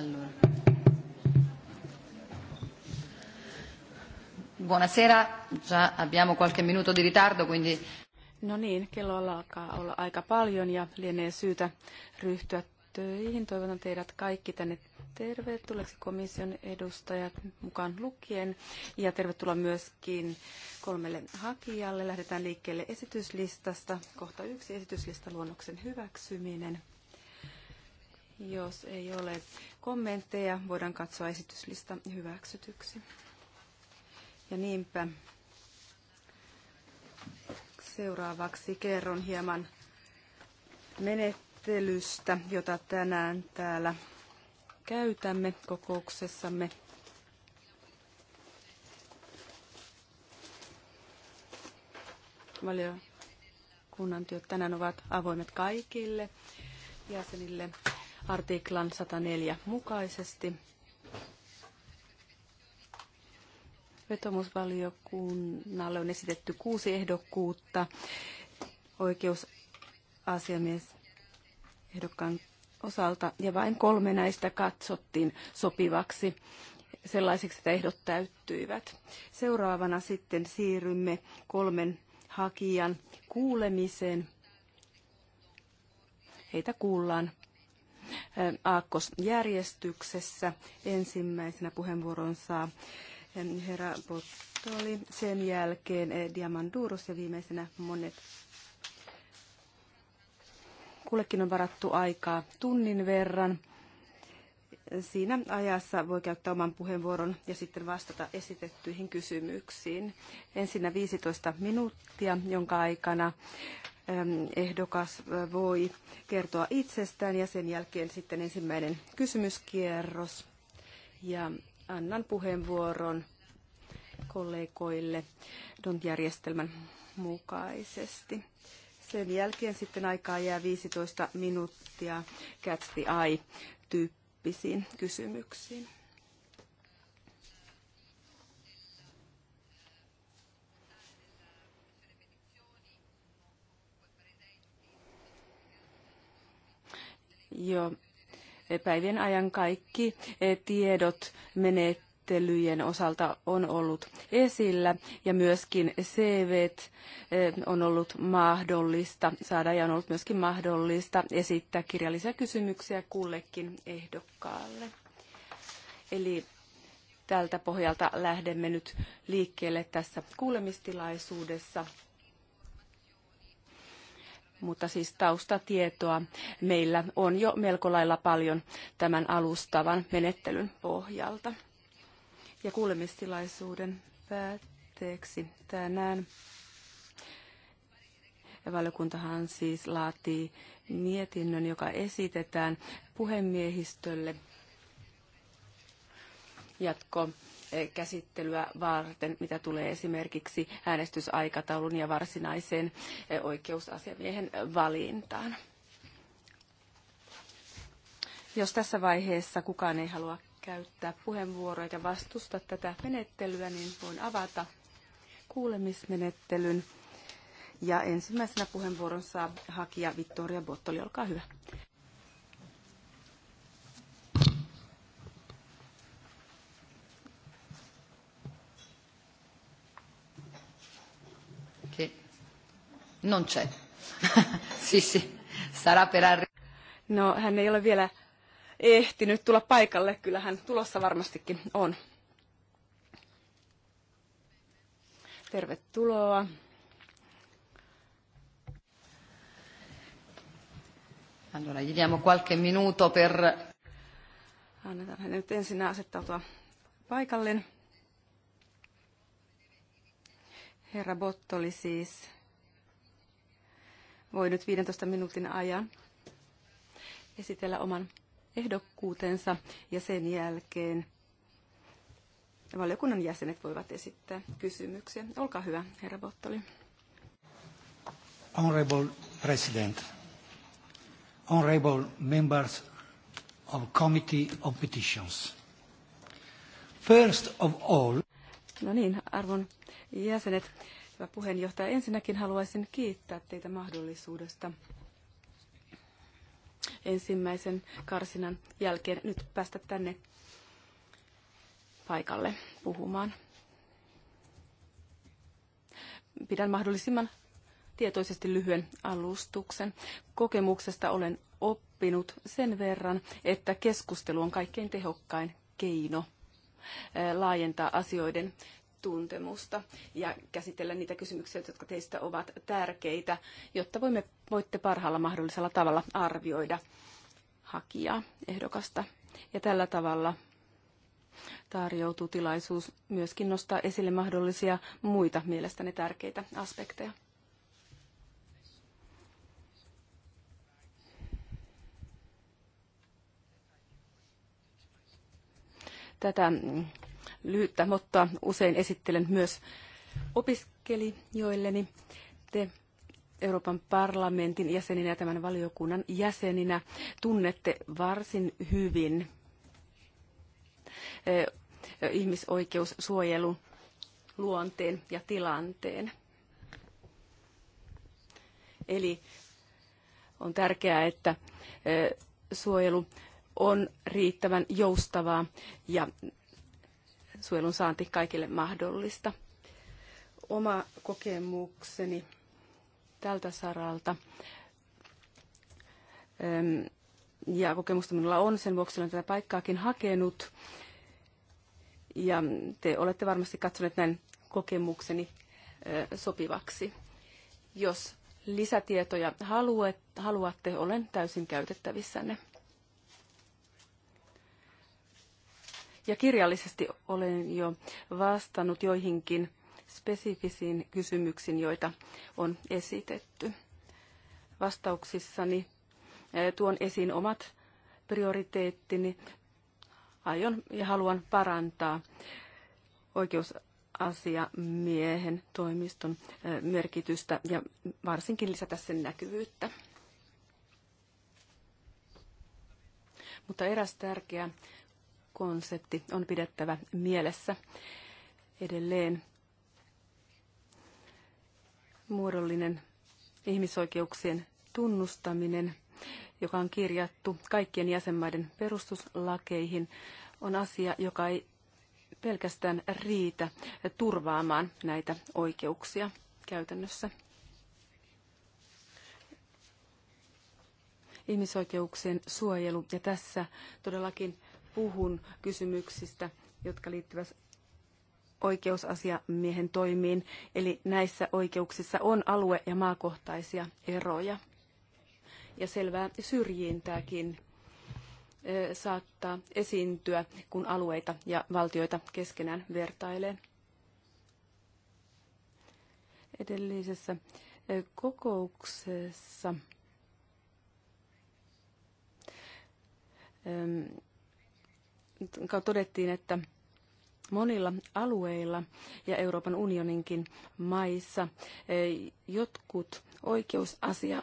Allora. Buonasera, già abbiamo qualche minuto di ritardo, quindi... No niin, kello alkaa olla aika paljon ja lienee syytä ryhtyä töihin. Toivotan teidät kaikki tänne tervetulleeksi komission edustajat mukaan lukien ja tervetuloa myöskin kolmelle hakijalle. Lähdetään liikkeelle esityslistasta. Kohta yksi esityslistaluonnoksen hyväksyminen. Jos ei ole kommentteja, voidaan katsoa esityslista hyväksytyksi. Ja niinpä seuraavaksi kerron hieman menettelystä, jota tänään täällä käytämme kokouksessamme. Valiokunnan työt tänään ovat avoimet kaikille jäsenille artiklan 104 mukaisesti. Vetomusvaliokunnalle on esitetty kuusi ehdokkuutta. Oikeusasiamies ehdokkaan osalta ja vain kolme näistä katsottiin sopivaksi sellaisiksi, että ehdot täyttyivät. Seuraavana sitten siirrymme kolmen hakijan kuulemiseen. Heitä kuullaan aakkosjärjestyksessä. Ensimmäisenä puheenvuoron saa herra Bottoli, sen jälkeen eh, Diamanduros ja viimeisenä monet. Kullekin on varattu aikaa tunnin verran. Siinä ajassa voi käyttää oman puheenvuoron ja sitten vastata esitettyihin kysymyksiin. Ensinnä 15 minuuttia, jonka aikana ehdokas äh, voi kertoa itsestään ja sen jälkeen sitten ensimmäinen kysymyskierros. Ja annan puheenvuoron kollegoille DONT-järjestelmän mukaisesti. Sen jälkeen sitten aikaa jää 15 minuuttia catch the eye-tyyppisiin kysymyksiin. Joo, päivien ajan kaikki e, tiedot menettelyjen osalta on ollut esillä ja myöskin CV e, on ollut mahdollista saada ja on ollut myöskin mahdollista esittää kirjallisia kysymyksiä kullekin ehdokkaalle. Eli tältä pohjalta lähdemme nyt liikkeelle tässä kuulemistilaisuudessa mutta siis taustatietoa meillä on jo melko lailla paljon tämän alustavan menettelyn pohjalta. Ja kuulemistilaisuuden päätteeksi tänään valiokuntahan siis laatii mietinnön, joka esitetään puhemiehistölle jatko käsittelyä varten, mitä tulee esimerkiksi äänestysaikataulun ja varsinaiseen eh, oikeusasiamiehen valintaan. Jos tässä vaiheessa kukaan ei halua käyttää puheenvuoroja ja vastusta tätä menettelyä, niin voin avata kuulemismenettelyn. Ja ensimmäisenä puheenvuoron saa hakija Vittoria Bottoli, olkaa hyvä. Non c'è. Sissi, sarà per arri- No, hän ei ole vielä ehtinyt tulla paikalle. Kyllä hän tulossa varmastikin on. Tervetuloa. Allora, gli diamo qualche minuto per... Annetaan hänen nyt ensin asettautua paikalleen. Herra Bottoli siis voi nyt 15 minuutin ajan esitellä oman ehdokkuutensa ja sen jälkeen valiokunnan jäsenet voivat esittää kysymyksiä. Olkaa hyvä, herra Bottoli. Honorable President, honorable members of Committee of Petitions. First of all... No niin, arvon jäsenet. Hyvä puheenjohtaja, ensinnäkin haluaisin kiittää teitä mahdollisuudesta ensimmäisen karsinan jälkeen nyt päästä tänne paikalle puhumaan. Pidän mahdollisimman tietoisesti lyhyen alustuksen. Kokemuksesta olen oppinut sen verran, että keskustelu on kaikkein tehokkain keino laajentaa asioiden tuntemusta ja käsitellä niitä kysymyksiä, jotka teistä ovat tärkeitä, jotta voimme, voitte parhaalla mahdollisella tavalla arvioida hakijaa, ehdokasta. Ja tällä tavalla tarjoutuu tilaisuus myöskin nostaa esille mahdollisia muita mielestäni tärkeitä aspekteja. Tätä lyhyttä, mutta usein esittelen myös opiskelijoilleni. Te Euroopan parlamentin jäseninä ja tämän valiokunnan jäseninä tunnette varsin hyvin eh, ihmisoikeussuojelun luonteen ja tilanteen. Eli on tärkeää, että eh, suojelu on riittävän joustavaa ja suojelun saanti kaikille mahdollista. Oma kokemukseni tältä saralta ähm, ja kokemusta minulla on, sen vuoksi olen tätä paikkaakin hakenut. Ja te olette varmasti katsoneet näin kokemukseni äh, sopivaksi. Jos lisätietoja haluatte, olen täysin käytettävissänne. Ja kirjallisesti olen jo vastannut joihinkin spesifisiin kysymyksiin, joita on esitetty. Vastauksissani eh, tuon esiin omat prioriteettini. Aion ja haluan parantaa oikeusasiamiehen toimiston eh, merkitystä ja varsinkin lisätä sen näkyvyyttä. Mutta eräs tärkeä konsepti on pidettävä mielessä edelleen. Muodollinen ihmisoikeuksien tunnustaminen, joka on kirjattu kaikkien jäsenmaiden perustuslakeihin, on asia, joka ei pelkästään riitä turvaamaan näitä oikeuksia käytännössä. Ihmisoikeuksien suojelu ja tässä todellakin puhun kysymyksistä, jotka liittyvät oikeusasiamiehen toimiin, eli näissä oikeuksissa on alue- ja maakohtaisia eroja ja selvää syrjintääkin saattaa esiintyä, kun alueita ja valtioita keskenään vertailee. Edellisessä kokouksessa todettiin, että monilla alueilla ja Euroopan unioninkin maissa e, jotkut oikeusasia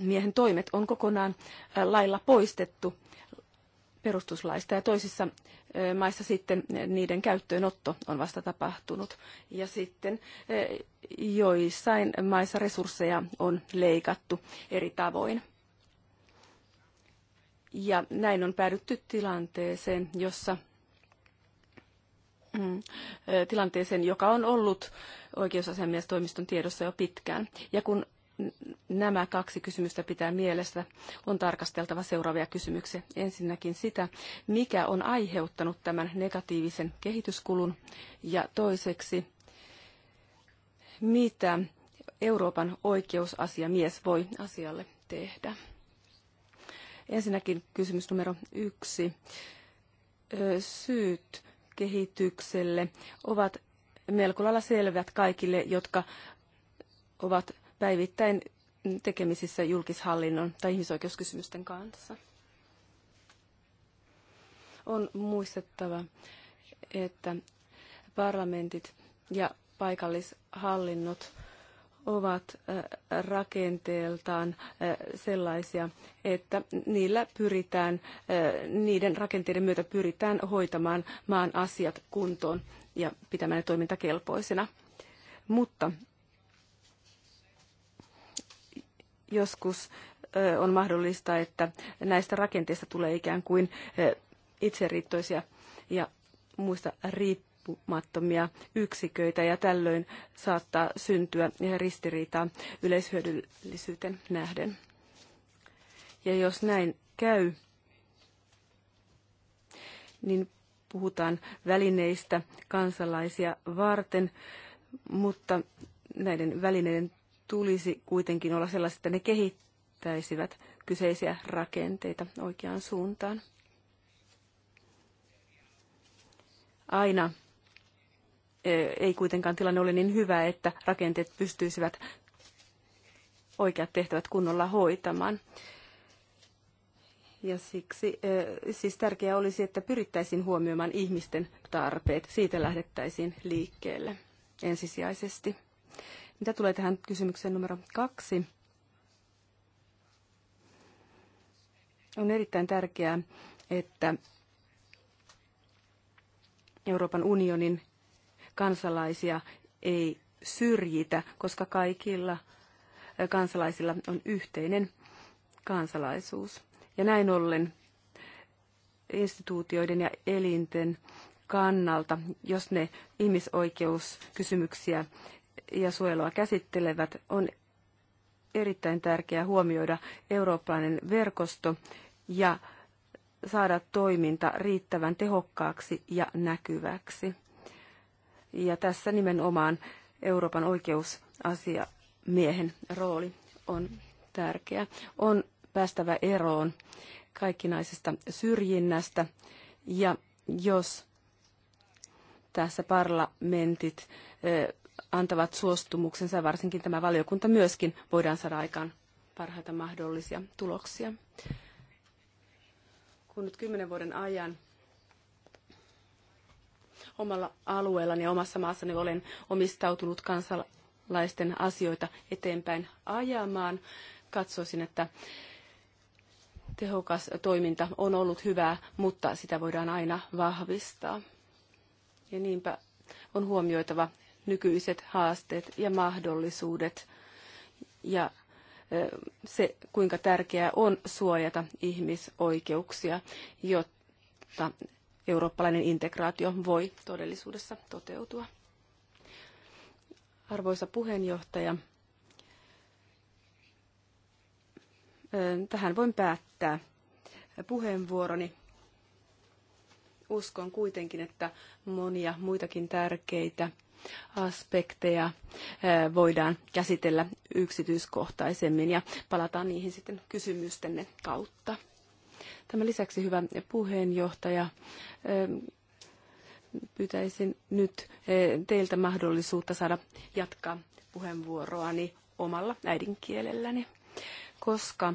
miehen toimet on kokonaan e, lailla poistettu perustuslaista ja toisissa e, maissa sitten niiden käyttöönotto on vasta tapahtunut. Ja sitten joissain maissa resursseja on leikattu eri tavoin. Ja näin on päädytty tilanteeseen, jossa mm, tilanteeseen, joka on ollut oikeusasiamiestoimiston tiedossa jo pitkään. Ja kun nämä kaksi kysymystä pitää mielessä, on tarkasteltava seuraavia kysymyksiä. Ensinnäkin sitä, mikä on aiheuttanut tämän negatiivisen kehityskulun, ja toiseksi, mitä Euroopan oikeusasiamies voi asialle tehdä. Ensinnäkin kysymys numero yksi. Syyt kehitykselle ovat melko lailla selvät kaikille, jotka ovat päivittäin tekemisissä julkishallinnon tai ihmisoikeuskysymysten kanssa. On muistettava, että parlamentit ja paikallishallinnot ovat rakenteeltaan sellaisia, että niillä pyritään, niiden rakenteiden myötä pyritään hoitamaan maan asiat kuntoon ja pitämään ne toimintakelpoisena. Mutta joskus on mahdollista, että näistä rakenteista tulee ikään kuin itseriittoisia ja muista riippuu riippumattomia yksiköitä ja tällöin saattaa syntyä ristiriitaa yleishyödyllisyyteen nähden. Ja jos näin käy, niin puhutaan välineistä kansalaisia varten, mutta näiden välineiden tulisi kuitenkin olla sellaiset, että ne kehittäisivät kyseisiä rakenteita oikeaan suuntaan. Aina ei kuitenkaan tilanne ole niin hyvä, että rakenteet pystyisivät oikeat tehtävät kunnolla hoitamaan. Ja siksi siis tärkeää olisi, että pyrittäisiin huomioimaan ihmisten tarpeet. Siitä lähdettäisiin liikkeelle ensisijaisesti. Mitä tulee tähän kysymykseen numero kaksi? On erittäin tärkeää, että Euroopan unionin kansalaisia ei syrjitä, koska kaikilla kansalaisilla on yhteinen kansalaisuus. Ja näin ollen instituutioiden ja elinten kannalta, jos ne ihmisoikeuskysymyksiä ja suojelua käsittelevät, on erittäin tärkeää huomioida eurooppalainen verkosto ja saada toiminta riittävän tehokkaaksi ja näkyväksi. Ja tässä nimenomaan Euroopan oikeusasiamiehen rooli on tärkeä. On päästävä eroon kaikkinaisesta syrjinnästä ja jos tässä parlamentit antavat suostumuksensa, varsinkin tämä valiokunta myöskin, voidaan saada aikaan parhaita mahdollisia tuloksia. Kun nyt kymmenen vuoden ajan omalla alueellani ja omassa maassani olen omistautunut kansalaisten asioita eteenpäin ajamaan. Katsoisin, että tehokas toiminta on ollut hyvää, mutta sitä voidaan aina vahvistaa. Ja niinpä on huomioitava nykyiset haasteet ja mahdollisuudet ja se, kuinka tärkeää on suojata ihmisoikeuksia, jotta eurooppalainen integraatio voi todellisuudessa toteutua. Arvoisa puheenjohtaja, tähän voin päättää puheenvuoroni. Uskon kuitenkin, että monia muitakin tärkeitä aspekteja voidaan käsitellä yksityiskohtaisemmin ja palataan niihin sitten kysymystenne kautta. Tämän lisäksi, hyvä puheenjohtaja, ähm, pyytäisin nyt äh, teiltä mahdollisuutta saada jatkaa puheenvuoroani omalla äidinkielelläni, koska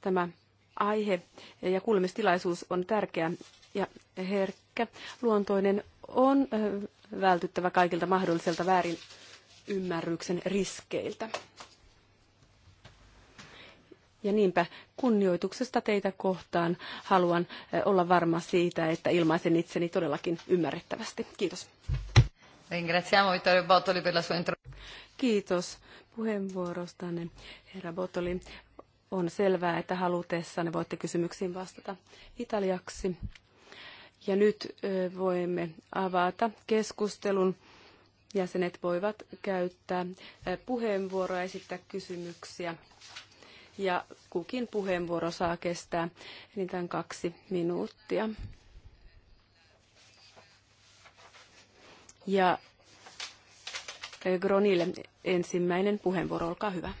tämä aihe ja kuulemistilaisuus on tärkeä ja herkkä. Luontoinen on äh, vältyttävä kaikilta mahdolliselta väärin ymmärryksen riskeiltä. Ja niinpä kunnioituksesta teitä kohtaan haluan eh, olla varma siitä, että ilmaisen itseni todellakin ymmärrettävästi. Kiitos. Ringraziamo Vittorio Bottoli per la sua intro. Kiitos puheenvuorostanne, herra Bottoli. On selvää, että halutessanne voitte kysymyksiin vastata italiaksi. Ja nyt eh, voimme avata keskustelun. Jäsenet voivat käyttää eh, puheenvuoroa ja esittää kysymyksiä ja kukin puheenvuoro saa kestää enintään kaksi minuuttia. Ja äh, Gronille ensimmäinen puheenvuoro, olkaa hyvä.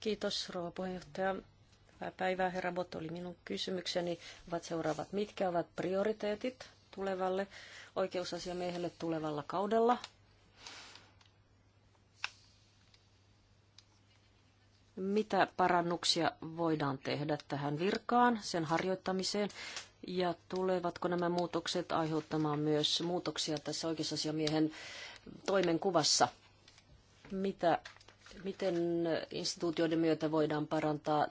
Kiitos, rouva puheenjohtaja. Hyvää päivää, herra Bottoli. Minun kysymykseni ovat seuraavat. Mitkä ovat prioriteetit tulevalle oikeusasiamiehelle tulevalla kaudella? mitä parannuksia voidaan tehdä tähän virkaan, sen harjoittamiseen, ja tulevatko nämä muutokset aiheuttamaan myös muutoksia tässä oikeusasiamiehen toimenkuvassa? Mitä, miten instituutioiden myötä voidaan parantaa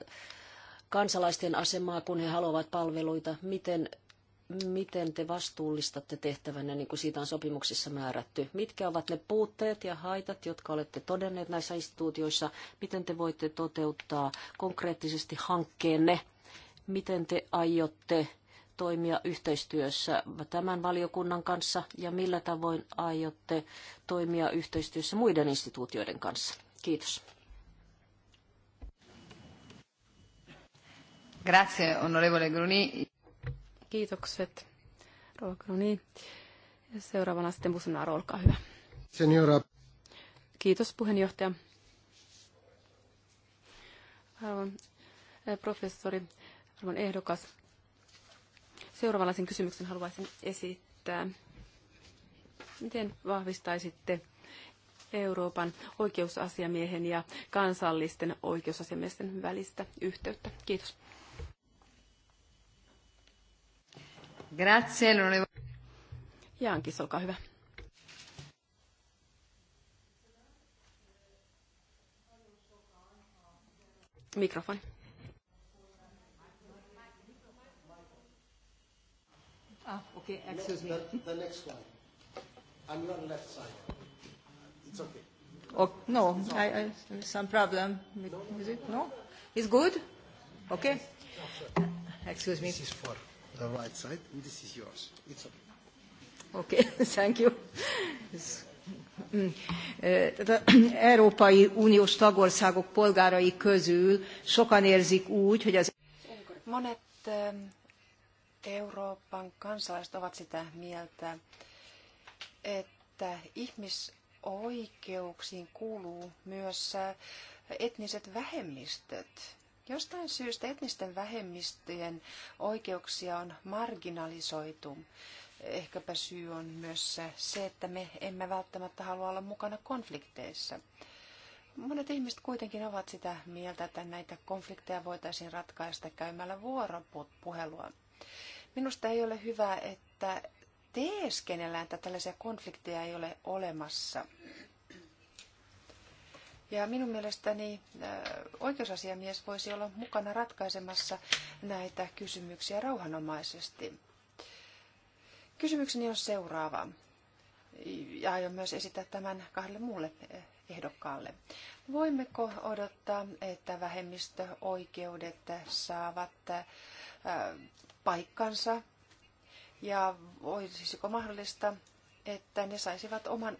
kansalaisten asemaa, kun he haluavat palveluita? Miten miten te vastuullistatte tehtävänne, niin kuin siitä on sopimuksissa määrätty? Mitkä ovat ne puutteet ja haitat, jotka olette todenneet näissä instituutioissa? Miten te voitte toteuttaa konkreettisesti hankkeenne? Miten te aiotte toimia yhteistyössä tämän valiokunnan kanssa ja millä tavoin aiotte toimia yhteistyössä muiden instituutioiden kanssa? Kiitos. Grazie, onorevole Gruni. Kiitokset. No niin. Ja seuraavana sitten Busunaaro, olkaa hyvä. Seniora. Kiitos puheenjohtaja. Arvon eh, professori, arvon ehdokas. Seuraavanlaisen kysymyksen haluaisin esittää. Miten vahvistaisitte Euroopan oikeusasiamiehen ja kansallisten oikeusasiamiesten välistä yhteyttä? Kiitos. Grazie, l'onorevole. Jaankis, olkaa hyvä. Mikrofoni. Ah, okay, excuse me. The, the next one. On your left side. It's okay. Oh, no, I, I, some problem. No, is no, it? No. no? It's good? Okay. Excuse me. This is for the right side, this is yours. It's okay. Okay, thank you. Mm. Európai Uniós tagországok polgárai közül sokan érzik úgy, hogy az... Monet Euroopan kansalaiset ovat sitä mieltä, että ihmisoikeuksiin kuuluu myös etniset vähemmistöt. Jostain syystä etnisten vähemmistöjen oikeuksia on marginalisoitu. Ehkäpä syy on myös se, että me emme välttämättä halua olla mukana konflikteissa. Monet ihmiset kuitenkin ovat sitä mieltä, että näitä konflikteja voitaisiin ratkaista käymällä vuoropuhelua. Minusta ei ole hyvä, että teeskennellään, että tällaisia konflikteja ei ole olemassa. Ja minun mielestäni äh, oikeusasiamies voisi olla mukana ratkaisemassa näitä kysymyksiä rauhanomaisesti. Kysymykseni on seuraava, ja aion myös esittää tämän kahdelle muulle äh, ehdokkaalle. Voimmeko odottaa, että vähemmistöoikeudet saavat äh, paikkansa ja olisiko mahdollista, että ne saisivat oman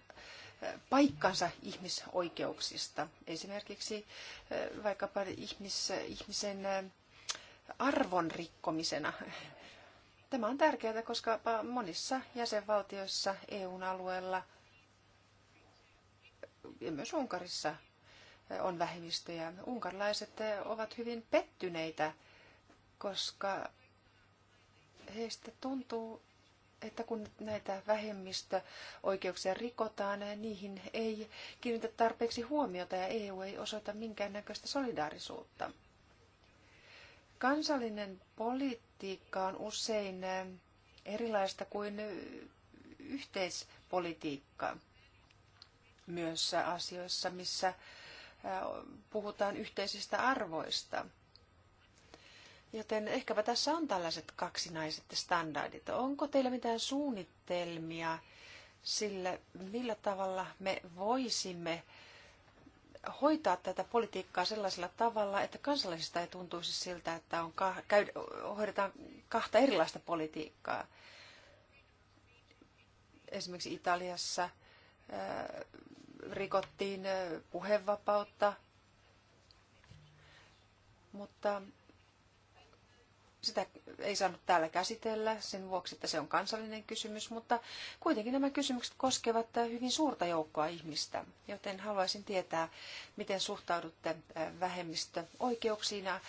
paikkansa ihmisoikeuksista. Esimerkiksi vaikkapa ihmis, ihmisen arvon rikkomisena. Tämä on tärkeää, koska monissa jäsenvaltioissa EUn alueella ja myös Unkarissa on vähemmistöjä. Unkarilaiset ovat hyvin pettyneitä, koska heistä tuntuu, että kun näitä vähemmistöoikeuksia rikotaan, niihin ei kiinnitä tarpeeksi huomiota ja EU ei osoita minkäännäköistä solidaarisuutta. Kansallinen politiikka on usein erilaista kuin yhteispolitiikka myös asioissa, missä puhutaan yhteisistä arvoista – Joten ehkäpä tässä on tällaiset kaksinaiset standardit. Onko teillä mitään suunnitelmia sille, millä tavalla me voisimme hoitaa tätä politiikkaa sellaisella tavalla, että kansalaisista ei tuntuisi siltä, että on ka- käy- hoidetaan kahta erilaista politiikkaa. Esimerkiksi Italiassa äh, rikottiin äh, puhevapautta, mutta sitä ei saanut täällä käsitellä sen vuoksi, että se on kansallinen kysymys, mutta kuitenkin nämä kysymykset koskevat hyvin suurta joukkoa ihmistä, joten haluaisin tietää, miten suhtaudutte äh, vähemmistöoikeuksiin ja äh,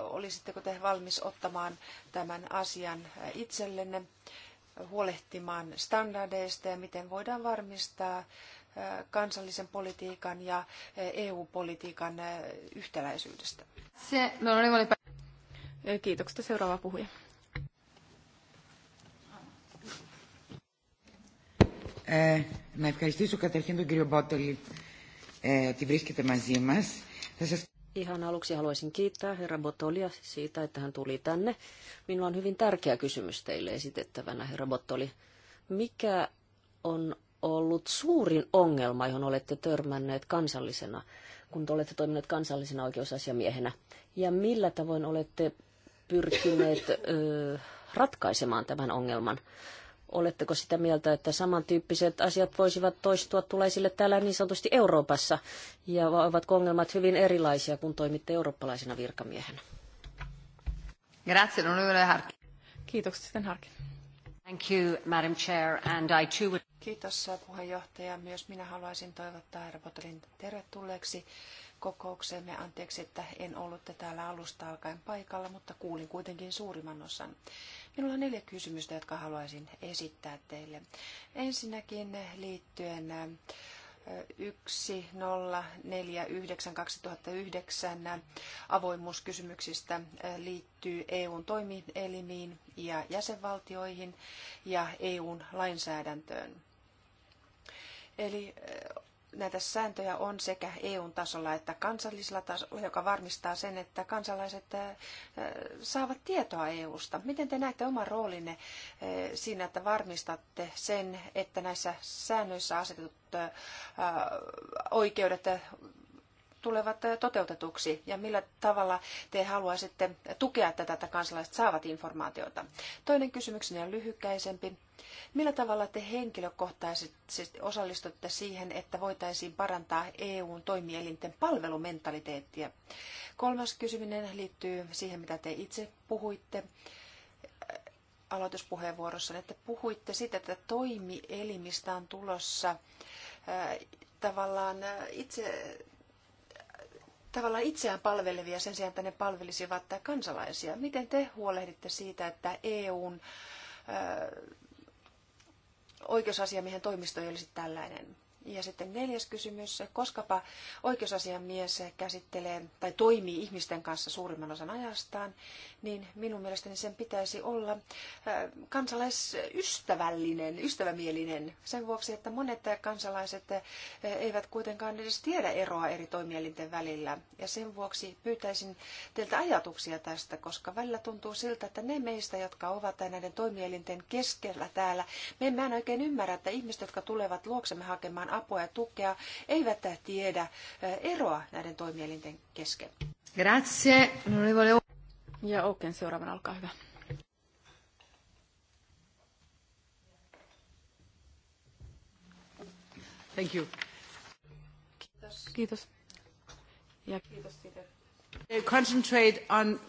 olisitteko te valmis ottamaan tämän asian äh, itsellenne, huolehtimaan standardeista ja miten voidaan varmistaa kansallisen politiikan ja EU-politiikan yhtäläisyydestä. Se, Kiitoksia. Seuraava puhuja. να ευχαριστήσω καταρχήν τον κύριο Μπότολη ότι βρίσκεται μαζί μας. Ihan aluksi haluaisin kiittää herra Bottolia siitä, että hän tuli tänne. Minulla on hyvin tärkeä kysymys teille esitettävänä, herra Bottoli. Mikä on ollut suurin ongelma, johon olette törmänneet kansallisena, kun te olette toimineet kansallisena oikeusasiamiehenä? Ja millä tavoin olette pyrkineet ratkaisemaan tämän ongelman. Oletteko sitä mieltä, että samantyyppiset asiat voisivat toistua tulaisille täällä niin sanotusti Euroopassa? Ja ovatko ongelmat hyvin erilaisia, kun toimitte eurooppalaisena virkamiehenä? Grazie, Kiitokset sitten Harkin. Thank you, Madam Chair, and I too would... Kiitos puheenjohtaja. Myös minä haluaisin toivottaa Herbotelin tervetulleeksi kokoukseemme. Anteeksi, että en ollut täällä alusta alkaen paikalla, mutta kuulin kuitenkin suurimman osan. Minulla on neljä kysymystä, jotka haluaisin esittää teille. Ensinnäkin liittyen 1.04.9.2009 avoimuuskysymyksistä liittyy EUn toimielimiin ja jäsenvaltioihin ja EUn lainsäädäntöön. Eli näitä sääntöjä on sekä EU-tasolla että kansallisella tasolla, joka varmistaa sen, että kansalaiset saavat tietoa EU-sta. Miten te näette oman roolinne siinä, että varmistatte sen, että näissä säännöissä asetetut oikeudet tulevat toteutetuksi ja millä tavalla te haluaisitte tukea tätä, että kansalaiset saavat informaatiota? Toinen kysymykseni on lyhykäisempi Millä tavalla te henkilökohtaisesti osallistutte siihen, että voitaisiin parantaa EUn toimielinten palvelumentaliteettia? Kolmas kysyminen liittyy siihen, mitä te itse puhuitte äh, aloituspuheenvuorossa, että puhuitte siitä, että toimielimistä on tulossa äh, tavallaan äh, itse tavallaan itseään palvelevia sen sijaan, että ne palvelisivat kansalaisia. Miten te huolehditte siitä, että EUn oikeusasiamiehen toimisto ei olisi tällainen. Ja sitten neljäs kysymys, koskapa oikeusasiamies käsittelee tai toimii ihmisten kanssa suurimman osan ajastaan, niin minun mielestäni sen pitäisi olla äh, kansalaisystävällinen, ystävämielinen sen vuoksi, että monet kansalaiset äh, eivät kuitenkaan edes tiedä eroa eri toimielinten välillä. Ja sen vuoksi pyytäisin teiltä ajatuksia tästä, koska välillä tuntuu siltä, että ne meistä, jotka ovat näiden toimielinten keskellä täällä, me emme aina oikein ymmärrä, että ihmiset, jotka tulevat luoksemme hakemaan apua ja tukea, eivät tiedä eh, eroa näiden toimielinten kesken. Grazie. Ja Oken seuraavana, olkaa hyvä. Thank you. Kiitos. Kiitos. Ja kiitos siitä. Concentrate on...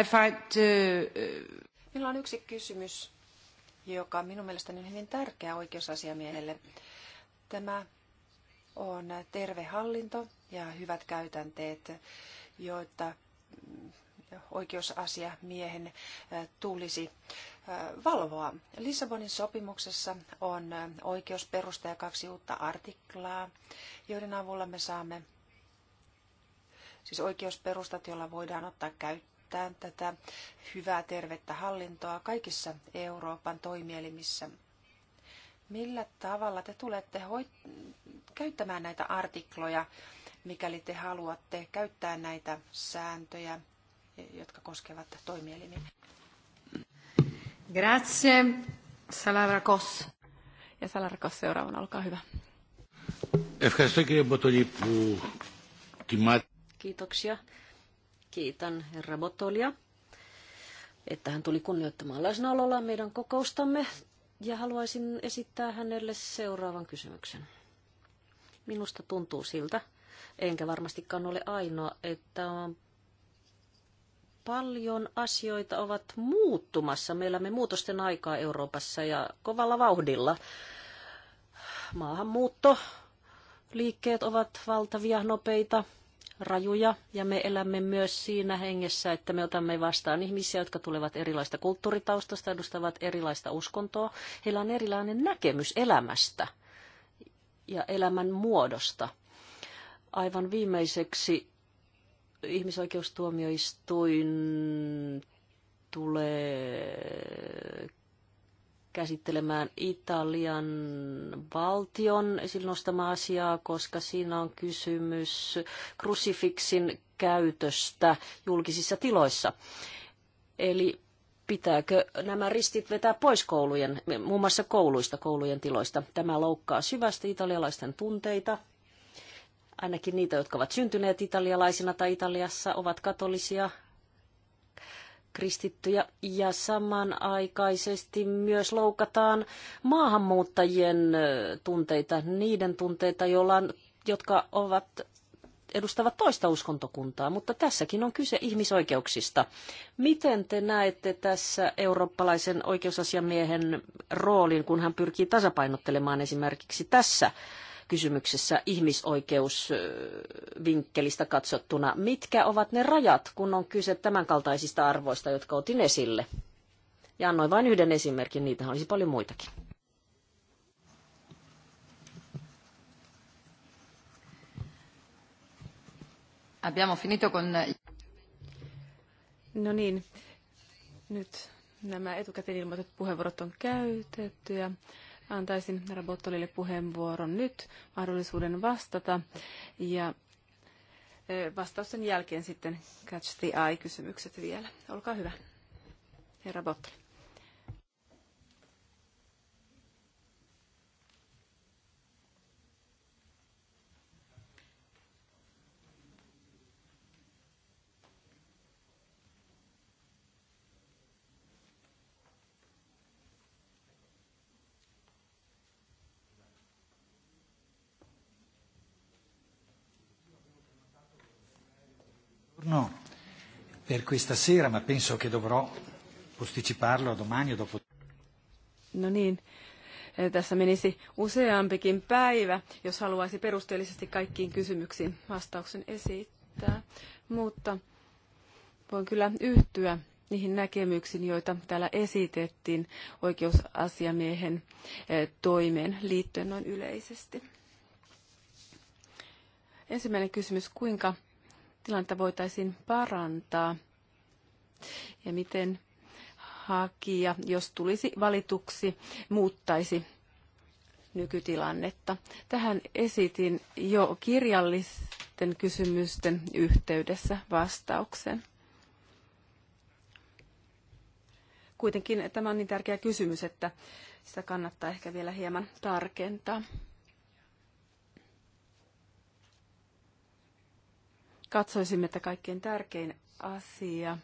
I find, uh... uh Minulla on yksi kysymys joka on minun mielestäni on hyvin tärkeä oikeusasiamiehelle. Tämä on terve hallinto ja hyvät käytänteet, joita oikeusasiamiehen äh, tulisi äh, valvoa. Lissabonin sopimuksessa on äh, oikeusperusta ja kaksi uutta artiklaa, joiden avulla me saamme siis oikeusperustat, joilla voidaan ottaa käyttöön käyttää tätä hyvää tervettä hallintoa kaikissa Euroopan toimielimissä. Millä tavalla te tulette käyttämään näitä artikloja, mikäli te haluatte käyttää näitä sääntöjä, jotka koskevat toimielimiä? Grazie. Salavrakos. Ja Salavrakos seuraavana, olkaa hyvä. Kiitoksia Kiitän herra Botolia, että hän tuli kunnioittamaan läsnäololla meidän kokoustamme ja haluaisin esittää hänelle seuraavan kysymyksen. Minusta tuntuu siltä, enkä varmastikaan ole ainoa, että paljon asioita ovat muuttumassa. Meillä me muutosten aikaa Euroopassa ja kovalla vauhdilla. Maahanmuutto, liikkeet ovat valtavia, nopeita, rajuja ja me elämme myös siinä hengessä, että me otamme vastaan ihmisiä, jotka tulevat erilaista kulttuuritaustasta, edustavat erilaista uskontoa. Heillä on erilainen näkemys elämästä ja elämän muodosta. Aivan viimeiseksi ihmisoikeustuomioistuin tulee käsittelemään Italian valtion esille nostamaa asiaa, koska siinä on kysymys krusifiksin käytöstä julkisissa tiloissa. Eli pitääkö nämä ristit vetää pois koulujen, muun muassa kouluista, koulujen tiloista. Tämä loukkaa syvästi italialaisten tunteita. Ainakin niitä, jotka ovat syntyneet italialaisina tai Italiassa, ovat katolisia kristittyjä ja samanaikaisesti myös loukataan maahanmuuttajien tunteita, niiden tunteita, joilla on, jotka ovat edustavat toista uskontokuntaa, mutta tässäkin on kyse ihmisoikeuksista. Miten te näette tässä eurooppalaisen oikeusasiamiehen roolin, kun hän pyrkii tasapainottelemaan esimerkiksi tässä kysymyksessä ihmisoikeusvinkkelistä katsottuna. Mitkä ovat ne rajat, kun on kyse tämänkaltaisista arvoista, jotka otin esille? Ja annoin vain yhden esimerkin, niitä olisi paljon muitakin. Abbiamo finito con... No niin, nyt nämä etukäteen ilmoitetut puheenvuorot on käytetty ja antaisin Rabottolille puheenvuoron nyt mahdollisuuden vastata. Ja e, vastausten jälkeen sitten Catch the Eye-kysymykset vielä. Olkaa hyvä, herra Bottoli. per questa sera, ma penso che dovrò posticiparlo a domani o dopo. No niin, eh, tässä menisi useampikin päivä, jos haluaisi perusteellisesti kaikkiin kysymyksiin vastauksen esittää. Mutta voin kyllä yhtyä niihin näkemyksiin, joita täällä esitettiin oikeusasiamiehen eh, toimeen liittyen noin yleisesti. Ensimmäinen kysymys, kuinka tilannetta voitaisiin parantaa ja miten hakija, jos tulisi valituksi, muuttaisi nykytilannetta. Tähän esitin jo kirjallisten kysymysten yhteydessä vastauksen. Kuitenkin tämä on niin tärkeä kysymys, että sitä kannattaa ehkä vielä hieman tarkentaa. katsoisimme, että kaikkein tärkein asia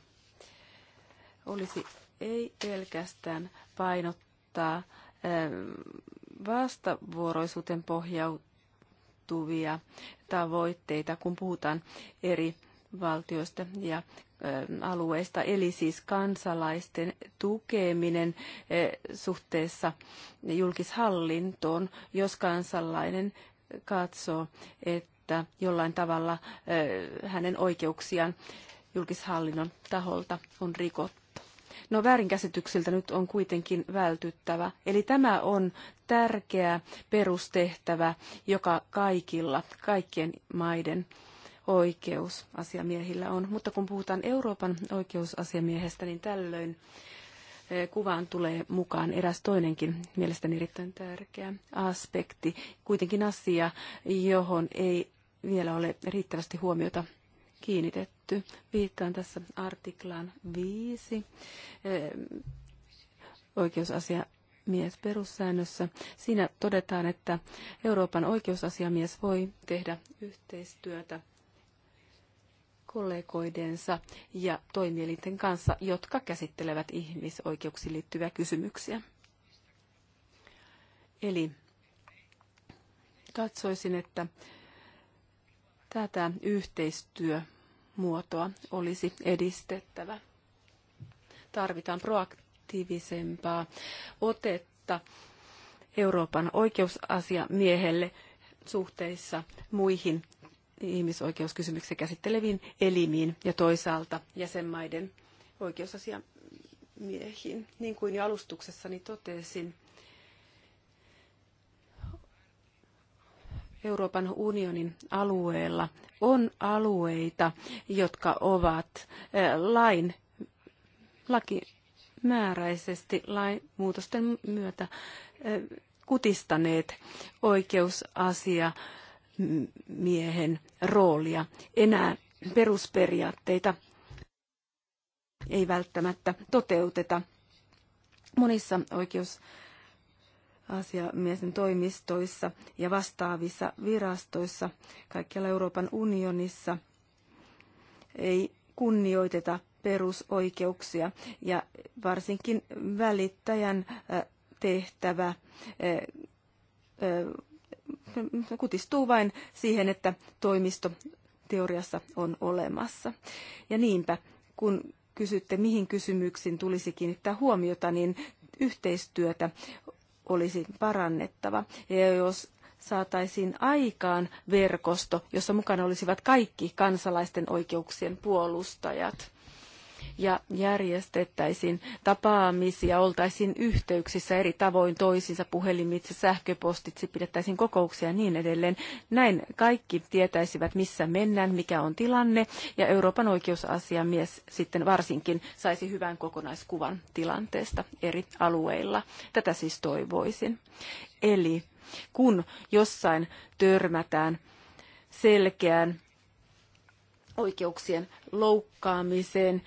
olisi ei pelkästään painottaa ähm, vastavuoroisuuteen pohjautuvia tavoitteita, kun puhutaan eri valtioista ja ähm, alueista, eli siis kansalaisten tukeminen äh, suhteessa julkishallintoon, jos kansalainen katsoo, että käyttää jollain tavalla hänen oikeuksiaan julkishallinnon taholta on rikottu. No väärinkäsityksiltä nyt on kuitenkin vältyttävä. Eli tämä on tärkeä perustehtävä, joka kaikilla, kaikkien maiden oikeusasiamiehillä on. Mutta kun puhutaan Euroopan oikeusasiamiehestä, niin tällöin kuvaan tulee mukaan eräs toinenkin mielestäni erittäin tärkeä aspekti. Kuitenkin asia, johon ei vielä ole riittävästi huomiota kiinnitetty. Viittaan tässä artiklaan 5 eh, oikeusasia mies perussäännössä. Siinä todetaan, että Euroopan oikeusasiamies voi tehdä yhteistyötä kollegoidensa ja toimielinten kanssa, jotka käsittelevät ihmisoikeuksiin liittyviä kysymyksiä. Eli katsoisin, että Tätä yhteistyömuotoa olisi edistettävä. Tarvitaan proaktiivisempaa otetta Euroopan oikeusasiamiehelle suhteissa muihin ihmisoikeuskysymyksiä käsitteleviin elimiin ja toisaalta jäsenmaiden oikeusasiamiehiin. Niin kuin jo alustuksessani totesin, Euroopan unionin alueella on alueita, jotka ovat eh, lain lakimääräisesti lainmuutosten myötä eh, kutistaneet oikeusasia miehen roolia. Enää perusperiaatteita ei välttämättä toteuteta. Monissa oikeus asiamiesten toimistoissa ja vastaavissa virastoissa kaikkialla Euroopan unionissa ei kunnioiteta perusoikeuksia ja varsinkin välittäjän äh, tehtävä äh, äh, kutistuu vain siihen, että toimisto teoriassa on olemassa. Ja niinpä, kun kysytte, mihin kysymyksiin tulisi kiinnittää huomiota, niin yhteistyötä olisi parannettava. Ja jos saataisiin aikaan verkosto, jossa mukana olisivat kaikki kansalaisten oikeuksien puolustajat ja järjestettäisiin tapaamisia, oltaisiin yhteyksissä eri tavoin toisiinsa puhelimitse, sähköpostitse, pidettäisiin kokouksia ja niin edelleen. Näin kaikki tietäisivät, missä mennään, mikä on tilanne ja Euroopan oikeusasiamies sitten varsinkin saisi hyvän kokonaiskuvan tilanteesta eri alueilla. Tätä siis toivoisin. Eli kun jossain törmätään selkeään oikeuksien loukkaamiseen,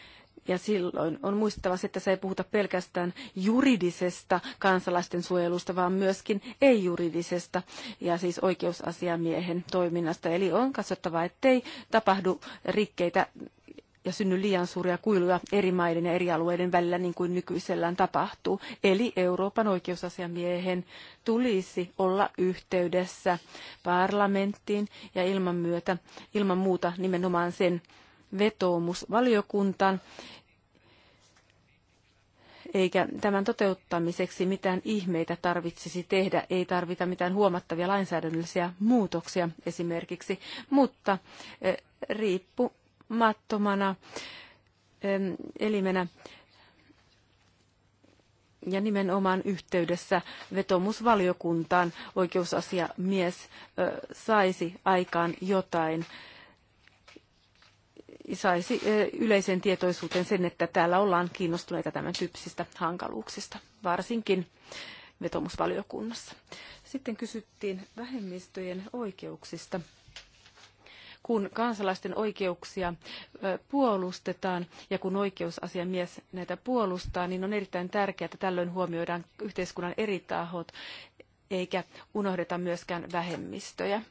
ja silloin on muistettava, että se ei puhuta pelkästään juridisesta kansalaisten suojelusta, vaan myöskin ei-juridisesta ja siis oikeusasiamiehen toiminnasta. Eli on katsottava, ettei tapahdu rikkeitä ja synny liian suuria kuiluja eri maiden ja eri alueiden välillä, niin kuin nykyisellään tapahtuu. Eli Euroopan oikeusasiamiehen tulisi olla yhteydessä parlamenttiin ja ilman, myötä, ilman muuta nimenomaan sen vetoomus valiokuntaan, eikä tämän toteuttamiseksi mitään ihmeitä tarvitsisi tehdä, ei tarvita mitään huomattavia lainsäädännöllisiä muutoksia esimerkiksi, mutta eh, riippumattomana elimenä ja nimenomaan yhteydessä vetomusvaliokuntaan oikeusasiamies eh, saisi aikaan jotain saisi yleisen tietoisuuteen sen, että täällä ollaan kiinnostuneita tämän tyyppisistä hankaluuksista, varsinkin vetomusvaliokunnassa. Sitten kysyttiin vähemmistöjen oikeuksista. Kun kansalaisten oikeuksia puolustetaan ja kun oikeusasiamies näitä puolustaa, niin on erittäin tärkeää, että tällöin huomioidaan yhteiskunnan eri tahot eikä unohdeta myöskään vähemmistöjä.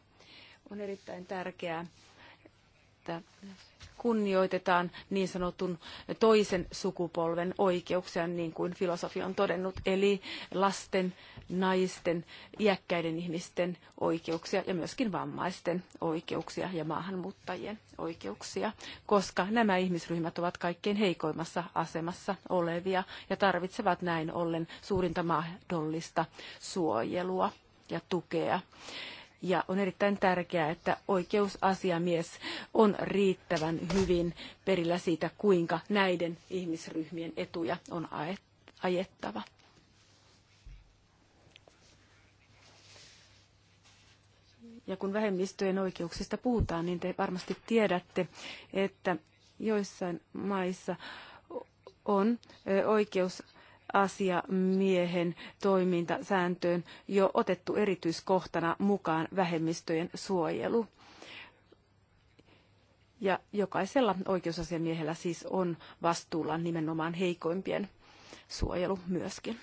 On erittäin tärkeää, että kunnioitetaan niin sanotun toisen sukupolven oikeuksia, niin kuin filosofi on todennut, eli lasten, naisten, iäkkäiden ihmisten oikeuksia ja myöskin vammaisten oikeuksia ja maahanmuuttajien oikeuksia, koska nämä ihmisryhmät ovat kaikkein heikoimmassa asemassa olevia ja tarvitsevat näin ollen suurinta mahdollista suojelua ja tukea ja on erittäin tärkeää, että oikeusasiamies on riittävän hyvin perillä siitä, kuinka näiden ihmisryhmien etuja on ajettava. Ja kun vähemmistöjen oikeuksista puhutaan, niin te varmasti tiedätte, että joissain maissa on oikeus asiamiehen toimintasääntöön jo otettu erityiskohtana mukaan vähemmistöjen suojelu. Ja jokaisella oikeusasiamiehellä siis on vastuulla nimenomaan heikoimpien suojelu myöskin.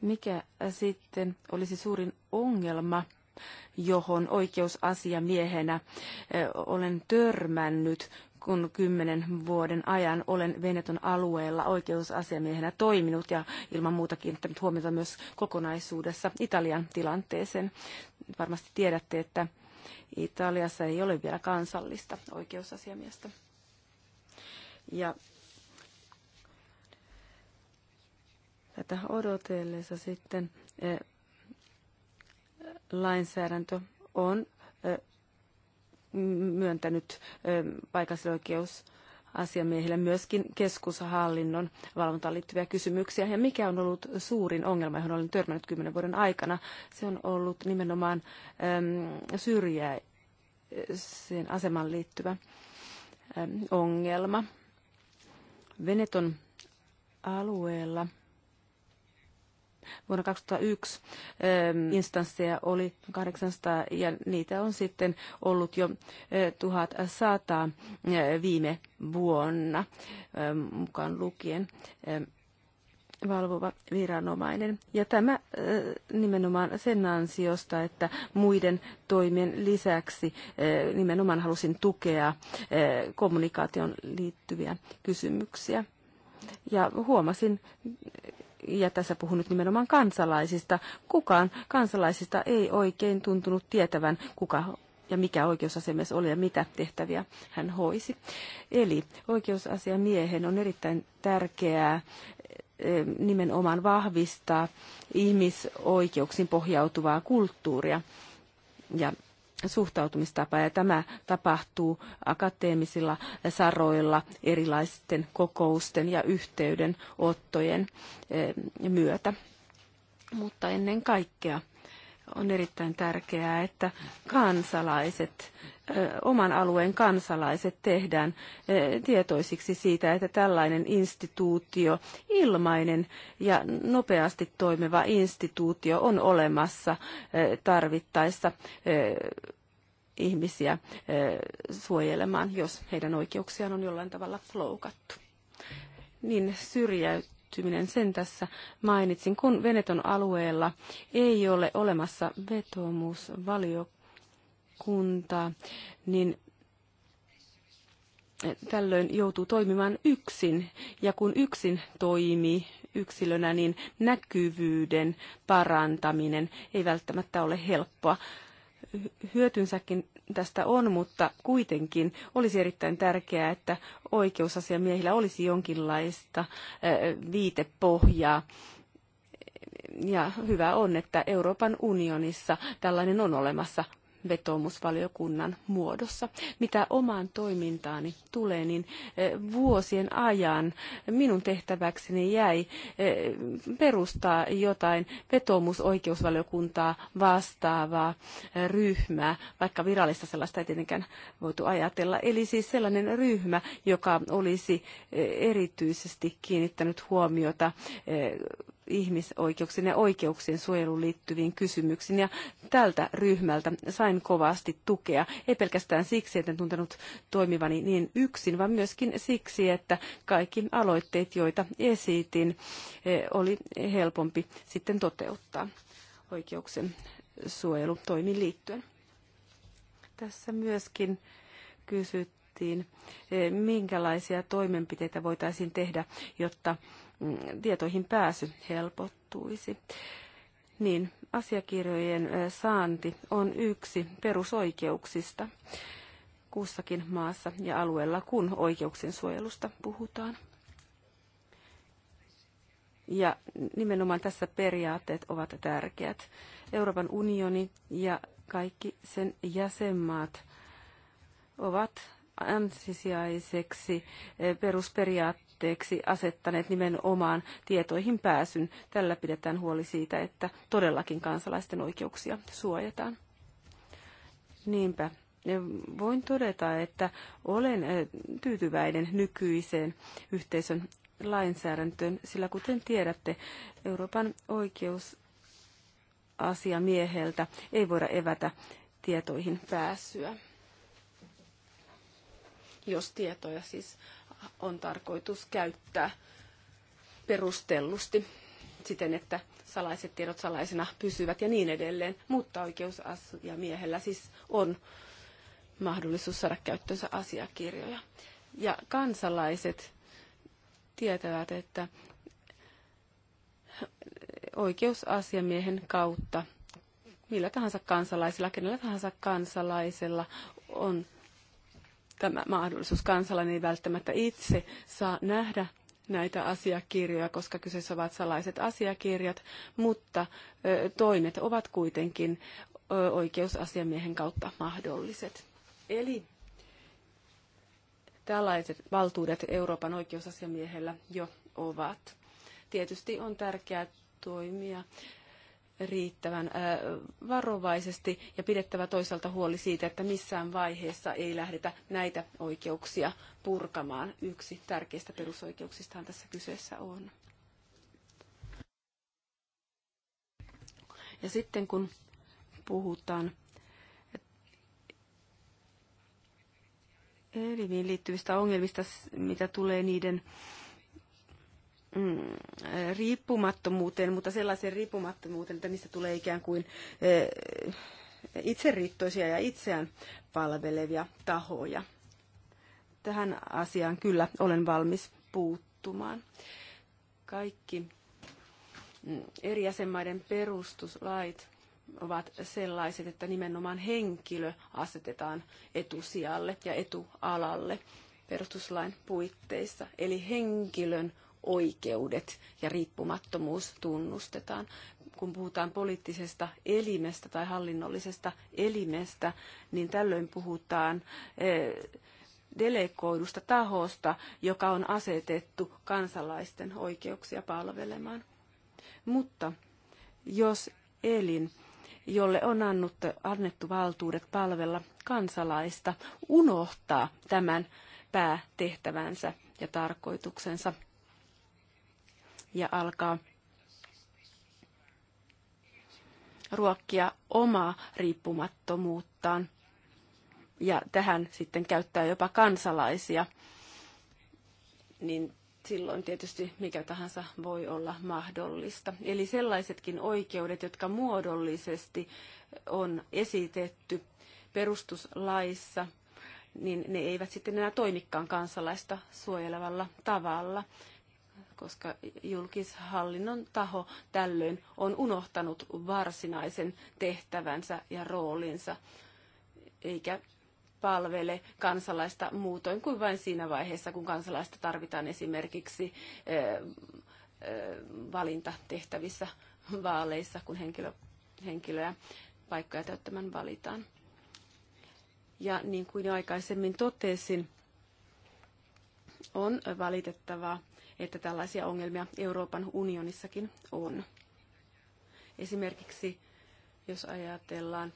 Mikä sitten olisi suurin ongelma, johon oikeusasiamiehenä olen törmännyt, kun kymmenen vuoden ajan olen Veneton alueella oikeusasiamiehenä toiminut ja ilman muuta kiinnittänyt huomiota myös kokonaisuudessa Italian tilanteeseen. Varmasti tiedätte, että Italiassa ei ole vielä kansallista oikeusasiamiestä. Ja tätä odotellessa sitten eh, lainsäädäntö on eh, myöntänyt paikallisoikeus asiamiehille myöskin keskushallinnon valvontaan liittyviä kysymyksiä. Ja mikä on ollut suurin ongelma, johon olen törmännyt kymmenen vuoden aikana? Se on ollut nimenomaan syrjäiseen asemaan liittyvä ongelma. Veneton alueella – Vuonna 2001 ähm, instansseja oli 800 ja niitä on sitten ollut jo 1100 äh, äh, viime vuonna ähm, mukaan lukien ähm, valvova viranomainen. Ja tämä äh, nimenomaan sen ansiosta, että muiden toimien lisäksi nimenomaan halusin tukea kommunikaation liittyviä kysymyksiä. Ja huomasin ja tässä puhun nyt nimenomaan kansalaisista, kukaan kansalaisista ei oikein tuntunut tietävän, kuka ja mikä oikeusasiamies oli ja mitä tehtäviä hän hoisi. Eli oikeusasiamiehen on erittäin tärkeää eh, nimenomaan vahvistaa ihmisoikeuksiin pohjautuvaa kulttuuria ja suhtautumistapa ja tämä tapahtuu akateemisilla saroilla erilaisten kokousten ja yhteydenottojen eh, myötä. Mutta ennen kaikkea on erittäin tärkeää, että kansalaiset, oman alueen kansalaiset tehdään tietoisiksi siitä, että tällainen instituutio, ilmainen ja nopeasti toimiva instituutio on olemassa tarvittaessa ihmisiä suojelemaan, jos heidän oikeuksiaan on jollain tavalla loukattu. Niin syrjäyttä kehittyminen, sen tässä mainitsin. Kun Veneton alueella ei ole olemassa vetomusvaliokuntaa, niin tällöin joutuu toimimaan yksin. Ja kun yksin toimii yksilönä, niin näkyvyyden parantaminen ei välttämättä ole helppoa hyötynsäkin tästä on, mutta kuitenkin olisi erittäin tärkeää, että oikeusasiamiehillä olisi jonkinlaista viitepohjaa. Ja hyvä on, että Euroopan unionissa tällainen on olemassa vetomusvaliokunnan muodossa. Mitä omaan toimintaani tulee, niin eh, vuosien ajan minun tehtäväkseni jäi eh, perustaa jotain vetomusoikeusvaliokuntaa vastaavaa eh, ryhmää, vaikka virallista sellaista ei tietenkään voitu ajatella. Eli siis sellainen ryhmä, joka olisi erityisesti kiinnittänyt huomiota ihmisoikeuksien ja oikeuksien suojeluun liittyviin kysymyksiin. Ja tältä ryhmältä sain kovasti tukea, ei pelkästään siksi, että en tuntenut toimivani niin yksin, vaan myöskin siksi, että kaikki aloitteet, joita esitin, eh, oli helpompi sitten toteuttaa oikeuksien suojelutoimiin liittyen. Tässä myöskin kysyttiin, eh, minkälaisia toimenpiteitä voitaisiin tehdä, jotta tietoihin pääsy helpottuisi. Niin, asiakirjojen saanti on yksi perusoikeuksista kussakin maassa ja alueella, kun oikeuksien suojelusta puhutaan. Ja nimenomaan tässä periaatteet ovat tärkeät. Euroopan unioni ja kaikki sen jäsenmaat ovat ansisijaiseksi perusperiaatteeksi tavoitteeksi asettaneet nimenomaan tietoihin pääsyn. Tällä pidetään huoli siitä, että todellakin kansalaisten oikeuksia suojataan. Niinpä. Voin todeta, että olen tyytyväinen nykyiseen yhteisön lainsäädäntöön, sillä kuten tiedätte, Euroopan oikeusasiamieheltä ei voida evätä tietoihin pääsyä, jos tietoja siis on tarkoitus käyttää perustellusti siten, että salaiset tiedot salaisena pysyvät ja niin edelleen. Mutta oikeusasiamiehellä siis on mahdollisuus saada käyttöönsä asiakirjoja. Ja kansalaiset tietävät, että oikeusasiamiehen kautta millä tahansa kansalaisella, kenellä tahansa kansalaisella on tämä mahdollisuus. Kansalainen niin ei välttämättä itse saa nähdä näitä asiakirjoja, koska kyseessä ovat salaiset asiakirjat, mutta toimet ovat kuitenkin oikeusasiamiehen kautta mahdolliset. Eli tällaiset valtuudet Euroopan oikeusasiamiehellä jo ovat. Tietysti on tärkeää toimia riittävän varovaisesti ja pidettävä toisaalta huoli siitä, että missään vaiheessa ei lähdetä näitä oikeuksia purkamaan. Yksi tärkeistä perusoikeuksistahan tässä kyseessä on. Ja sitten kun puhutaan elimiin liittyvistä ongelmista, mitä tulee niiden Mm, äh, riippumattomuuteen, mutta sellaiseen riippumattomuuteen, että niistä tulee ikään kuin äh, itseriittoisia ja itseään palvelevia tahoja. Tähän asiaan kyllä olen valmis puuttumaan. Kaikki mm, eri jäsenmaiden perustuslait ovat sellaiset, että nimenomaan henkilö asetetaan etusijalle ja etualalle perustuslain puitteissa. Eli henkilön oikeudet ja riippumattomuus tunnustetaan. Kun puhutaan poliittisesta elimestä tai hallinnollisesta elimestä, niin tällöin puhutaan eh, delegoidusta tahosta, joka on asetettu kansalaisten oikeuksia palvelemaan. Mutta jos elin, jolle on annettu valtuudet palvella kansalaista, unohtaa tämän päätehtävänsä ja tarkoituksensa, ja alkaa ruokkia omaa riippumattomuuttaan ja tähän sitten käyttää jopa kansalaisia, niin silloin tietysti mikä tahansa voi olla mahdollista. Eli sellaisetkin oikeudet, jotka muodollisesti on esitetty perustuslaissa, niin ne eivät sitten enää toimikaan kansalaista suojelevalla tavalla koska julkishallinnon taho tällöin on unohtanut varsinaisen tehtävänsä ja roolinsa, eikä palvele kansalaista muutoin kuin vain siinä vaiheessa, kun kansalaista tarvitaan esimerkiksi valintatehtävissä vaaleissa, kun henkilö, henkilöä paikkoja täyttämään valitaan. Ja niin kuin jo aikaisemmin totesin, on valitettavaa, että tällaisia ongelmia Euroopan unionissakin on. Esimerkiksi jos ajatellaan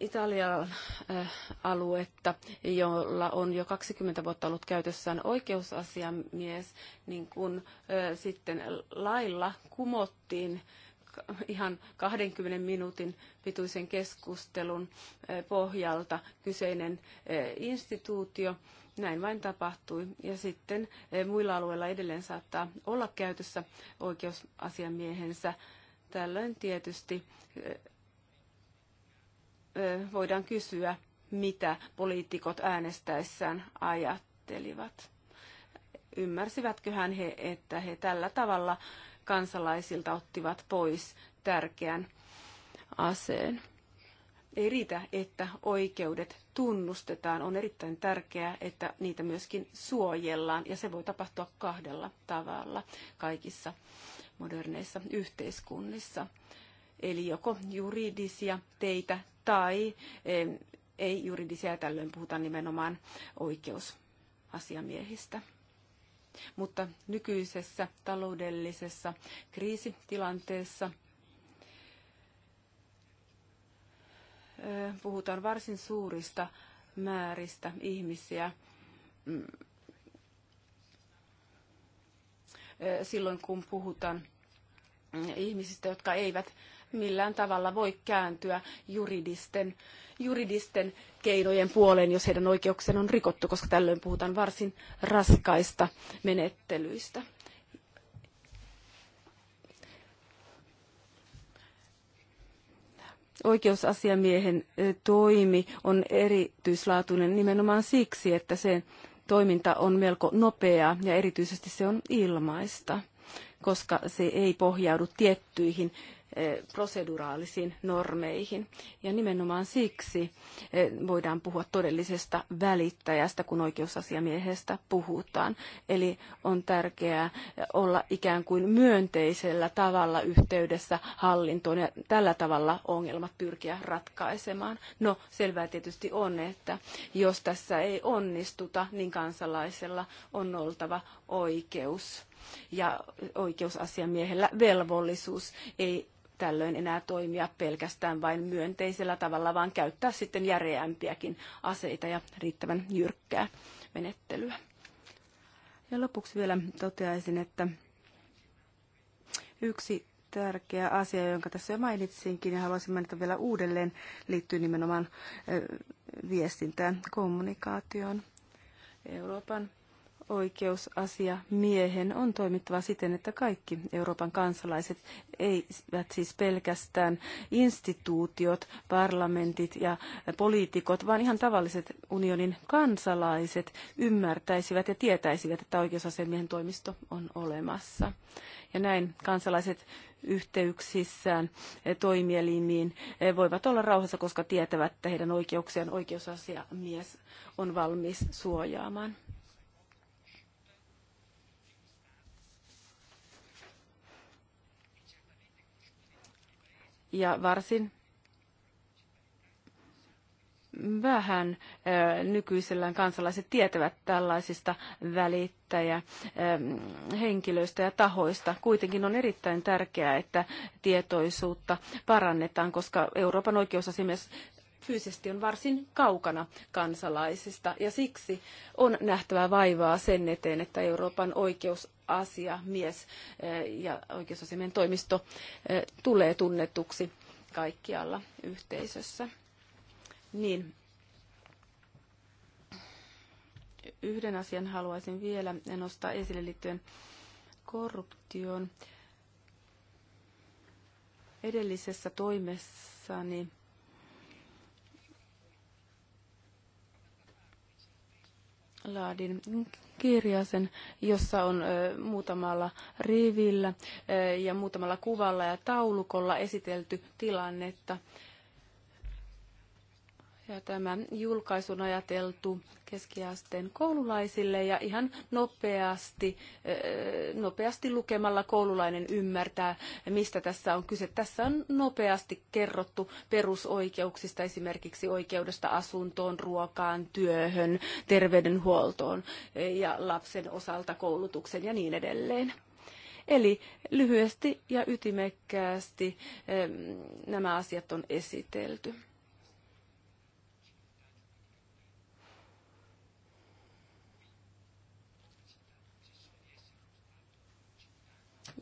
Italian äh, aluetta, jolla on jo 20 vuotta ollut käytössään oikeusasiamies, niin kun äh, sitten lailla kumottiin ihan 20 minuutin pituisen keskustelun äh, pohjalta kyseinen instituutio, näin vain tapahtui. Ja sitten eh, muilla alueilla edelleen saattaa olla käytössä oikeusasiamiehensä. Tällöin tietysti eh, eh, voidaan kysyä, mitä poliitikot äänestäessään ajattelivat. Ymmärsivätköhän he, että he tällä tavalla kansalaisilta ottivat pois tärkeän aseen ei riitä, että oikeudet tunnustetaan. On erittäin tärkeää, että niitä myöskin suojellaan, ja se voi tapahtua kahdella tavalla kaikissa moderneissa yhteiskunnissa. Eli joko juridisia teitä tai ei-juridisia, tällöin puhutaan nimenomaan oikeusasiamiehistä. Mutta nykyisessä taloudellisessa kriisitilanteessa – puhutaan varsin suurista määristä ihmisiä mm. silloin, kun puhutaan mm, ihmisistä, jotka eivät millään tavalla voi kääntyä juridisten, juridisten keinojen puoleen, jos heidän oikeuksiaan on rikottu, koska tällöin puhutaan varsin raskaista menettelyistä. oikeusasiamiehen toimi on erityislaatuinen nimenomaan siksi, että sen toiminta on melko nopeaa ja erityisesti se on ilmaista, koska se ei pohjaudu tiettyihin Eh, proseduraalisiin normeihin. Ja nimenomaan siksi eh, voidaan puhua todellisesta välittäjästä, kun oikeusasiamiehestä puhutaan. Eli on tärkeää eh, olla ikään kuin myönteisellä tavalla yhteydessä hallintoon ja tällä tavalla ongelmat pyrkiä ratkaisemaan. No, selvää tietysti on, että jos tässä ei onnistuta, niin kansalaisella on oltava oikeus ja oikeusasiamiehellä velvollisuus ei tällöin enää toimia pelkästään vain myönteisellä tavalla, vaan käyttää sitten järeämpiäkin aseita ja riittävän jyrkkää menettelyä. Ja lopuksi vielä toteaisin, että yksi tärkeä asia, jonka tässä jo mainitsinkin ja haluaisin mainita vielä uudelleen, liittyy nimenomaan viestintään, kommunikaatioon. Euroopan oikeusasia miehen on toimittava siten, että kaikki Euroopan kansalaiset eivät siis pelkästään instituutiot, parlamentit ja poliitikot, vaan ihan tavalliset unionin kansalaiset ymmärtäisivät ja tietäisivät, että oikeusasiamiehen toimisto on olemassa. Ja näin kansalaiset yhteyksissään toimielimiin voivat olla rauhassa, koska tietävät, että heidän oikeuksiaan oikeusasiamies on valmis suojaamaan. ja varsin vähän nykyisellään kansalaiset tietävät tällaisista välittäjähenkilöistä ja tahoista. Kuitenkin on erittäin tärkeää, että tietoisuutta parannetaan, koska Euroopan oikeusasiamies fyysisesti on varsin kaukana kansalaisista ja siksi on nähtävä vaivaa sen eteen, että Euroopan oikeusasiamies eh, ja oikeusasiamien toimisto eh, tulee tunnetuksi kaikkialla yhteisössä. Niin. Yhden asian haluaisin vielä nostaa esille liittyen korruptioon. Edellisessä toimessani laadin kirjasen, jossa on muutamalla rivillä ja muutamalla kuvalla ja taulukolla esitelty tilannetta ja tämä julkaisu on ajateltu keskiasteen koululaisille ja ihan nopeasti, nopeasti lukemalla koululainen ymmärtää, mistä tässä on kyse. Tässä on nopeasti kerrottu perusoikeuksista, esimerkiksi oikeudesta asuntoon, ruokaan, työhön, terveydenhuoltoon ja lapsen osalta koulutuksen ja niin edelleen. Eli lyhyesti ja ytimekkäästi nämä asiat on esitelty.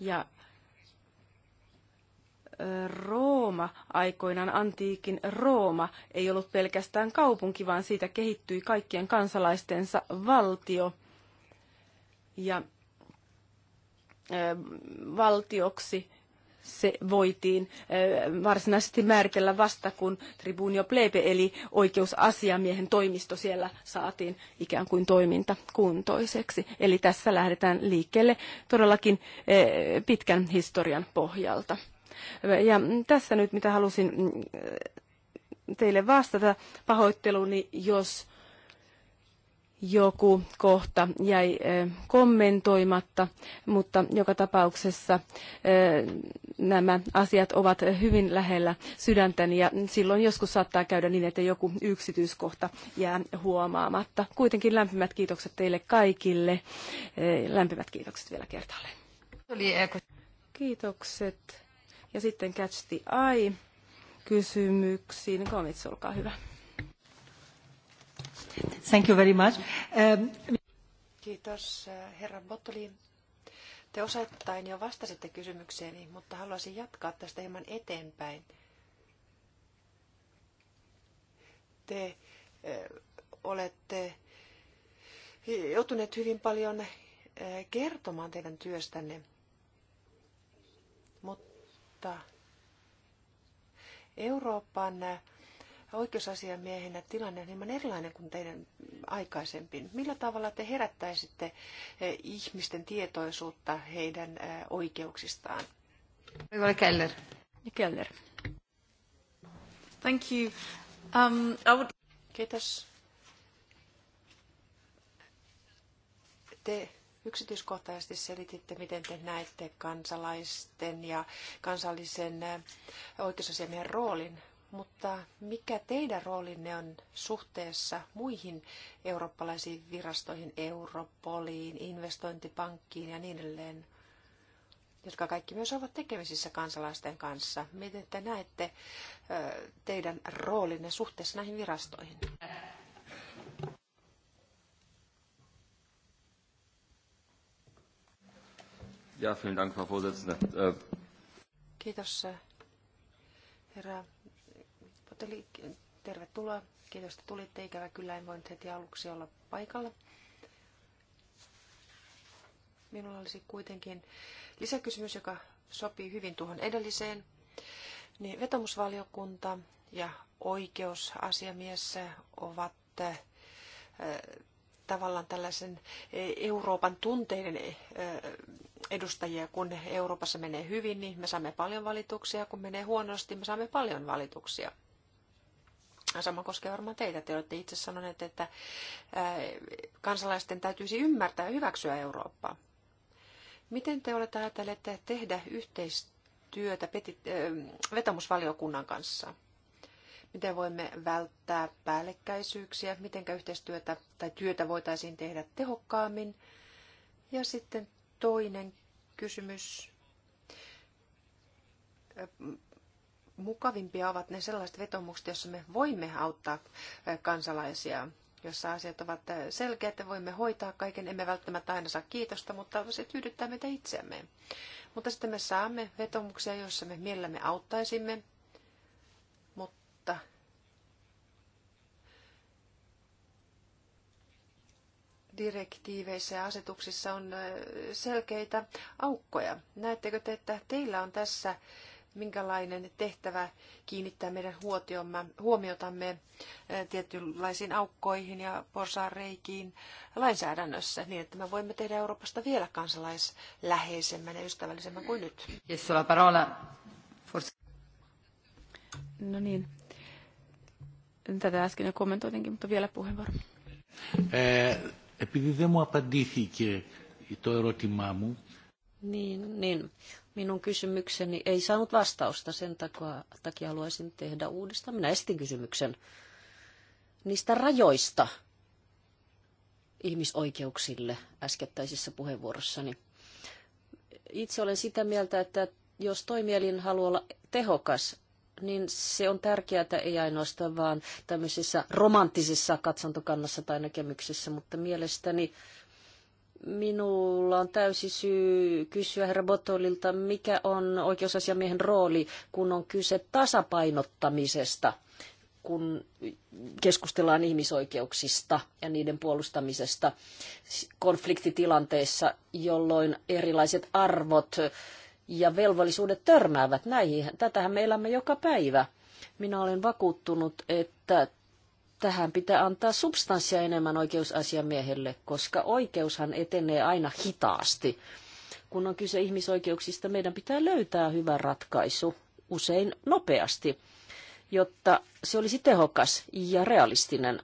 ja Rooma aikoinaan, antiikin Rooma, ei ollut pelkästään kaupunki, vaan siitä kehittyi kaikkien kansalaistensa valtio. Ja valtioksi se voitiin eh, varsinaisesti määritellä vasta, kun Tribunio Plebe eli oikeusasiamiehen toimisto siellä saatiin ikään kuin toiminta kuntoiseksi. Eli tässä lähdetään liikkeelle todellakin eh, pitkän historian pohjalta. Ja tässä nyt mitä halusin eh, teille vastata pahoitteluni, jos joku kohta jäi kommentoimatta, mutta joka tapauksessa nämä asiat ovat hyvin lähellä sydäntäni ja silloin joskus saattaa käydä niin, että joku yksityiskohta jää huomaamatta. Kuitenkin lämpimät kiitokset teille kaikille. Lämpimät kiitokset vielä kertaalleen. Kiitokset. Ja sitten catch the eye kysymyksiin. Komits, olkaa hyvä arvoisa puhemies um, Kiitos, eh, herra Bottolin. Te osittain jo vastasitte kysymykseeni, mutta haluaisin jatkaa tästä hieman eteenpäin. Te eh, olette joutuneet hyvin paljon eh, kertomaan teidän työstänne, mutta Euroopan oikeusasiamiehenä tilanne on hieman erilainen kuin teidän aikaisempi. Millä tavalla te herättäisitte eh, ihmisten tietoisuutta heidän eh, oikeuksistaan? Keller. Keller. Thank you. Um, I would... Kiitos. Te yksityiskohtaisesti selititte, miten te näette kansalaisten ja kansallisen eh, oikeusasiamiehen roolin mutta mikä teidän roolinne on suhteessa muihin eurooppalaisiin virastoihin, Europoliin, investointipankkiin ja niin edelleen, jotka kaikki myös ovat tekemisissä kansalaisten kanssa? Miten te näette teidän roolinne suhteessa näihin virastoihin? Ja, vielen Dank, Frau äh, Kiitos, äh, herra eli tervetuloa. Kiitos, että tulitte. Ikävä kyllä en voinut heti aluksi olla paikalla. Minulla olisi kuitenkin lisäkysymys, joka sopii hyvin tuohon edelliseen. Niin vetomusvaliokunta ja oikeusasiamies ovat äh, tavallaan tällaisen eh, Euroopan tunteiden eh, edustajia. Kun Euroopassa menee hyvin, niin me saamme paljon valituksia. Kun menee huonosti, me saamme paljon valituksia. Sama koskee varmaan teitä. Te olette itse sanoneet, että kansalaisten täytyisi ymmärtää ja hyväksyä Eurooppaa. Miten te olette ajatelleet tehdä yhteistyötä peti, vetomusvaliokunnan kanssa? Miten voimme välttää päällekkäisyyksiä? Miten yhteistyötä tai työtä voitaisiin tehdä tehokkaammin? Ja sitten toinen kysymys mukavimpia ovat ne sellaiset vetomukset, joissa me voimme auttaa kansalaisia, jossa asiat ovat selkeät että voimme hoitaa kaiken. Emme välttämättä aina saa kiitosta, mutta se tyydyttää meitä itseämme. Mutta sitten me saamme vetomuksia, joissa me mielellämme auttaisimme, mutta direktiiveissä ja asetuksissa on selkeitä aukkoja. Näettekö te, että teillä on tässä minkälainen tehtävä kiinnittää meidän huomiotamme eh, tietynlaisiin aukkoihin ja porsaareikiin lainsäädännössä, niin että me voimme tehdä Euroopasta vielä kansalaisläheisemmän ja ystävällisemmän kuin nyt. No niin. Tätä äsken jo kommentoitinkin, mutta vielä puheenvuoro. Eh, επειδή δεν μου απαντήθηκε το ερώτημά μου. Niin, niin minun kysymykseni ei saanut vastausta. Sen takia, takia haluaisin tehdä uudestaan. Minä estin kysymyksen niistä rajoista ihmisoikeuksille äskettäisessä puheenvuorossani. Itse olen sitä mieltä, että jos toimielin haluaa olla tehokas, niin se on tärkeää ei ainoastaan vaan tämmöisessä romanttisessa katsantokannassa tai näkemyksessä, mutta mielestäni Minulla on täysi syy kysyä herra Botolilta, mikä on oikeusasiamiehen rooli, kun on kyse tasapainottamisesta, kun keskustellaan ihmisoikeuksista ja niiden puolustamisesta konfliktitilanteissa, jolloin erilaiset arvot ja velvollisuudet törmäävät näihin. Tätähän me elämme joka päivä. Minä olen vakuuttunut, että tähän pitää antaa substanssia enemmän oikeusasiamiehelle, koska oikeushan etenee aina hitaasti. Kun on kyse ihmisoikeuksista, meidän pitää löytää hyvä ratkaisu usein nopeasti, jotta se olisi tehokas ja realistinen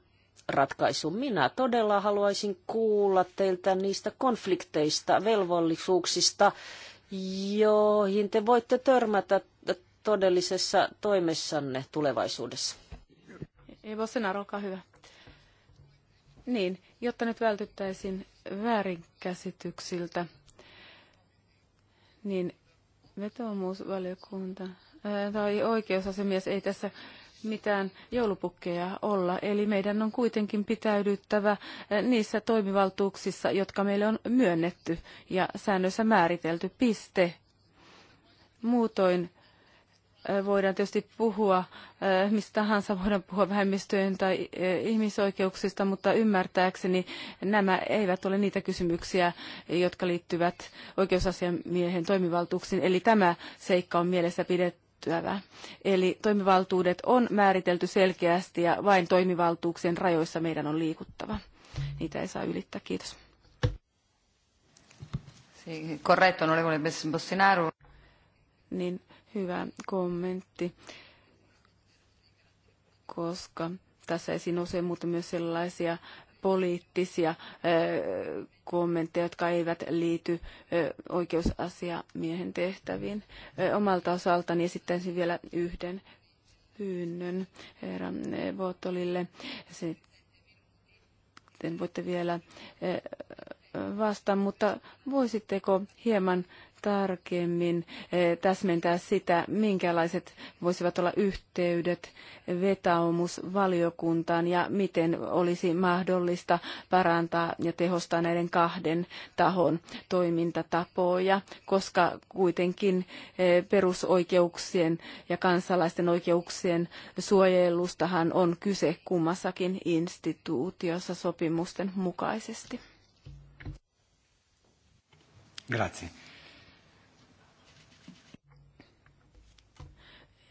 ratkaisu. Minä todella haluaisin kuulla teiltä niistä konflikteista, velvollisuuksista, joihin te voitte törmätä todellisessa toimessanne tulevaisuudessa. Ei Bosenar, olkaa hyvä. Niin, jotta nyt vältyttäisiin väärinkäsityksiltä, niin vetoomuusvaliokunta tai oikeusasiamies ei tässä mitään joulupukkeja olla. Eli meidän on kuitenkin pitäydyttävä niissä toimivaltuuksissa, jotka meille on myönnetty ja säännössä määritelty piste. Muutoin voidaan tietysti puhua mistä tahansa, voidaan puhua vähemmistöjen tai ihmisoikeuksista, mutta ymmärtääkseni nämä eivät ole niitä kysymyksiä, jotka liittyvät oikeusasiamiehen toimivaltuuksiin. Eli tämä seikka on mielessä pidettävä. Eli toimivaltuudet on määritelty selkeästi ja vain toimivaltuuksien rajoissa meidän on liikuttava. Niitä ei saa ylittää. Kiitos. Corretto, Niin, hyvä kommentti, koska tässä esiin usein mutta myös sellaisia poliittisia kommentteja, jotka eivät liity oikeusasiamiehen tehtäviin. Omalta osaltani esittäisin vielä yhden pyynnön herra Votolille. Sitten voitte vielä vastata, mutta voisitteko hieman tarkemmin eh, täsmentää sitä, minkälaiset voisivat olla yhteydet vetaumusvaliokuntaan ja miten olisi mahdollista parantaa ja tehostaa näiden kahden tahon toimintatapoja, koska kuitenkin eh, perusoikeuksien ja kansalaisten oikeuksien suojelustahan on kyse kummassakin instituutiossa sopimusten mukaisesti. Grazie.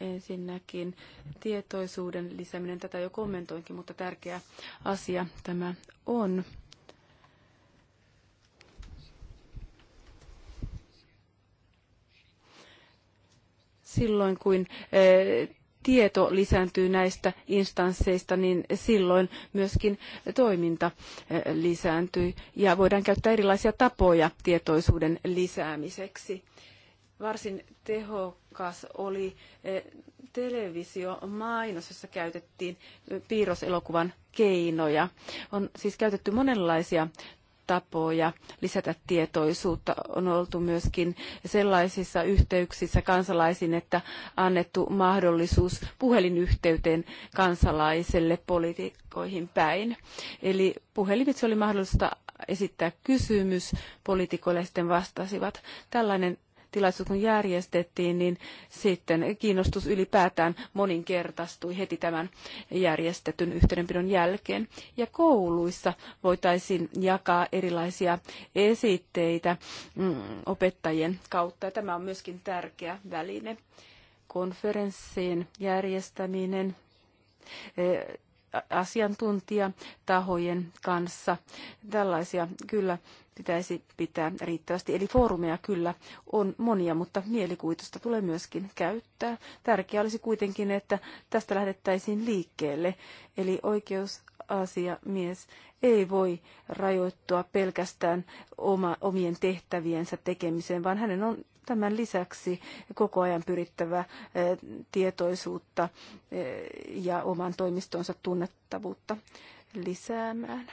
Ensinnäkin tietoisuuden lisääminen, tätä jo kommentoinkin, mutta tärkeä asia tämä on. Silloin kun eh, tieto lisääntyy näistä instansseista, niin silloin myöskin toiminta eh, lisääntyy ja voidaan käyttää erilaisia tapoja tietoisuuden lisäämiseksi. Varsin teho Kas oli eh, televisiomainos, jossa käytettiin eh, piirroselokuvan keinoja. On siis käytetty monenlaisia tapoja lisätä tietoisuutta. On oltu myöskin sellaisissa yhteyksissä kansalaisiin, että annettu mahdollisuus puhelinyhteyteen kansalaiselle poliitikkoihin päin. Eli puhelimitse oli mahdollista esittää kysymys, poliitikoille sitten vastasivat. Tällainen tilaisuus kun järjestettiin, niin sitten kiinnostus ylipäätään moninkertaistui heti tämän järjestetyn yhteydenpidon jälkeen. Ja kouluissa voitaisiin jakaa erilaisia esitteitä mm, opettajien kautta. Ja tämä on myöskin tärkeä väline. Konferenssien järjestäminen e, asiantuntijatahojen kanssa. Tällaisia kyllä pitäisi pitää riittävästi. Eli foorumeja kyllä on monia, mutta mielikuitusta tulee myöskin käyttää. Tärkeää olisi kuitenkin, että tästä lähdettäisiin liikkeelle. Eli oikeusasiamies ei voi rajoittua pelkästään oma, omien tehtäviensä tekemiseen, vaan hänen on tämän lisäksi koko ajan pyrittävä eh, tietoisuutta eh, ja oman toimistonsa tunnettavuutta lisäämään.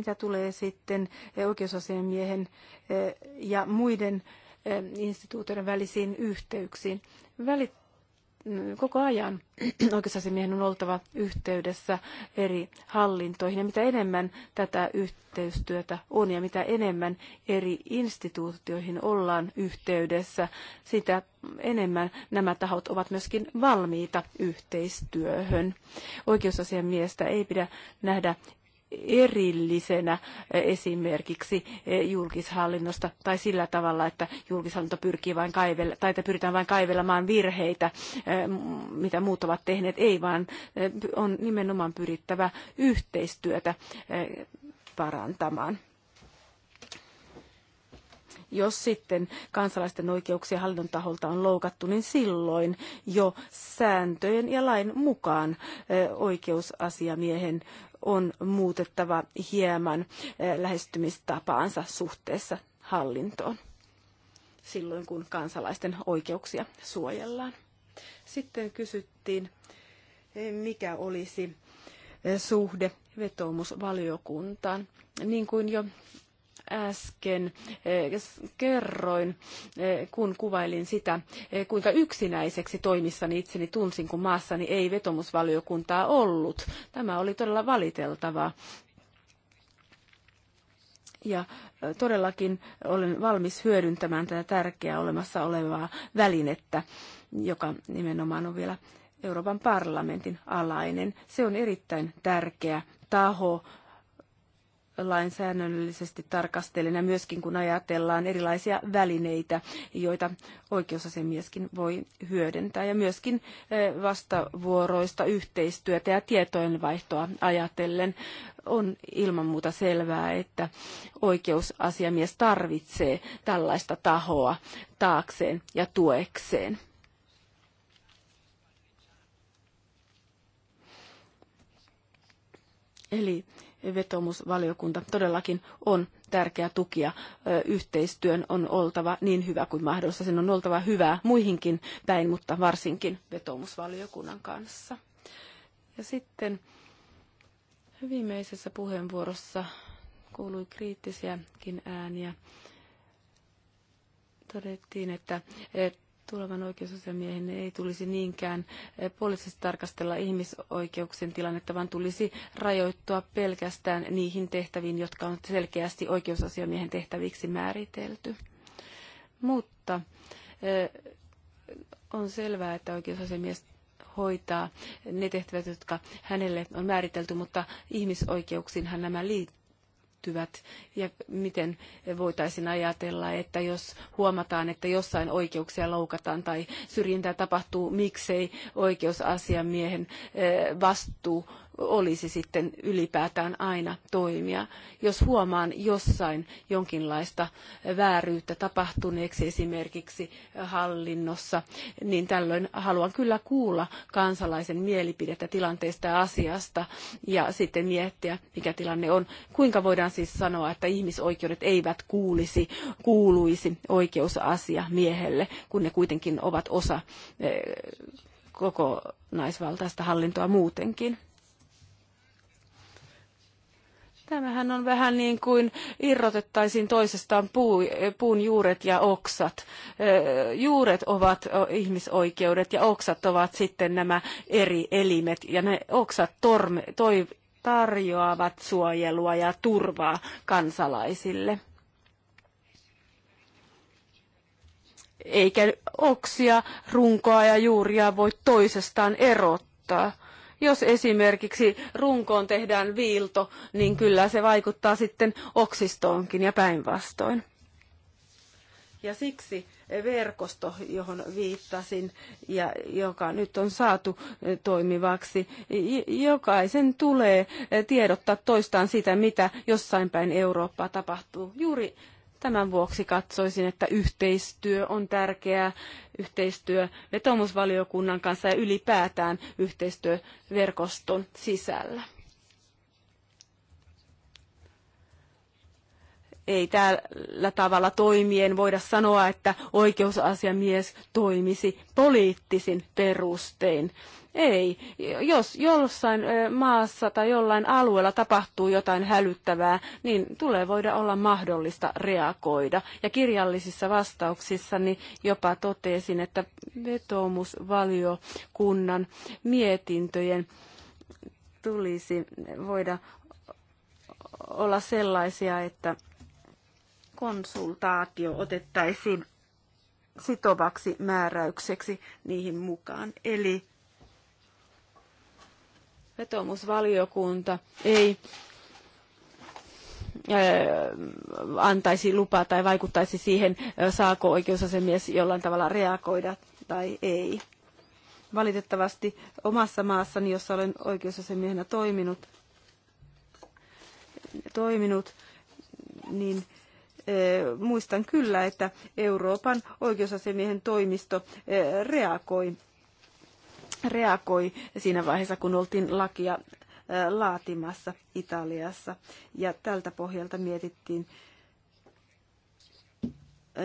Mitä tulee sitten eh, oikeusasiamiehen eh, ja muiden eh, instituutioiden välisiin yhteyksiin. Välit mm, koko ajan oikeusasiamiehen on oltava yhteydessä eri hallintoihin ja mitä enemmän tätä yhteistyötä on ja mitä enemmän eri instituutioihin ollaan yhteydessä, sitä enemmän nämä tahot ovat myöskin valmiita yhteistyöhön. Oikeusasiamiestä ei pidä nähdä erillisenä eh, esimerkiksi eh, julkishallinnosta tai sillä tavalla, että julkishallinto pyrkii vain kaivella, tai että pyritään vain kaivelemaan virheitä, eh, mitä muut ovat tehneet. Ei vaan on nimenomaan pyrittävä yhteistyötä parantamaan jos sitten kansalaisten oikeuksia hallinnon taholta on loukattu, niin silloin jo sääntöjen ja lain mukaan oikeusasiamiehen on muutettava hieman eh, lähestymistapaansa suhteessa hallintoon silloin, kun kansalaisten oikeuksia suojellaan. Sitten kysyttiin, eh, mikä olisi eh, suhde vetoomusvaliokuntaan. Niin kuin jo äsken eh, kerroin, eh, kun kuvailin sitä, eh, kuinka yksinäiseksi toimissani itseni tunsin, kun maassani ei vetomusvaliokuntaa ollut. Tämä oli todella valiteltavaa. Ja todellakin olen valmis hyödyntämään tätä tärkeää olemassa olevaa välinettä, joka nimenomaan on vielä Euroopan parlamentin alainen. Se on erittäin tärkeä taho lainsäädännöllisesti tarkastellen ja myöskin kun ajatellaan erilaisia välineitä, joita oikeusasemieskin voi hyödyntää ja myöskin eh, vastavuoroista yhteistyötä ja tietojenvaihtoa ajatellen on ilman muuta selvää, että oikeusasiamies tarvitsee tällaista tahoa taakseen ja tuekseen. Eli vetomusvaliokunta todellakin on tärkeä tukia. Yhteistyön on oltava niin hyvä kuin mahdollista. Sen on oltava hyvää muihinkin päin, mutta varsinkin vetomusvaliokunnan kanssa. Ja sitten viimeisessä puheenvuorossa kuului kriittisiäkin ääniä. Todettiin, että, että tulevan oikeusasiamiehen ei tulisi niinkään eh, poliittisesti tarkastella ihmisoikeuksien tilannetta, vaan tulisi rajoittua pelkästään niihin tehtäviin, jotka on selkeästi oikeusasiamiehen tehtäviksi määritelty. Mutta eh, on selvää, että oikeusasiamies hoitaa ne tehtävät, jotka hänelle on määritelty, mutta ihmisoikeuksiinhan nämä liittyvät liittyvät ja miten voitaisiin ajatella, että jos huomataan, että jossain oikeuksia loukataan tai syrjintää tapahtuu, miksei oikeusasiamiehen eh, vastuu olisi sitten ylipäätään aina toimia. Jos huomaan jossain jonkinlaista vääryyttä tapahtuneeksi esimerkiksi hallinnossa, niin tällöin haluan kyllä kuulla kansalaisen mielipidettä tilanteesta ja asiasta ja sitten miettiä, mikä tilanne on. Kuinka voidaan siis sanoa, että ihmisoikeudet eivät kuulisi, kuuluisi oikeusasia miehelle, kun ne kuitenkin ovat osa eh, kokonaisvaltaista hallintoa muutenkin. Tämähän on vähän niin kuin irrotettaisiin toisestaan puu, puun juuret ja oksat. Juuret ovat ihmisoikeudet ja oksat ovat sitten nämä eri elimet ja ne oksat torme, toi, tarjoavat suojelua ja turvaa kansalaisille. Eikä oksia, runkoa ja juuria voi toisestaan erottaa jos esimerkiksi runkoon tehdään viilto, niin kyllä se vaikuttaa sitten oksistoonkin ja päinvastoin. Ja siksi verkosto, johon viittasin ja joka nyt on saatu toimivaksi, jokaisen tulee tiedottaa toistaan sitä, mitä jossain päin Eurooppaa tapahtuu. Juuri Tämän vuoksi katsoisin, että yhteistyö on tärkeää, yhteistyö vetomusvaliokunnan kanssa ja ylipäätään yhteistyöverkoston sisällä. ei tällä tavalla toimien voida sanoa, että oikeusasiamies toimisi poliittisin perustein. Ei. Jos jossain maassa tai jollain alueella tapahtuu jotain hälyttävää, niin tulee voida olla mahdollista reagoida. Ja kirjallisissa vastauksissani jopa totesin, että vetoomusvaliokunnan mietintöjen tulisi voida olla sellaisia, että konsultaatio otettaisiin sitovaksi määräykseksi niihin mukaan. Eli vetomusvaliokunta ei antaisi lupaa tai vaikuttaisi siihen, saako oikeusasemies jollain tavalla reagoida tai ei. Valitettavasti omassa maassani, jossa olen oikeusasemiehenä toiminut, toiminut niin Eh, muistan kyllä, että Euroopan oikeusasiamiehen toimisto eh, reagoi, reagoi siinä vaiheessa, kun oltiin lakia eh, laatimassa Italiassa. Ja tältä pohjalta mietittiin,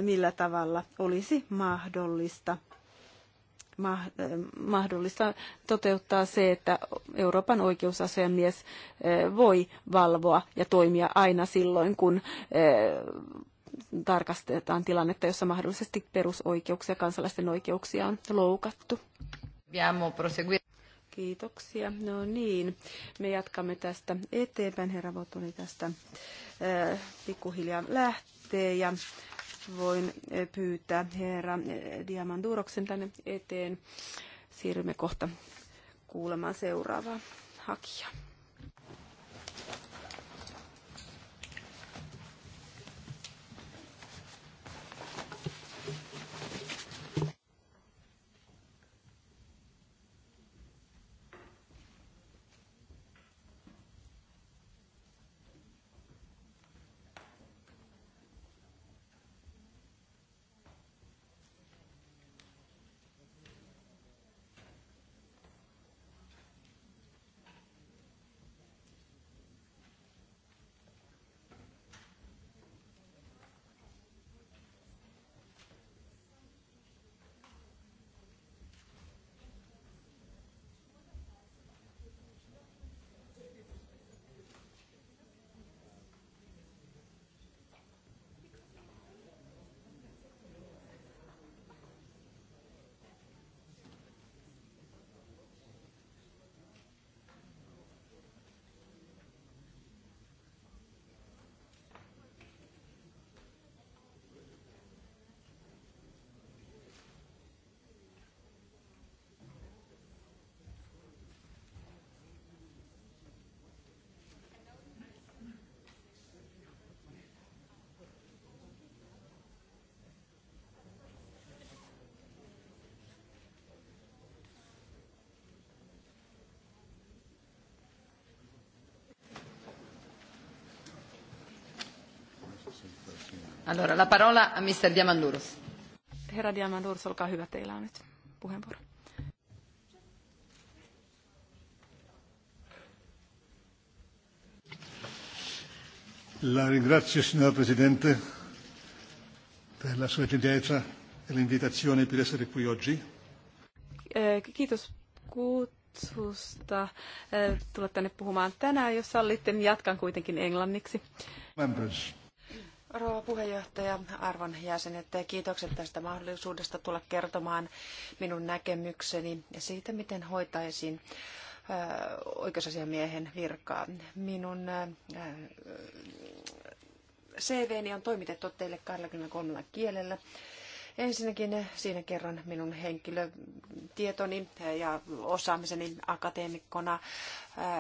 millä tavalla olisi mahdollista – mahdollista toteuttaa se, että Euroopan oikeusasiamies eh, voi valvoa ja toimia aina silloin, kun eh, tarkastetaan tilannetta, jossa mahdollisesti perusoikeuksia ja kansalaisten oikeuksia on loukattu. Kiitoksia. No niin, me jatkamme tästä eteenpäin. Herra Votoni tästä eh, pikkuhiljaa lähtee ja voin eh, pyytää herra eh, Diamanduroksen tänne eteen. Siirrymme kohta kuulemaan seuraavaa hakijaa. Allora, la parola a Mr. Diamandouros. Herra Diamandouros, olkaa hyvä, teillä on nyt puheenvuoro. La ringrazio, signora Presidente, per la sua gentilezza e l'invitazione per essere qui oggi. Eh, kiitos kutsusta eh, tulla tänne puhumaan tänään. Jos sallitte, niin jatkan kuitenkin englanniksi. Members rouva puheenjohtaja, arvon jäsenet, kiitokset tästä mahdollisuudesta tulla kertomaan minun näkemykseni siitä, miten hoitaisin äh, oikeusasiamiehen virkaa. Minun äh, äh, CVni on toimitettu teille 23 kielellä Ensinnäkin siinä kerron minun henkilötietoni ja osaamiseni akateemikkona,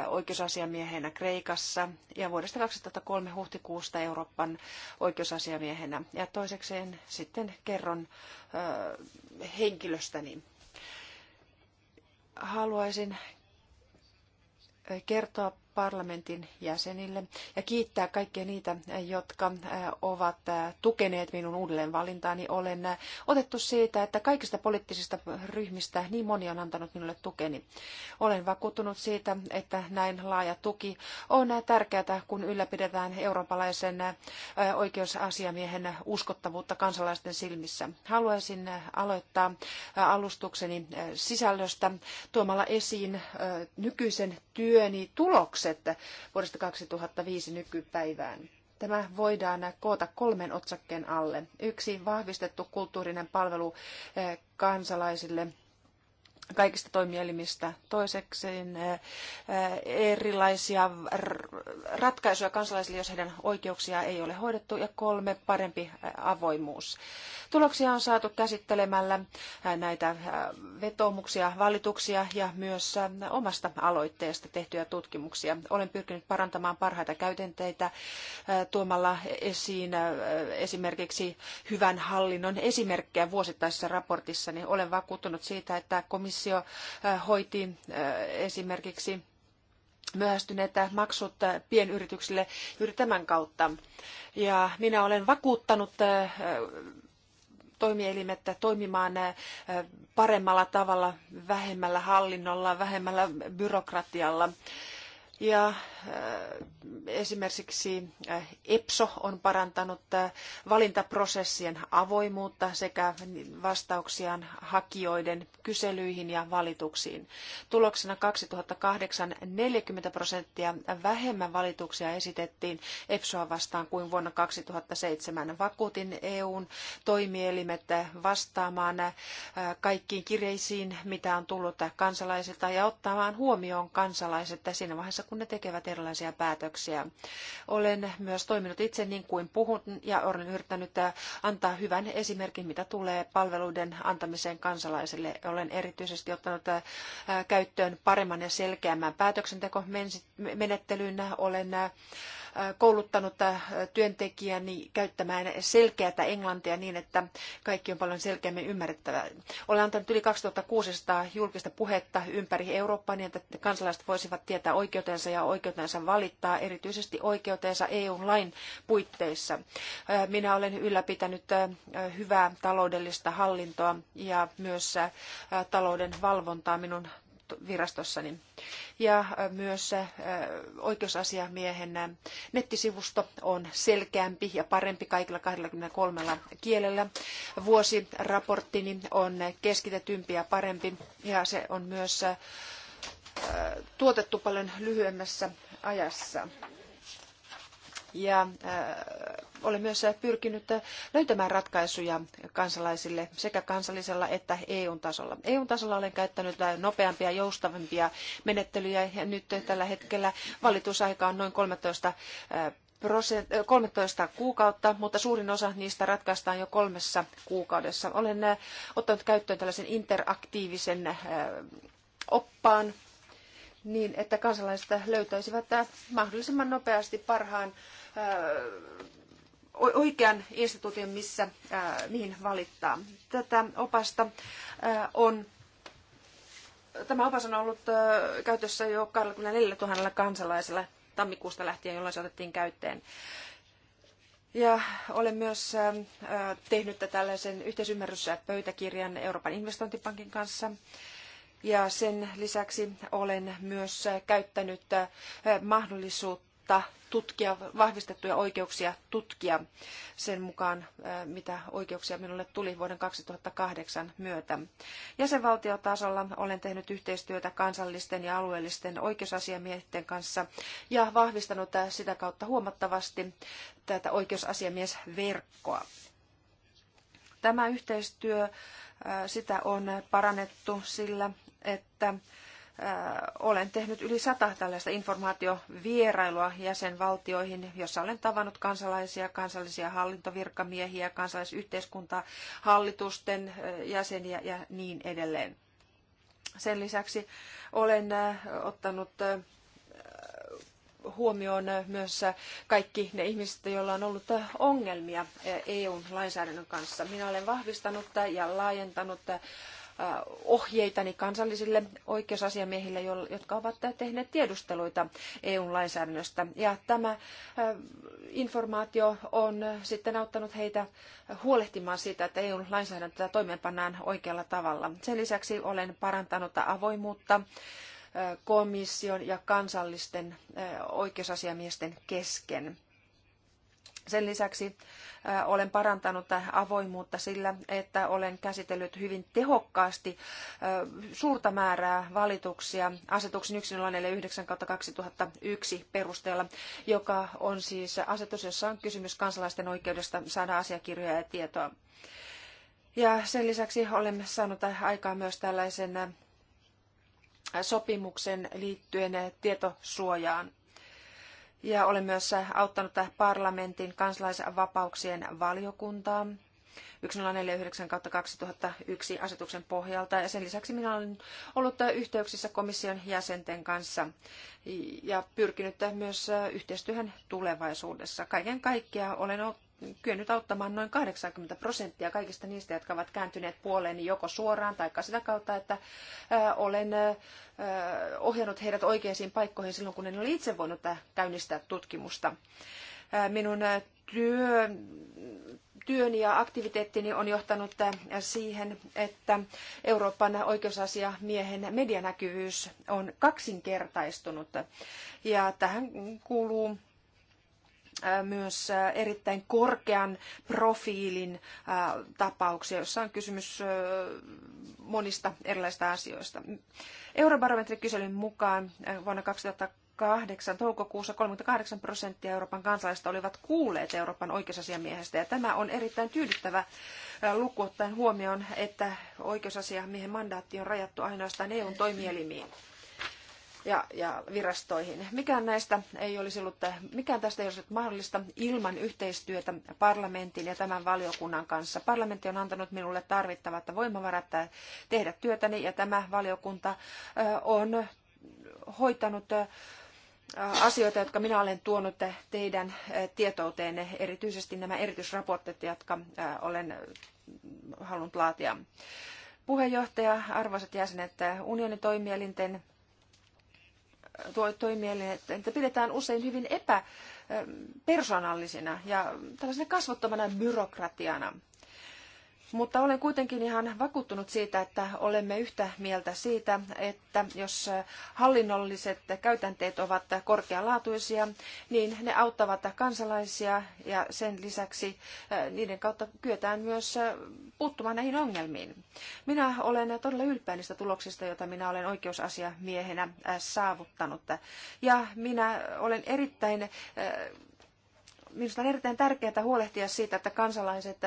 oikeusasiamiehenä Kreikassa ja vuodesta 2003 huhtikuusta Euroopan oikeusasiamiehenä. Ja toisekseen sitten kerron henkilöstäni. Haluaisin kertoa parlamentin jäsenille ja kiittää kaikkia niitä, jotka ovat tukeneet minun uudelleenvalintaani. Olen otettu siitä, että kaikista poliittisista ryhmistä niin moni on antanut minulle tukeni. Olen vakuuttunut siitä, että näin laaja tuki on tärkeää, kun ylläpidetään eurooppalaisen oikeusasiamiehen uskottavuutta kansalaisten silmissä. Haluaisin aloittaa alustukseni sisällöstä tuomalla esiin nykyisen työni tuloksen että vuodesta 2005 nykypäivään. Tämä voidaan koota kolmen otsakkeen alle. Yksi vahvistettu kulttuurinen palvelu eh, kansalaisille – kaikista toimielimistä toisekseen eh, eh, erilaisia ratkaisuja kansalaisille, jos heidän oikeuksia ei ole hoidettu, ja kolme, parempi eh, avoimuus. Tuloksia on saatu käsittelemällä näitä vetoomuksia, valituksia ja myös omasta aloitteesta tehtyjä tutkimuksia. Olen pyrkinyt parantamaan parhaita käytänteitä tuomalla esiin esimerkiksi hyvän hallinnon esimerkkejä vuosittaisessa raportissa, niin olen vakuuttunut siitä, että komissio komissio hoiti esimerkiksi myöhästyneitä maksut pienyrityksille juuri tämän kautta. Ja minä olen vakuuttanut toimielimet toimimaan paremmalla tavalla, vähemmällä hallinnolla, vähemmällä byrokratialla ja äh, esimerkiksi äh, EPSO on parantanut äh, valintaprosessien avoimuutta sekä vastauksiaan hakijoiden kyselyihin ja valituksiin. Tuloksena 2008 40 prosenttia vähemmän valituksia esitettiin EPSOa vastaan kuin vuonna 2007. Vakuutin EUn toimielimet vastaamaan kaikkiin kirjeisiin, mitä on tullut kansalaisilta ja ottamaan huomioon kansalaiset siinä vaiheessa, kun ne tekevät erilaisia päätöksiä. Olen myös toiminut itse niin kuin puhun ja olen yrittänyt antaa hyvän esimerkin, mitä tulee palveluiden antamiseen kansalaisille. Olen erityisesti ottanut äh, käyttöön paremman ja selkeämmän päätöksentekomenettelyn. Olen äh, kouluttanut äh, työntekijäni niin käyttämään selkeätä englantia niin, että kaikki on paljon selkeämmin ymmärrettävää. Olen antanut yli 2600 julkista puhetta ympäri Eurooppaa niin, että kansalaiset voisivat tietää oikeutensa ja oikeutensa valittaa, erityisesti oikeutensa EU-lain puitteissa. Äh, minä olen ylläpitänyt äh, hyvää taloudellista hallintoa ja myös talouden valvontaa minun virastossani. Niin- ja myös oikeusasiamiehen nettisivusto on selkeämpi ja parempi kaikilla 23 kielellä. Vuosiraporttini niin on keskitetympi ja parempi ja se on myös tuotettu paljon lyhyemmässä ajassa. Ja olen myös pyrkinyt löytämään ratkaisuja kansalaisille sekä kansallisella että EU-tasolla. EU-tasolla olen käyttänyt nopeampia, joustavampia menettelyjä ja nyt tällä hetkellä valitusaika on noin 13 13 eh, eh, kuukautta, mutta suurin osa niistä ratkaistaan jo kolmessa kuukaudessa. Olen eh, ottanut käyttöön tällaisen interaktiivisen oppaan niin, että kansalaiset löytäisivät mahdollisimman nopeasti parhaan oikean instituution, missä, mihin valittaa. Tätä opasta on Tämä opas on ollut käytössä jo 24 000 kansalaisella tammikuusta lähtien, jolloin se otettiin käyttöön. Ja olen myös tehnyt tällaisen pöytäkirjan Euroopan investointipankin kanssa. Ja sen lisäksi olen myös käyttänyt mahdollisuutta tutkia, vahvistettuja oikeuksia tutkia sen mukaan, mitä oikeuksia minulle tuli vuoden 2008 myötä. Jäsenvaltiotasolla olen tehnyt yhteistyötä kansallisten ja alueellisten oikeusasiamiesten kanssa ja vahvistanut sitä kautta huomattavasti tätä oikeusasiamiesverkkoa. Tämä yhteistyö, sitä on parannettu sillä, että olen tehnyt yli sata tällaista informaatiovierailua jäsenvaltioihin, jossa olen tavannut kansalaisia, kansallisia hallintovirkamiehiä, kansalaisyhteiskuntaa, hallitusten jäseniä ja niin edelleen. Sen lisäksi olen ottanut huomioon myös kaikki ne ihmiset, joilla on ollut ongelmia EUn lainsäädännön kanssa. Minä olen vahvistanut ja laajentanut ohjeitani kansallisille oikeusasiamiehille, jotka ovat tehneet tiedusteluita EU-lainsäädännöstä. Ja tämä informaatio on sitten auttanut heitä huolehtimaan siitä, että EU-lainsäädäntöä toimeenpannaan oikealla tavalla. Sen lisäksi olen parantanut avoimuutta komission ja kansallisten oikeusasiamiesten kesken. Sen lisäksi olen parantanut avoimuutta sillä, että olen käsitellyt hyvin tehokkaasti suurta määrää valituksia asetuksen 1049-2001 perusteella, joka on siis asetus, jossa on kysymys kansalaisten oikeudesta saada asiakirjoja ja tietoa. Ja sen lisäksi olemme saanut aikaan myös tällaisen sopimuksen liittyen tietosuojaan ja olen myös auttanut parlamentin kansalaisvapauksien valiokuntaa 1049-2001 asetuksen pohjalta. Ja sen lisäksi minä olen ollut yhteyksissä komission jäsenten kanssa ja pyrkinyt myös yhteistyöhön tulevaisuudessa. Kaiken kaikkiaan olen kyennyt auttamaan noin 80 prosenttia kaikista niistä, jotka ovat kääntyneet puoleeni joko suoraan tai sitä kautta, että olen ohjannut heidät oikeisiin paikkoihin silloin, kun en ole itse voinut käynnistää tutkimusta. Minun työ, työni ja aktiviteettini on johtanut siihen, että Euroopan oikeusasiamiehen medianäkyvyys on kaksinkertaistunut. Ja tähän kuuluu Äh, myös äh, erittäin korkean profiilin äh, tapauksia, joissa on kysymys monista erilaisista asioista. Eurobarometrikyselyn mukaan vuonna 2008 toukokuussa 38 prosenttia Euroopan kansalaisista olivat kuulleet Euroopan oikeusasiamiehestä. Ja tämä on erittäin tyydyttävä luku ottaen huomioon, että oikeusasiamiehen mandaatti on rajattu ainoastaan eu toimielimiin ja, ja virastoihin. Mikään, näistä ei olisi ollut, mikään tästä ei olisi ollut mahdollista ilman yhteistyötä parlamentin ja tämän valiokunnan kanssa. Parlamentti on antanut minulle tarvittavat voimavarat äh, tehdä työtäni ja tämä valiokunta äh, on hoitanut äh, asioita, jotka minä olen tuonut teidän tietouteenne, erityisesti nämä erityisraportit, jotka olen halunnut laatia. Puheenjohtaja, arvoisat jäsenet, unionin toimielinten tuo mieleen, että pidetään usein hyvin epäpersonallisina ja tällaisena kasvottomana byrokratiana. Mutta olen kuitenkin ihan vakuuttunut siitä, että olemme yhtä mieltä siitä, että jos hallinnolliset käytänteet ovat korkealaatuisia, niin ne auttavat kansalaisia ja sen lisäksi äh, niiden kautta kyetään myös äh, puuttumaan näihin ongelmiin. Minä olen todella ylpeä niistä tuloksista, joita minä olen oikeusasiamiehenä äh, saavuttanut. Ja minä olen erittäin minusta on erittäin tärkeää huolehtia siitä, että kansalaiset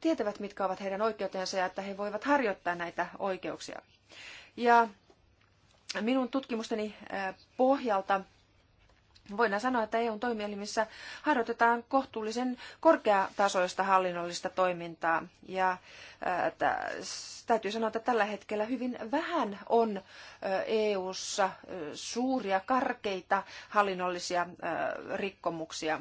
tietävät, mitkä ovat heidän oikeutensa ja että he voivat harjoittaa näitä oikeuksia. Ja minun tutkimusteni pohjalta Voidaan sanoa, että EUn toimielimissä harjoitetaan kohtuullisen korkeatasoista hallinnollista toimintaa ja äh, täytyy sanoa, että tällä hetkellä hyvin vähän on äh, EU:ssa äh, suuria karkeita hallinnollisia rikkomuksia.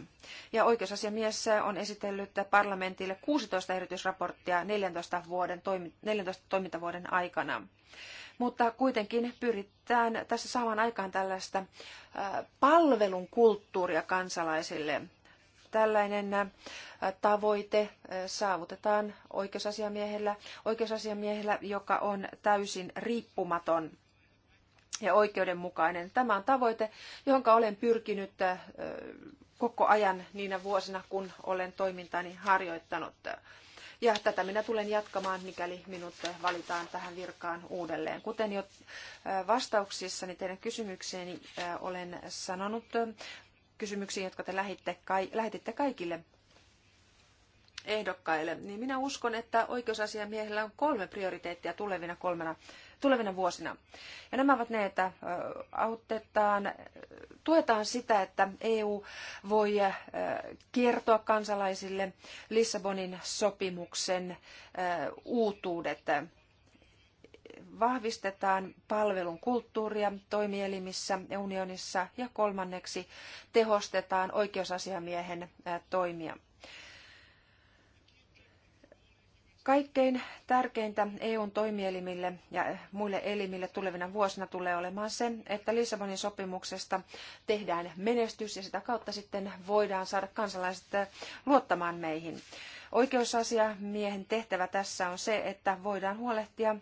Ja oikeusasiamies on esitellyt parlamentille 16 erityisraporttia 14, vuoden, 14 toimintavuoden aikana mutta kuitenkin pyritään tässä saamaan aikaan tällaista äh, palvelun kulttuuria kansalaisille. Tällainen äh, tavoite äh, saavutetaan oikeusasiamiehellä, oikeusasiamiehellä, joka on täysin riippumaton ja oikeudenmukainen. Tämä on tavoite, jonka olen pyrkinyt koko ajan niinä vuosina, kun olen toimintani harjoittanut. Ja tätä minä tulen jatkamaan, mikäli minut valitaan tähän virkaan uudelleen. Kuten jo vastauksissani teidän kysymykseeni olen sanonut, kysymyksiin, jotka te lähetitte kaikille ehdokkaille, niin minä uskon, että oikeusasiamiehellä on kolme prioriteettia tulevina kolmena tulevina vuosina. Ja nämä ovat ne, että autetaan, tuetaan sitä, että EU voi kertoa kansalaisille Lissabonin sopimuksen uutuudet vahvistetaan palvelun kulttuuria toimielimissä ja unionissa ja kolmanneksi tehostetaan oikeusasiamiehen toimia Kaikkein tärkeintä EUn toimielimille ja muille elimille tulevina vuosina tulee olemaan se, että Lissabonin sopimuksesta tehdään menestys ja sitä kautta sitten voidaan saada kansalaiset luottamaan meihin. Oikeusasiamiehen tehtävä tässä on se, että voidaan huolehtia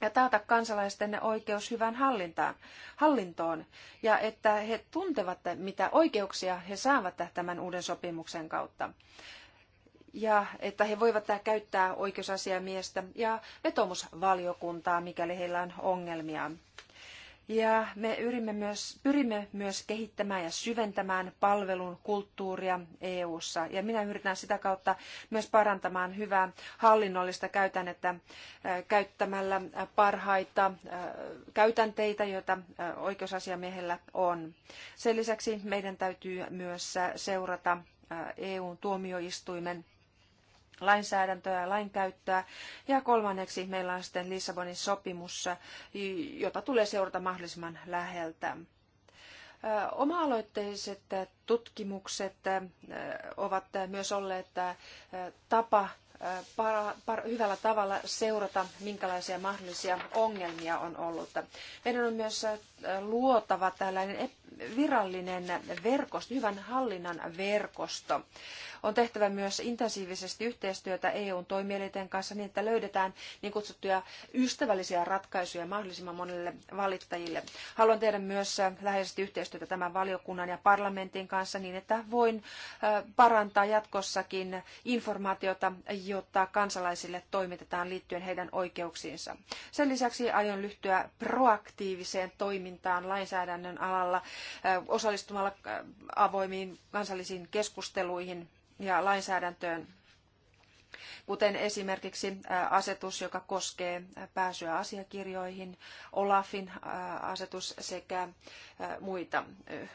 ja taata kansalaisten oikeus hyvään hallintaan, hallintoon ja että he tuntevat, mitä oikeuksia he saavat tämän uuden sopimuksen kautta ja että he voivat käyttää oikeusasiamiestä ja vetomusvaliokuntaa, mikäli heillä on ongelmia. Ja me yrimme myös, pyrimme myös kehittämään ja syventämään palvelun kulttuuria EU:ssa ja minä yritän sitä kautta myös parantamaan hyvää hallinnollista käytännettä äh, käyttämällä parhaita äh, käytänteitä, joita äh, oikeusasiamiehellä on. Sen lisäksi meidän täytyy myös seurata EUn tuomioistuimen lainsäädäntöä ja lainkäyttöä. Ja kolmanneksi meillä on sitten Lissabonin sopimus, jota tulee seurata mahdollisimman läheltä. Oma-aloitteiset tutkimukset ovat myös olleet tapa para, para, hyvällä tavalla seurata, minkälaisia mahdollisia ongelmia on ollut. Meidän on myös luotava tällainen virallinen verkosto, hyvän hallinnan verkosto. On tehtävä myös intensiivisesti yhteistyötä EUn toimielinten kanssa niin, että löydetään niin kutsuttuja ystävällisiä ratkaisuja mahdollisimman monille valittajille. Haluan tehdä myös äh, läheisesti yhteistyötä tämän valiokunnan ja parlamentin kanssa niin, että voin äh, parantaa jatkossakin informaatiota, jota kansalaisille toimitetaan liittyen heidän oikeuksiinsa. Sen lisäksi aion lyhtyä proaktiiviseen toimintaan lainsäädännön alalla äh, osallistumalla avoimiin kansallisiin keskusteluihin ja lainsäädäntöön, kuten esimerkiksi asetus, joka koskee pääsyä asiakirjoihin, Olafin asetus sekä muita.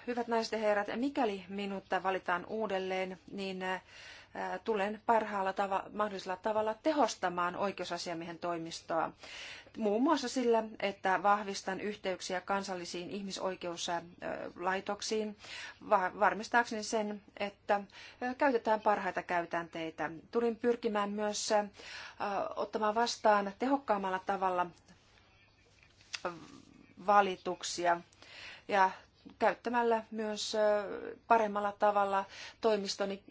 Hyvät naiset ja herrat, mikäli minut valitaan uudelleen, niin tulen parhaalla tava- mahdollisella tavalla tehostamaan oikeusasiamiehen toimistoa. Muun muassa sillä, että vahvistan yhteyksiä kansallisiin ihmisoikeuslaitoksiin varmistaakseni sen, että käytetään parhaita käytänteitä. Tulin pyrkimään myös ottamaan vastaan tehokkaammalla tavalla valituksia ja käyttämällä myös paremmalla tavalla toimistoni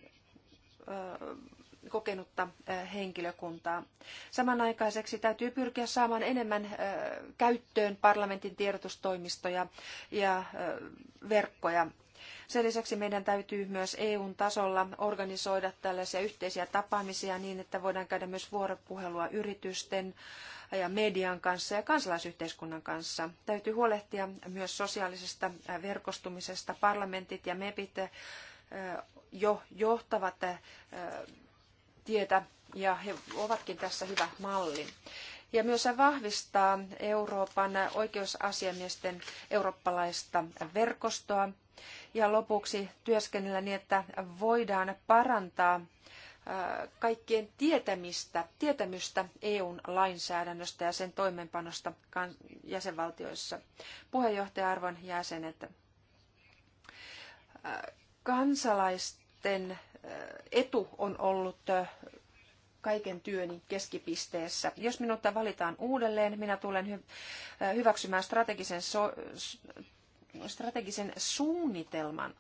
kokenutta henkilökuntaa. Samanaikaiseksi täytyy pyrkiä saamaan enemmän käyttöön parlamentin tiedotustoimistoja ja verkkoja. Sen lisäksi meidän täytyy myös EUn tasolla organisoida tällaisia yhteisiä tapaamisia niin, että voidaan käydä myös vuoropuhelua yritysten ja median kanssa ja kansalaisyhteiskunnan kanssa. Täytyy huolehtia myös sosiaalisesta verkostumisesta. Parlamentit ja MEPit jo johtavat eh, tietä ja he ovatkin tässä hyvä malli. Ja myös se vahvistaa Euroopan oikeusasiamiesten eurooppalaista verkostoa. Ja lopuksi työskennellä niin, että voidaan parantaa eh, kaikkien tietämistä, tietämystä EUn lainsäädännöstä ja sen toimeenpanosta jäsenvaltioissa. Puheenjohtaja-arvon jäsenet eh, kansalaisten etu on ollut kaiken työni keskipisteessä. Jos minut valitaan uudelleen, minä tulen hyväksymään strategisen, so, strategisen suunnitelman,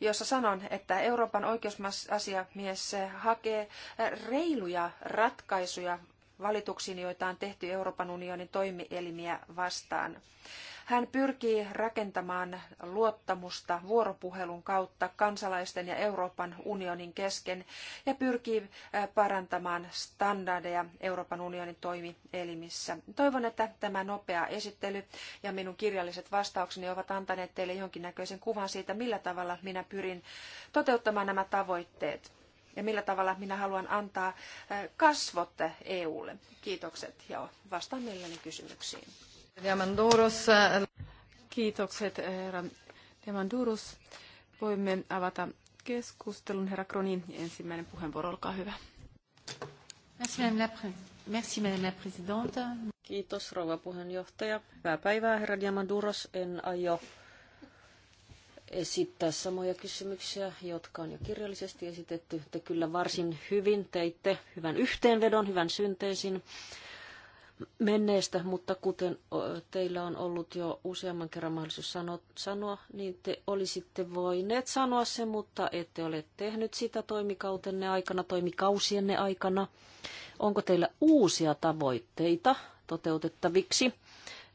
jossa sanon, että Euroopan oikeusasiamies hakee reiluja ratkaisuja valituksiin, joita on tehty Euroopan unionin toimielimiä vastaan. Hän pyrkii rakentamaan luottamusta vuoropuhelun kautta kansalaisten ja Euroopan unionin kesken ja pyrkii äh, parantamaan standardeja Euroopan unionin toimielimissä. Toivon, että tämä nopea esittely ja minun kirjalliset vastaukseni ovat antaneet teille jonkinnäköisen kuvan siitä, millä tavalla minä pyrin toteuttamaan nämä tavoitteet ja millä tavalla minä haluan antaa äh, kasvot EUlle. Kiitokset ja vastaan mielelläni kysymyksiin. Diamanduros. Eh, Kiitokset, eh, herra Diamandurus. Voimme avata keskustelun. Herra Kronin, ensimmäinen puheenvuoro, olkaa hyvä. Merci, madame la présidente. Kiitos, rouva puheenjohtaja. Hyvää päivää, herra Diamanduros. En aio esittää samoja kysymyksiä, jotka on jo kirjallisesti esitetty. Te kyllä varsin hyvin teitte hyvän yhteenvedon, hyvän synteesin menneestä, mutta kuten teillä on ollut jo useamman kerran mahdollisuus sanoa, niin te olisitte voineet sanoa se, mutta ette ole tehnyt sitä toimikautenne aikana, toimikausienne aikana. Onko teillä uusia tavoitteita toteutettaviksi?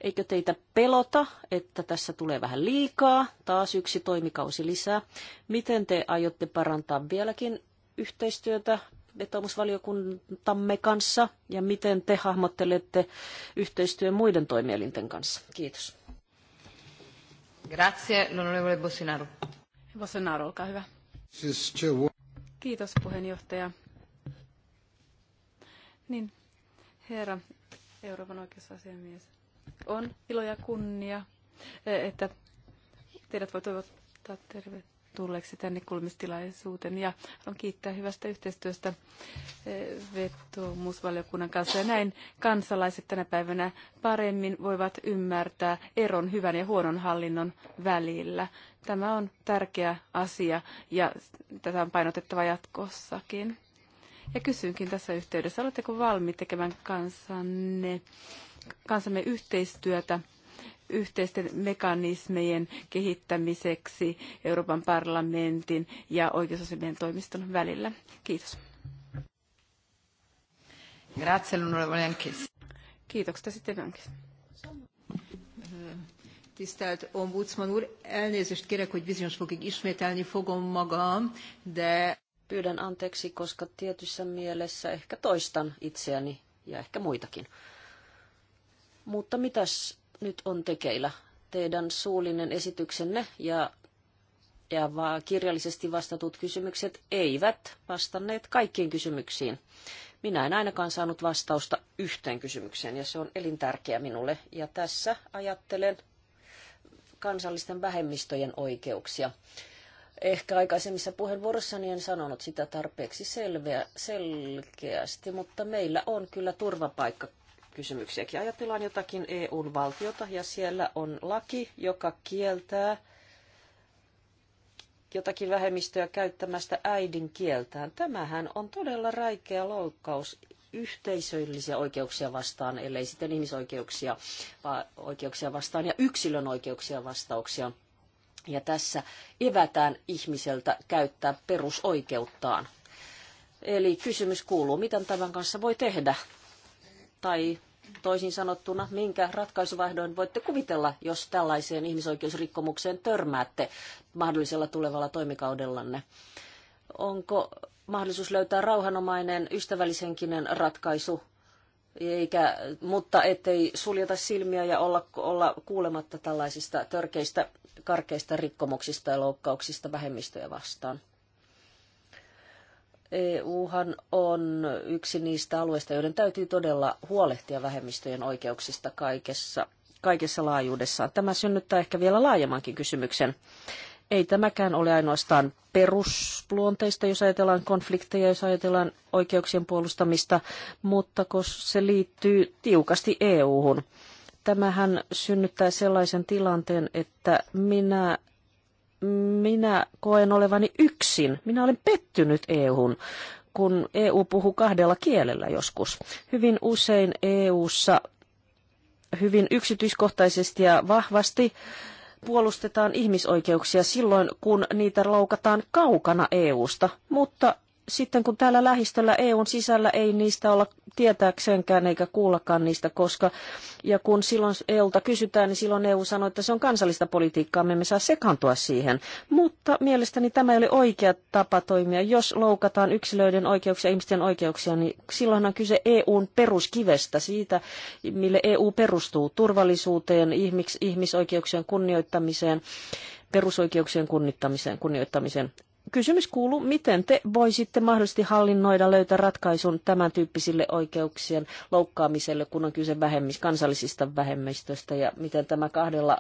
Eikö teitä pelota, että tässä tulee vähän liikaa, taas yksi toimikausi lisää? Miten te aiotte parantaa vieläkin yhteistyötä vetomusvaliokuntamme kanssa ja miten te hahmottelette yhteistyön muiden toimielinten kanssa? Kiitos. Grazie, l'onorevole Bossinaro. Bossinaro, olkaa hyvä. Kiitos puheenjohtaja. Niin, herra Euroopan oikeusasiamies, on ilo ja kunnia, eh, että teidät voi toivottaa tervetuloa tulleeksi tänne kuulemistilaisuuteen ja haluan kiittää hyvästä yhteistyöstä eh, vetomusvaliokunnan kanssa. Ja näin kansalaiset tänä päivänä paremmin voivat ymmärtää eron hyvän ja huonon hallinnon välillä. Tämä on tärkeä asia ja tätä on painotettava jatkossakin. Ja kysynkin tässä yhteydessä, oletteko valmiit tekemään kansanne, kansamme yhteistyötä yhteisten mekanismejen kehittämiseksi Euroopan parlamentin ja oikeusasiamien toimiston välillä. Kiitos. Grazie, l'onorevole Ankes. Kiitoksia sitten Ankes. Tisztelt Ombudsman úr, elnézést kérek, hogy bizonyos fokig ismételni fogom magam, de... Pyydän anteeksi, koska tietyssä mielessä ehkä toistan itseäni ja ehkä muitakin. Mutta mitäs nyt on tekeillä. Teidän suullinen esityksenne ja, ja kirjallisesti vastatut kysymykset eivät vastanneet kaikkiin kysymyksiin. Minä en ainakaan saanut vastausta yhteen kysymykseen ja se on elintärkeä minulle. Ja tässä ajattelen kansallisten vähemmistöjen oikeuksia. Ehkä aikaisemmissa puheenvuorossani en sanonut sitä tarpeeksi selveä, selkeästi, mutta meillä on kyllä turvapaikka kysymyksiäkin. Ajatellaan jotakin EU-valtiota ja siellä on laki, joka kieltää jotakin vähemmistöä käyttämästä äidinkieltään. Tämähän on todella räikeä loukkaus yhteisöllisiä oikeuksia vastaan, ellei sitten ihmisoikeuksia oikeuksia vastaan ja yksilön oikeuksia vastauksia. Ja tässä evätään ihmiseltä käyttää perusoikeuttaan. Eli kysymys kuuluu, mitä tämän kanssa voi tehdä? tai toisin sanottuna, minkä ratkaisuvaihdoin voitte kuvitella, jos tällaiseen ihmisoikeusrikkomukseen törmäätte mahdollisella tulevalla toimikaudellanne? Onko mahdollisuus löytää rauhanomainen, ystävällishenkinen ratkaisu, eikä, mutta ettei suljeta silmiä ja olla, olla kuulematta tällaisista törkeistä, karkeista rikkomuksista ja loukkauksista vähemmistöjä vastaan? EUhan on yksi niistä alueista, joiden täytyy todella huolehtia vähemmistöjen oikeuksista kaikessa, kaikessa laajuudessaan. Tämä synnyttää ehkä vielä laajemmankin kysymyksen. Ei tämäkään ole ainoastaan perusluonteista, jos ajatellaan konflikteja, jos ajatellaan oikeuksien puolustamista, mutta koska se liittyy tiukasti EU-hun. Tämähän synnyttää sellaisen tilanteen, että minä minä koen olevani yksin. Minä olen pettynyt EUhun, kun EU puhuu kahdella kielellä joskus. Hyvin usein EUssa hyvin yksityiskohtaisesti ja vahvasti puolustetaan ihmisoikeuksia silloin, kun niitä loukataan kaukana EUsta, mutta sitten kun täällä lähistöllä EUn sisällä ei niistä olla tietääkseenkään eikä kuullakaan niistä, koska ja kun silloin EUlta kysytään, niin silloin EU sanoo, että se on kansallista politiikkaa, me emme saa sekaantua siihen. Mutta mielestäni tämä ei ole oikea tapa toimia. Jos loukataan yksilöiden oikeuksia ihmisten oikeuksia, niin silloin on kyse EUn peruskivestä, siitä mille EU perustuu, turvallisuuteen, ihmis- ihmisoikeuksien kunnioittamiseen perusoikeuksien kunnioittamiseen, kunnioittamiseen. Kysymys kuuluu, miten te voisitte mahdollisesti hallinnoida, löytää ratkaisun tämän tyyppisille oikeuksien loukkaamiselle, kun on kyse vähemmis, kansallisista vähemmistöistä ja miten tämä kahdella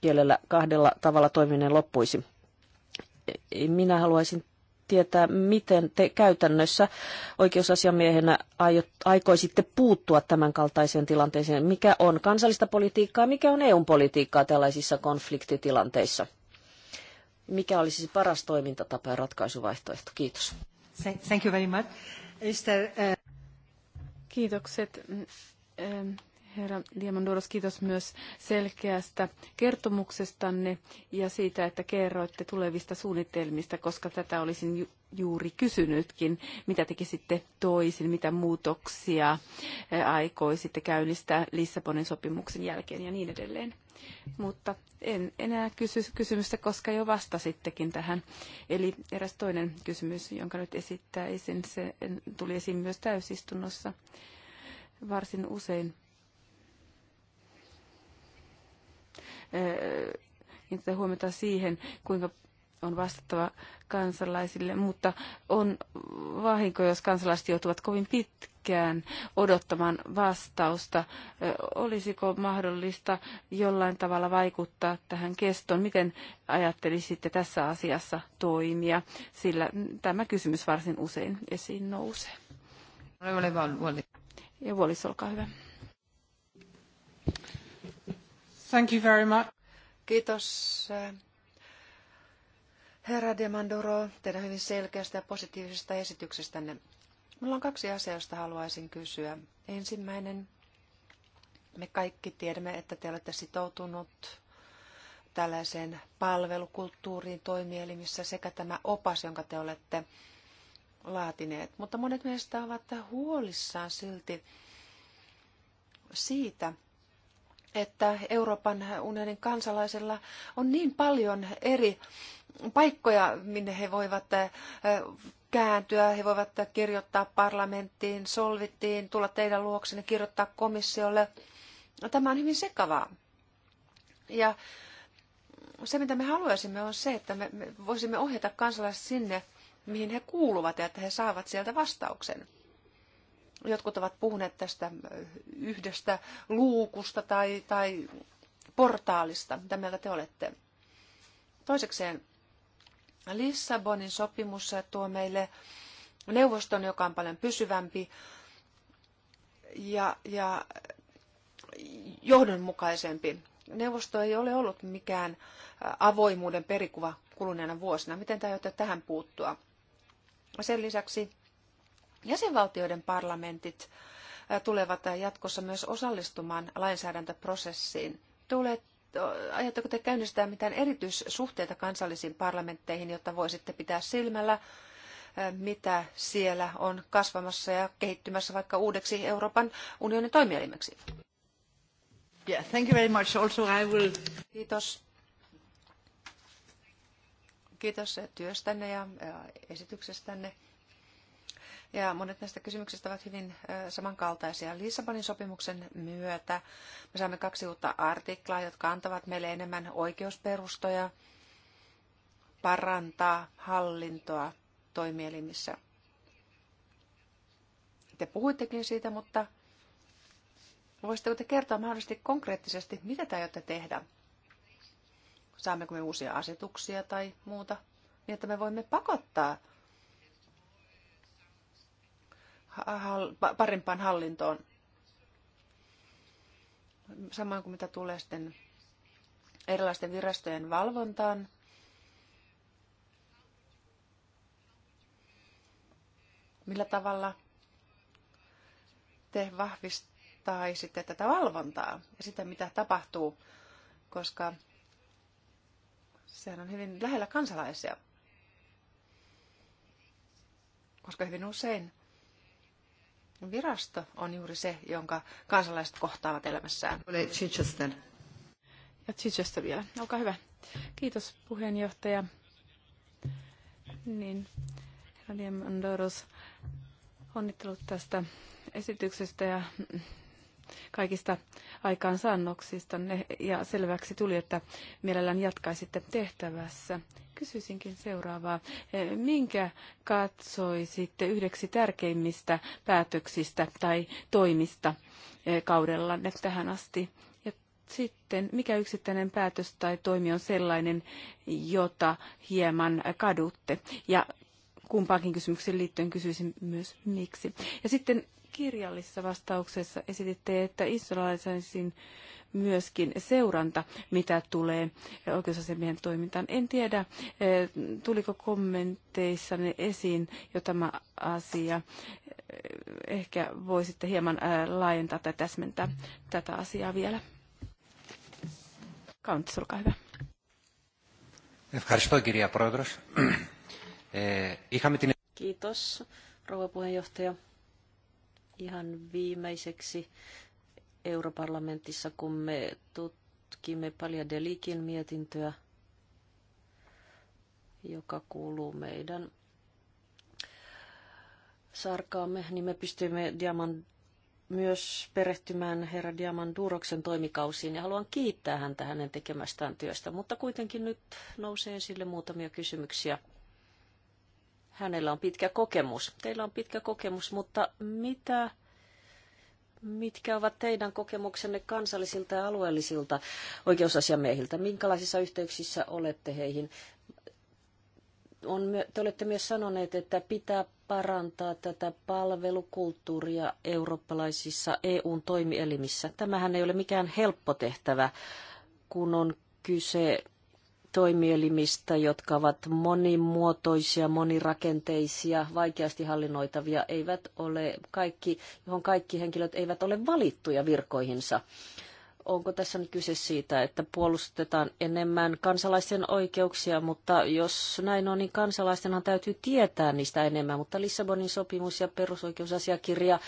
kielellä, kahdella tavalla toiminen loppuisi. Minä haluaisin tietää, miten te käytännössä oikeusasiamiehenä aikoisitte puuttua tämän kaltaiseen tilanteeseen. Mikä on kansallista politiikkaa, mikä on EU-politiikkaa tällaisissa konfliktitilanteissa? mikä olisi se paras toimintatapa ja ratkaisuvaihtoehto? Kiitos. Thank you very much. Mr. Uh, Kiitokset. Ähm, herra Diamandouros, kiitos myös selkeästä kertomuksestanne ja siitä, että kerroitte tulevista suunnitelmista, koska tätä olisin ju- juuri kysynytkin, mitä tekisitte toisin, mitä muutoksia äh, aikoisitte käynnistää Lissabonin sopimuksen jälkeen ja niin edelleen. Mutta en enää kysy kysymystä, koska jo vastasittekin tähän. Eli eräs toinen kysymys, jonka nyt esittää, esittäisin, se tuli esiin myös täysistunnossa varsin usein. Öö, kiinnittää huomiota siihen, kuinka on vastattava kansalaisille, mutta on vahinko, jos kansalaiset joutuvat kovin pitkään odottamaan vastausta. Olisiko mahdollista jollain tavalla vaikuttaa tähän kestoon? Miten ajattelisitte tässä asiassa toimia? Sillä tämä kysymys varsin usein esiin nousee. Ja Wallis, olkaa hyvä. Thank you very much. Kiitos herra Demandoro, teidän hyvin selkeästä ja positiivisesta esityksestänne. Minulla on kaksi asiaa, joista haluaisin kysyä. Ensimmäinen, me kaikki tiedämme, että te olette sitoutunut tällaiseen palvelukulttuuriin toimielimissä sekä tämä opas, jonka te olette laatineet. Mutta monet meistä ovat huolissaan silti siitä, että Euroopan unionin kansalaisilla on niin paljon eri paikkoja, minne he voivat eh, kääntyä, he voivat kirjoittaa parlamenttiin, solvittiin, tulla teidän luoksenne, kirjoittaa komissiolle. Tämä on hyvin sekavaa. Ja se, mitä me haluaisimme, on se, että me, voisimme ohjata kansalaiset sinne, mihin he kuuluvat ja että he saavat sieltä vastauksen. Jotkut ovat puhuneet tästä yhdestä luukusta tai, tai portaalista, mitä mieltä te olette. Toisekseen Lissabonin sopimus tuo meille neuvoston, joka on paljon pysyvämpi ja, ja johdonmukaisempi. Neuvosto ei ole ollut mikään avoimuuden perikuva kuluneena vuosina. Miten te aiotte tähän puuttua? Sen lisäksi jäsenvaltioiden parlamentit tulevat jatkossa myös osallistumaan lainsäädäntöprosessiin. Tulet aiotteko te käynnistää mitään erityissuhteita kansallisiin parlamentteihin, jotta voisitte pitää silmällä, mitä siellä on kasvamassa ja kehittymässä vaikka uudeksi Euroopan unionin toimielimeksi? Yeah, thank you very much. Also I will... Kiitos. Kiitos työstänne ja esityksestänne. Ja monet näistä kysymyksistä ovat hyvin samankaltaisia. Lissabonin sopimuksen myötä me saamme kaksi uutta artiklaa, jotka antavat meille enemmän oikeusperustoja parantaa hallintoa toimielimissä. Te puhuittekin siitä, mutta voisitteko te kertoa mahdollisesti konkreettisesti, mitä te aiotte tehdä? Saammeko me uusia asetuksia tai muuta, niin että me voimme pakottaa parempaan hallintoon. Samoin kuin mitä tulee sitten erilaisten virastojen valvontaan. Millä tavalla te vahvistaisitte tätä valvontaa ja sitä, mitä tapahtuu, koska sehän on hyvin lähellä kansalaisia. Koska hyvin usein virasto on juuri se, jonka kansalaiset kohtaavat elämässään. Ole Chichester. Ja Chichester vielä. Olkaa hyvä. Kiitos puheenjohtaja. Niin, herra Diamandoros, onnittelut tästä esityksestä ja kaikista aikaansaannoksista ja selväksi tuli, että mielellään jatkaisitte tehtävässä. Kysyisinkin seuraavaa. E, minkä katsoisitte yhdeksi tärkeimmistä päätöksistä tai toimista e, kaudellanne tähän asti? Ja sitten, mikä yksittäinen päätös tai toimi on sellainen, jota hieman kadutte? Ja kumpaankin kysymykseen liittyen kysyisin myös miksi. Ja sitten kirjallisessa vastauksessa esititte, että israelaisin myöskin seuranta, mitä tulee oikeusasiamiehen toimintaan. En tiedä, eh, tuliko kommenteissanne esiin jo tämä asia. Eh, ehkä voisitte hieman eh, laajentaa tai täsmentää tätä asiaa vielä. Kauntis, olkaa hyvä. Kiitos, rouva puheenjohtaja. Ihan viimeiseksi europarlamentissa, kun me tutkimme Palja Delikin mietintöä, joka kuuluu meidän sarkaamme, niin me pystymme Diaman myös perehtymään herra Diaman Duroksen toimikausiin ja haluan kiittää häntä hänen tekemästään työstä, mutta kuitenkin nyt nousee esille muutamia kysymyksiä Hänellä on pitkä kokemus. Teillä on pitkä kokemus, mutta mitä, mitkä ovat teidän kokemuksenne kansallisilta ja alueellisilta oikeusasiamiehiltä? Minkälaisissa yhteyksissä olette heihin? on, te olette myös sanoneet, että pitää parantaa tätä palvelukulttuuria eurooppalaisissa EUn toimielimissä. Tämähän ei ole mikään helppo tehtävä, kun on kyse toimielimistä, jotka ovat monimuotoisia, monirakenteisia, vaikeasti hallinnoitavia, eivät ole kaikki, johon kaikki henkilöt eivät ole valittuja virkoihinsa. Onko tässä nyt kyse siitä, että puolustetaan enemmän kansalaisten oikeuksia, mutta jos näin on, niin kansalaistenhan täytyy tietää niistä enemmän. Mutta Lissabonin sopimus ja perusoikeusasiakirja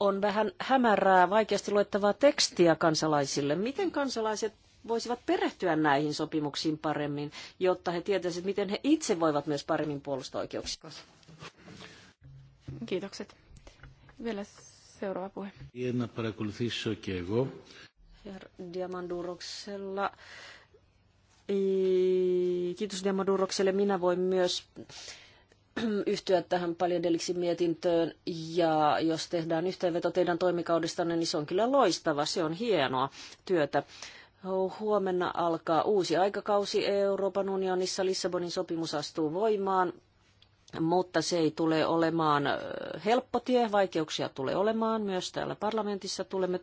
on vähän hämärää, vaikeasti luettavaa tekstiä kansalaisille. Miten kansalaiset voisivat perehtyä näihin sopimuksiin paremmin, jotta he tietäisivät, miten he itse voivat myös paremmin puolustaa oikeuksia. Kiitokset. Vielä seuraava puhe. Jedna parakulthissa kiego. Diamanduroksella. Kiitos Diamandurokselle. Minä voin myös yhtyä tähän paljon deliksi mietintöön. Ja jos tehdään yhteenveto teidän toimikaudestanne, niin se on kyllä loistava. Se on hienoa työtä. Huomenna alkaa uusi aikakausi Euroopan unionissa. Lissabonin sopimus astuu voimaan, mutta se ei tule olemaan helppo tie. Vaikeuksia tulee olemaan. Myös täällä parlamentissa tulemme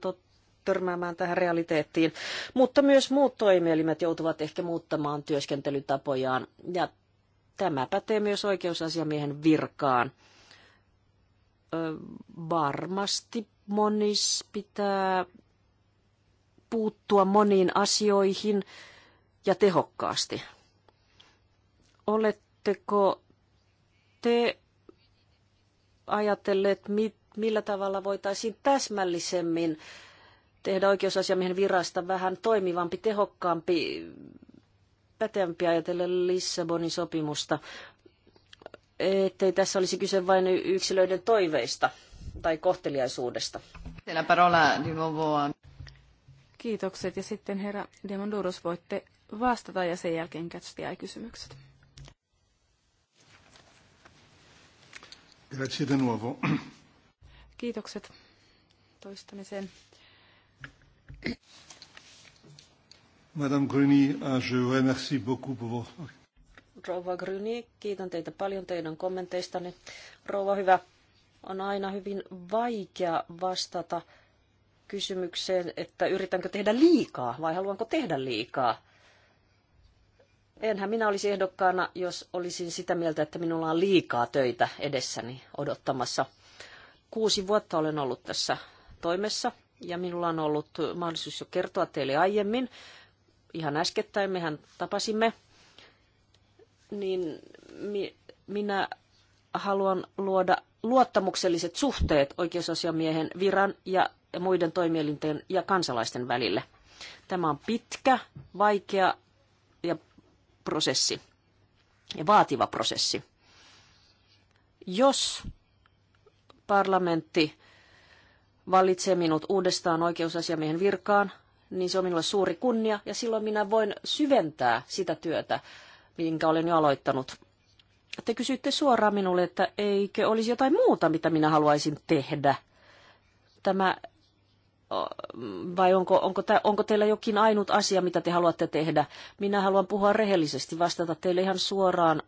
törmäämään tähän realiteettiin. Mutta myös muut toimielimet joutuvat ehkä muuttamaan työskentelytapojaan. Ja tämä pätee myös oikeusasiamiehen virkaan. Ö, varmasti monis pitää puuttua moniin asioihin ja tehokkaasti. Oletteko te ajatelleet, mit, millä tavalla voitaisiin täsmällisemmin tehdä oikeusasiamiehen virasta vähän toimivampi, tehokkaampi, pätevämpi ajatellen Lissabonin sopimusta, ettei tässä olisi kyse vain yksilöiden toiveista tai kohteliaisuudesta. Kiitokset. Ja sitten herra Demondurus, voitte vastata ja sen jälkeen käsittää kysymykset. Grazie de nuovo. Kiitokset toistamiseen. Madame Gruny, ah, je vous remercie beaucoup pour vos... Rouva Gruny, kiitän teitä paljon teidän kommenteistanne. Rouva hyvä, on aina hyvin vaikea vastata kysymykseen, että yritänkö tehdä liikaa vai haluanko tehdä liikaa. Enhän minä olisi ehdokkaana, jos olisin sitä mieltä, että minulla on liikaa töitä edessäni odottamassa. Kuusi vuotta olen ollut tässä toimessa ja minulla on ollut mahdollisuus jo kertoa teille aiemmin, ihan äskettäin mehän tapasimme, niin mi- minä haluan luoda luottamukselliset suhteet oikeusasiamiehen viran ja muiden toimielinten ja kansalaisten välille. Tämä on pitkä, vaikea ja prosessi ja vaativa prosessi. Jos parlamentti valitsee minut uudestaan oikeusasiamiehen virkaan, niin se on minulle suuri kunnia ja silloin minä voin syventää sitä työtä, minkä olen jo aloittanut. Te kysytte suoraan minulle, että eikö olisi jotain muuta, mitä minä haluaisin tehdä. Tämä Äh, vai onko, onko, te, onko teillä jokin ainut asia, mitä te haluatte tehdä? Minä haluan puhua rehellisesti, vastata teille ihan suoraan,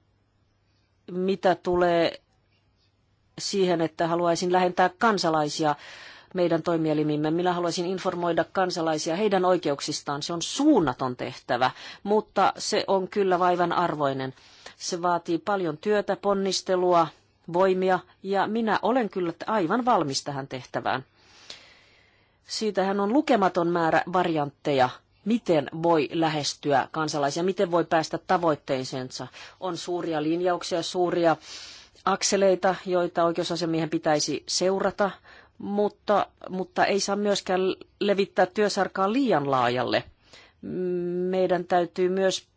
mitä tulee siihen, että haluaisin lähentää kansalaisia meidän toimielimimme. Minä haluaisin informoida kansalaisia heidän oikeuksistaan. Se on suunnaton tehtävä, mutta se on kyllä vaivan arvoinen. Se vaatii paljon työtä, ponnistelua, voimia ja minä olen kyllä aivan valmis tähän tehtävään. Siitähän on lukematon määrä variantteja, miten voi lähestyä kansalaisia, miten voi päästä tavoitteisensa. On suuria linjauksia, suuria akseleita, joita oikeusasiamiehen pitäisi seurata, mutta, mutta ei saa myöskään levittää työsarkaa liian laajalle. Meidän täytyy myös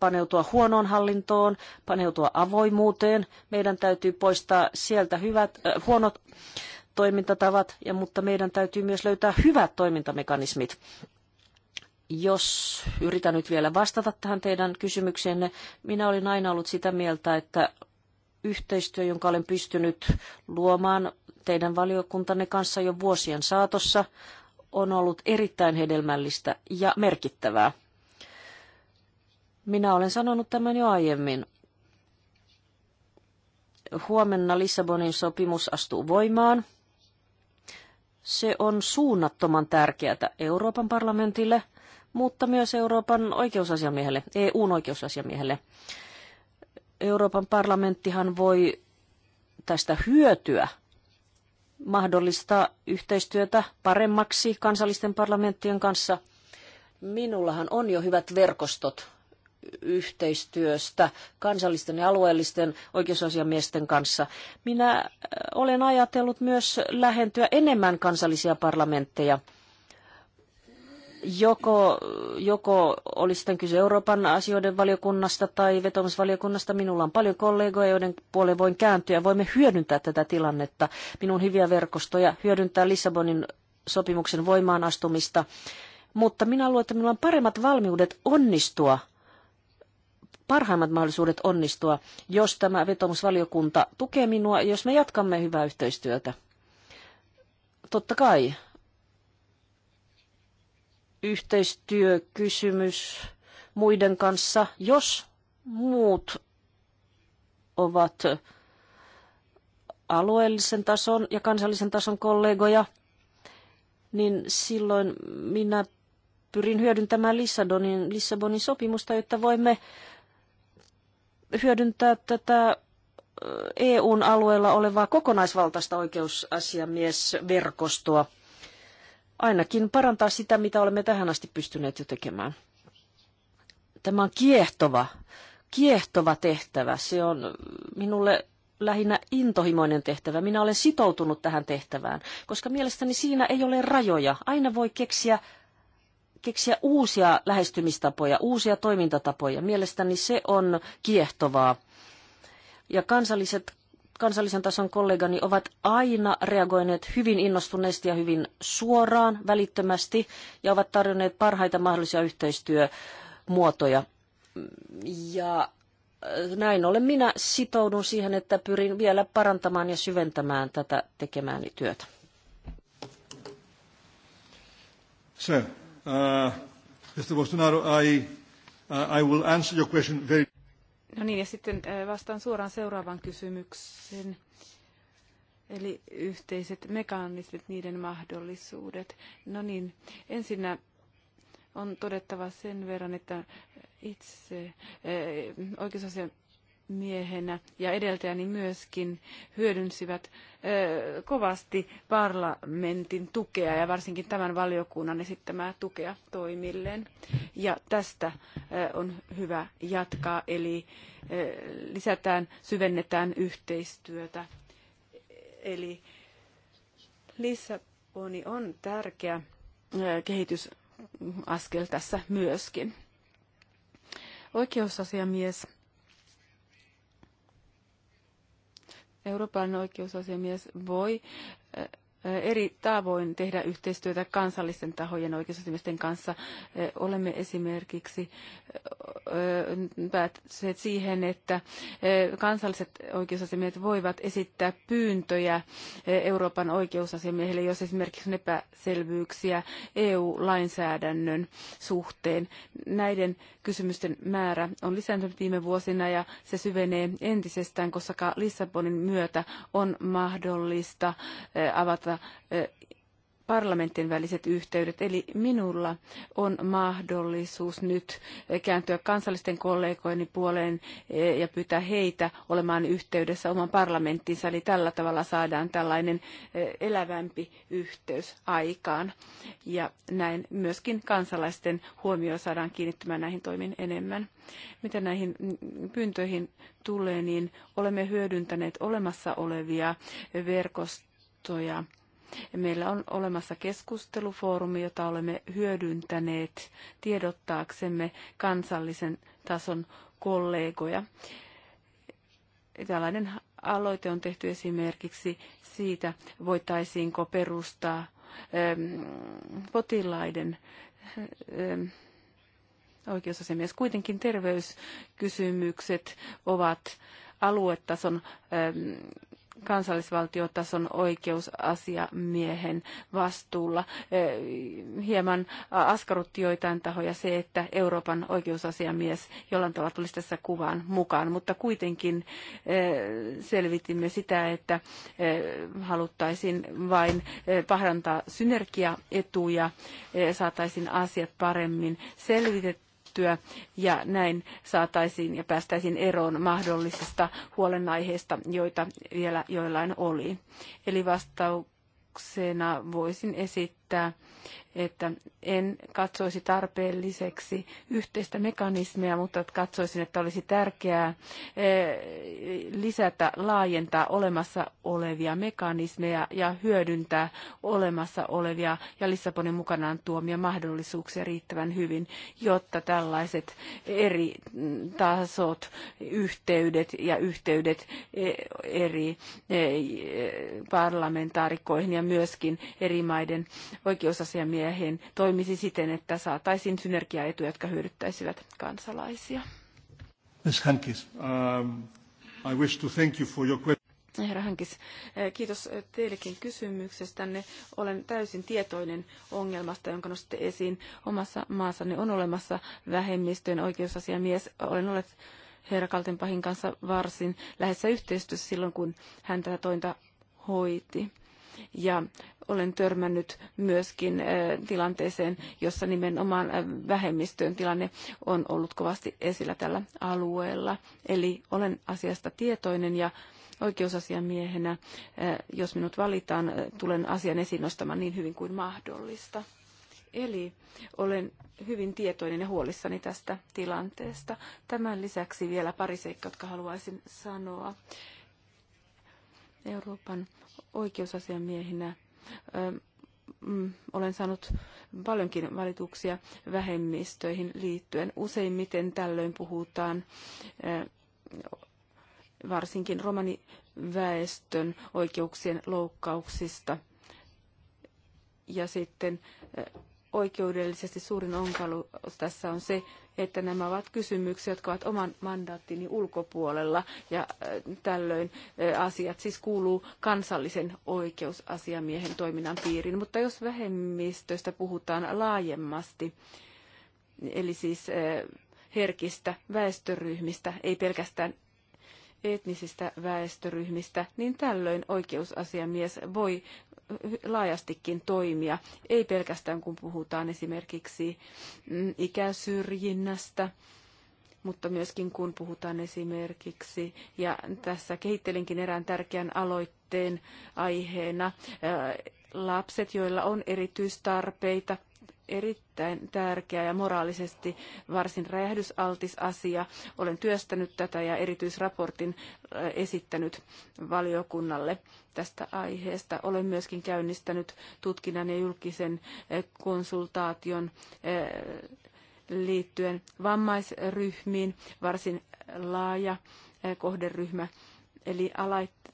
paneutua huonoon hallintoon, paneutua avoimuuteen. Meidän täytyy poistaa sieltä hyvät, äh, huonot toimintatavat, ja, mutta meidän täytyy myös löytää hyvät toimintamekanismit. Jos yritän nyt vielä vastata tähän teidän kysymykseenne, minä olin aina ollut sitä mieltä, että yhteistyö, jonka olen pystynyt luomaan teidän valiokuntanne kanssa jo vuosien saatossa, on ollut erittäin hedelmällistä ja merkittävää. Minä olen sanonut tämän jo aiemmin. Huomenna Lissabonin sopimus astuu voimaan – se on suunnattoman tärkeää Euroopan parlamentille, mutta myös Euroopan oikeusasiamiehelle, EUn oikeusasiamiehelle. Euroopan parlamenttihan voi tästä hyötyä mahdollista yhteistyötä paremmaksi kansallisten parlamenttien kanssa. Minullahan on jo hyvät verkostot yhteistyöstä kansallisten ja alueellisten oikeusasiamiesten kanssa. Minä äh, olen ajatellut myös lähentyä enemmän kansallisia parlamentteja. Joko, joko oli sitten kyse Euroopan asioiden valiokunnasta tai vetomusvaliokunnasta, minulla on paljon kollegoja, joiden puoleen voin kääntyä. Voimme hyödyntää tätä tilannetta, minun hyviä verkostoja, hyödyntää Lissabonin sopimuksen voimaan astumista. Mutta minä luulen, että minulla on paremmat valmiudet onnistua parhaimmat mahdollisuudet onnistua, jos tämä vetomusvaliokunta tukee minua ja jos me jatkamme hyvää yhteistyötä. Totta kai yhteistyökysymys muiden kanssa, jos muut ovat alueellisen tason ja kansallisen tason kollegoja, niin silloin minä pyrin hyödyntämään Lissabonin, Lissabonin sopimusta, jotta voimme hyödyntää tätä EUn alueella olevaa kokonaisvaltaista oikeusasiamiesverkostoa. Ainakin parantaa sitä, mitä olemme tähän asti pystyneet jo tekemään. Tämä on kiehtova, kiehtova tehtävä. Se on minulle lähinnä intohimoinen tehtävä. Minä olen sitoutunut tähän tehtävään, koska mielestäni siinä ei ole rajoja. Aina voi keksiä keksiä uusia lähestymistapoja, uusia toimintatapoja. Mielestäni se on kiehtovaa. Ja kansalliset, kansallisen tason kollegani ovat aina reagoineet hyvin innostuneesti ja hyvin suoraan, välittömästi ja ovat tarjonneet parhaita mahdollisia yhteistyömuotoja. Ja äh, näin ollen minä sitoudun siihen, että pyrin vielä parantamaan ja syventämään tätä tekemääni työtä. Sir, uh, Mr. Bolsonaro, I, uh, I will answer your question very... No niin, ja sitten uh, vastaan suoraan seuraavan kysymyksen. Eli yhteiset mekanismit, niiden mahdollisuudet. No niin, ensinnä on todettava sen verran, että itse uh, oikeusasian miehenä ja edeltäjäni myöskin hyödynsivät ö, kovasti parlamentin tukea ja varsinkin tämän valiokunnan esittämää tukea toimilleen. Ja tästä ö, on hyvä jatkaa, eli ö, lisätään, syvennetään yhteistyötä. Eli Lissaboni on tärkeä ö, kehitysaskel tässä myöskin. Oikeusasiamies Euroopan oikeusasiamies voi eri tavoin tehdä yhteistyötä kansallisten tahojen oikeusasemisten kanssa. Olemme esimerkiksi päätseet siihen, että kansalliset oikeusasiamiehet voivat esittää pyyntöjä Euroopan oikeusasiamiehelle, jos esimerkiksi on epäselvyyksiä EU-lainsäädännön suhteen. Näiden kysymysten määrä on lisääntynyt viime vuosina ja se syvenee entisestään, koska Lissabonin myötä on mahdollista avata toisaalta parlamentin väliset yhteydet. Eli minulla on mahdollisuus nyt kääntyä kansallisten kollegoini puoleen ja pyytää heitä olemaan yhteydessä oman parlamenttinsa. Eli tällä tavalla saadaan tällainen elävämpi yhteys aikaan. Ja näin myöskin kansalaisten huomio saadaan kiinnittymään näihin toimiin enemmän. Mitä näihin mm, pyyntöihin tulee, niin olemme hyödyntäneet olemassa olevia verkostoja Meillä on olemassa keskustelufoorumi, jota olemme hyödyntäneet tiedottaaksemme kansallisen tason kollegoja. Tällainen aloite on tehty esimerkiksi siitä, voitaisiinko perustaa ähm, potilaiden ähm, oikeusasemies. Kuitenkin terveyskysymykset ovat aluetason ähm, kansallisvaltiotason oikeusasiamiehen vastuulla. E, hieman askarrutti joitain tahoja se, että Euroopan oikeusasiamies jollain tavalla tulisi tässä kuvaan mukaan, mutta kuitenkin e, selvitimme sitä, että e, haluttaisiin vain parantaa synergiaetuja, saataisiin asiat paremmin selvitettyä kehittyä ja näin saataisiin ja päästäisiin eroon mahdollisista huolenaiheista, joita vielä joillain oli. Eli vastauksena voisin esittää sitä, että en katsoisi tarpeelliseksi yhteistä mekanismia, mutta katsoisin, että olisi tärkeää eh, lisätä, laajentaa olemassa olevia mekanismeja ja hyödyntää olemassa olevia ja Lissabonin mukanaan tuomia mahdollisuuksia riittävän hyvin, jotta tällaiset eri mm, tasot, yhteydet ja yhteydet eh, eri eh, parlamentaarikoihin ja myöskin eri maiden oikeusasiamiehen toimisi siten, että saataisiin synergiaetuja, jotka hyödyttäisivät kansalaisia. Ms. Hankis, um, I wish to thank you for your question. Herra Hankis, eh, kiitos teillekin kysymyksestänne. Olen täysin tietoinen ongelmasta, jonka nostitte esiin. Omassa maassanne on olemassa vähemmistöjen oikeusasiamies. Olen ollut herra Kaltenpahin kanssa varsin lähessä yhteistyössä silloin, kun hän tätä tointa hoiti. Ja olen törmännyt myöskin äh, tilanteeseen, jossa nimenomaan äh, vähemmistöön tilanne on ollut kovasti esillä tällä alueella. Eli olen asiasta tietoinen ja oikeusasiamiehenä, äh, jos minut valitaan, tulen asian esiin nostamaan niin hyvin kuin mahdollista. Eli olen hyvin tietoinen ja huolissani tästä tilanteesta. Tämän lisäksi vielä pari seikkaa, jotka haluaisin sanoa. Euroopan oikeusasiamiehinä Mm, olen saanut paljonkin valituksia vähemmistöihin liittyen. Useimmiten tällöin puhutaan varsinkin romaniväestön oikeuksien loukkauksista. Ja sitten oikeudellisesti suurin onkalu tässä on se, että nämä ovat kysymyksiä, jotka ovat oman mandaattini ulkopuolella ja äh, tällöin äh, asiat siis kuuluu kansallisen oikeusasiamiehen toiminnan piiriin. Mutta jos vähemmistöistä puhutaan laajemmasti, eli siis äh, herkistä väestöryhmistä, ei pelkästään etnisistä väestöryhmistä, niin tällöin oikeusasiamies voi laajastikin toimia, ei pelkästään kun puhutaan esimerkiksi mm, ikäsyrjinnästä, mutta myöskin kun puhutaan esimerkiksi, ja tässä kehittelinkin erään tärkeän aloitteen aiheena, lapset, joilla on erityistarpeita, erittäin tärkeä ja moraalisesti varsin räjähdysaltis asia. Olen työstänyt tätä ja erityisraportin äh, esittänyt valiokunnalle tästä aiheesta. Olen myöskin käynnistänyt tutkinnan ja julkisen äh, konsultaation äh, liittyen vammaisryhmiin, varsin laaja kohderyhmä Eli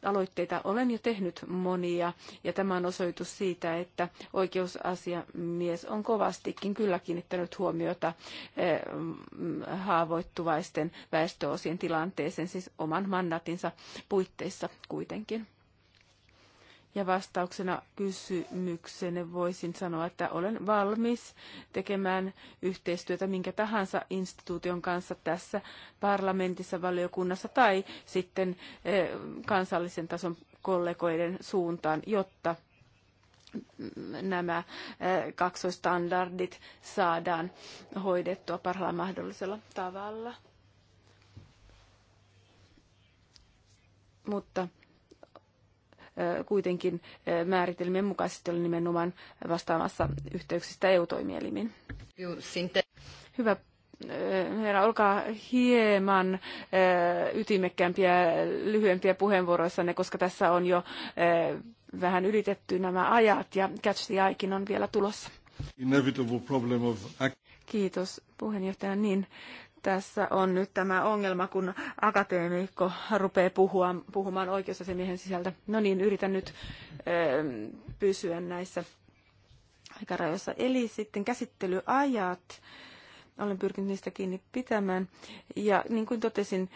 aloitteita olen jo tehnyt monia, ja tämä on osoitus siitä, että oikeusasiamies on kovastikin kyllä kiinnittänyt huomiota eh, mm, haavoittuvaisten väestöosien tilanteeseen, siis oman mandatinsa puitteissa kuitenkin. Ja vastauksena kysymyksenne voisin sanoa, että olen valmis tekemään yhteistyötä minkä tahansa instituution kanssa tässä parlamentissa, valiokunnassa tai sitten eh, kansallisen tason kollegoiden suuntaan, jotta nämä eh, kaksoistandardit saadaan hoidettua parhaalla mahdollisella tavalla. Mutta kuitenkin määritelmien mukaisesti oli nimenomaan vastaamassa yhteyksistä EU-toimielimiin. Hyvä herra, olkaa hieman ytimekkäämpiä, lyhyempiä puheenvuoroissanne, koska tässä on jo vähän ylitetty nämä ajat ja catch the aikin on vielä tulossa. Kiitos puheenjohtaja. Niin, tässä on nyt tämä ongelma, kun akateemikko rupeaa puhua, puhumaan oikeusasemiehen sisältä. No niin, yritän nyt ö, ähm, pysyä näissä aikarajoissa. Eli sitten käsittelyajat. Ö, olen pyrkinyt niistä kiinni pitämään. Ja niin kuin totesin,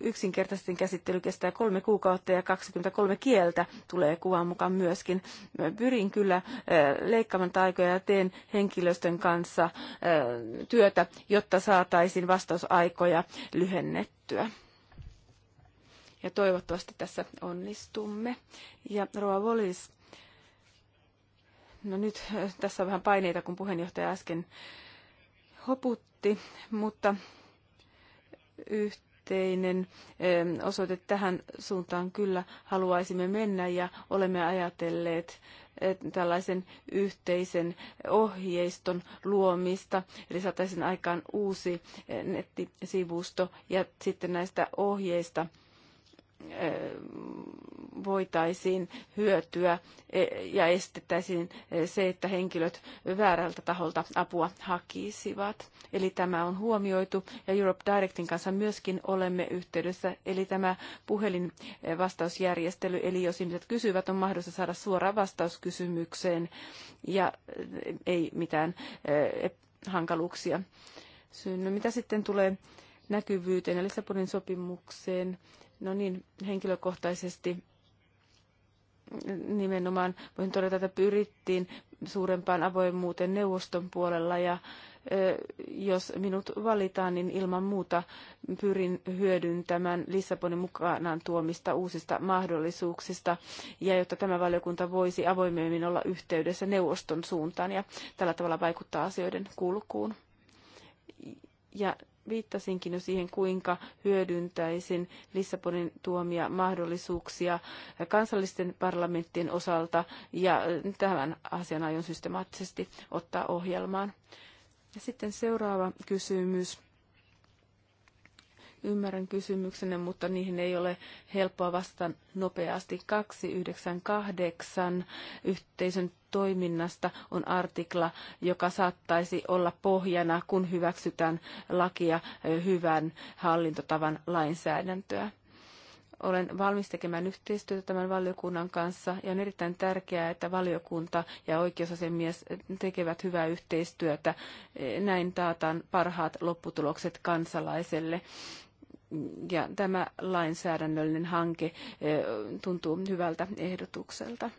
yksinkertaisten käsittely kestää kolme kuukautta ja 23 kieltä tulee kuvan mukaan myöskin. Pyrin kyllä leikkaamaan taikoja ja teen henkilöstön kanssa työtä, jotta saataisiin vastausaikoja lyhennettyä. Ja toivottavasti tässä onnistumme. Ja Roa Volis, no nyt tässä on vähän paineita, kun puheenjohtaja äsken hoputti, mutta yhteinen osoite tähän suuntaan kyllä haluaisimme mennä ja olemme ajatelleet tällaisen yhteisen ohjeiston luomista, eli saataisiin aikaan uusi eh, nettisivusto ja sitten näistä ohjeista voitaisiin hyötyä e, ja estettäisiin e, se, että henkilöt väärältä taholta apua hakisivat. Eli tämä on huomioitu ja Europe Directin kanssa myöskin olemme yhteydessä. Eli tämä puhelinvastausjärjestely, e, eli jos ihmiset kysyvät, on mahdollista saada suora vastaus kysymykseen ja ei mitään hankaluuksia synny. Mitä sitten tulee näkyvyyteen ja Lissabonin sopimukseen? No niin, henkilökohtaisesti nimenomaan voin todeta, että pyrittiin suurempaan avoimuuteen neuvoston puolella ja jos minut valitaan, niin ilman muuta pyrin hyödyntämään Lissabonin mukanaan tuomista uusista mahdollisuuksista, ja jotta tämä valiokunta voisi avoimemmin olla yhteydessä neuvoston suuntaan ja tällä tavalla vaikuttaa asioiden kulkuun. Ja viittasinkin jo siihen, kuinka hyödyntäisin Lissabonin tuomia mahdollisuuksia kansallisten parlamenttien osalta ja tämän asian aion systemaattisesti ottaa ohjelmaan. Ja sitten seuraava kysymys. Ymmärrän kysymyksenne, mutta niihin ei ole helppoa vastata nopeasti. 298 yhteisön toiminnasta on artikla, joka saattaisi olla pohjana, kun hyväksytään lakia hyvän hallintotavan lainsäädäntöä. Olen valmis tekemään yhteistyötä tämän valiokunnan kanssa ja on erittäin tärkeää, että valiokunta ja oikeusasiamies tekevät hyvää yhteistyötä. Näin taataan parhaat lopputulokset kansalaiselle ja tämä lainsäädännöllinen hanke eh, tuntuu hyvältä ehdotukselta.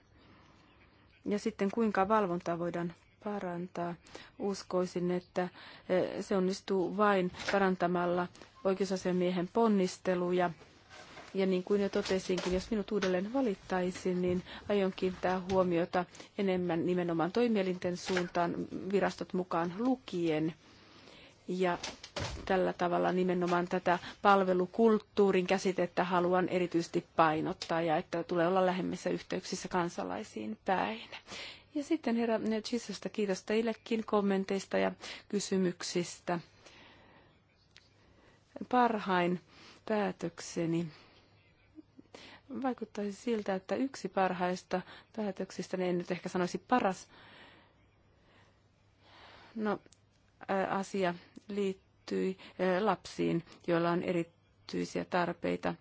Ja sitten kuinka valvontaa voidaan parantaa? Uskoisin, että eh, se onnistuu vain parantamalla oikeusasiamiehen ponnisteluja. Ja niin kuin jo totesinkin, jos minut uudelleen valittaisin, niin aion kiinnittää huomiota enemmän nimenomaan toimielinten suuntaan, virastot mukaan lukien ja tällä tavalla nimenomaan tätä palvelukulttuurin käsitettä haluan erityisesti painottaa ja että tulee olla lähemmissä yhteyksissä kansalaisiin päin. Ja sitten herra Chisosta, kiitos teillekin kommenteista ja kysymyksistä. Parhain päätökseni vaikuttaisi siltä, että yksi parhaista päätöksistä, niin en nyt ehkä sanoisi paras, no, asia liittyi eh, lapsiin, joilla on erityisiä tarpeita.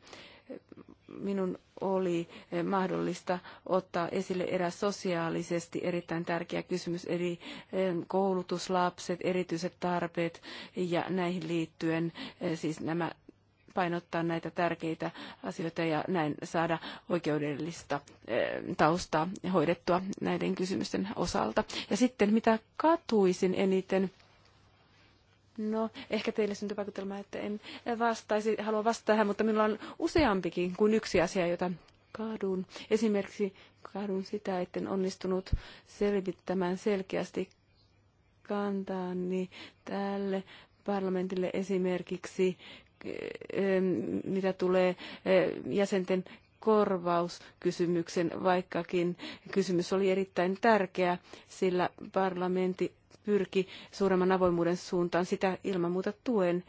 Minun oli eh, mahdollista ottaa esille eräs sosiaalisesti erittäin tärkeä kysymys, eli eh, koulutuslapset, erityiset tarpeet ja näihin liittyen siis nämä painottaa näitä tärkeitä asioita ja näin saada oikeudellista taustaa hoidettua näiden kysymysten osalta. Ja sitten mitä katuisin eniten No, ehkä teille syntyy vaikutelma, että en vastaisi, halua vastata tähän, mutta minulla on useampikin kuin yksi asia, jota kadun. Esimerkiksi kadun sitä, en onnistunut selvittämään selkeästi kantaani tälle parlamentille esimerkiksi, mitä tulee jäsenten korvauskysymyksen, vaikkakin kysymys oli erittäin tärkeä, sillä parlamentti pyrki suuremman avoimuuden suuntaan. Sitä ilman muuta tuen.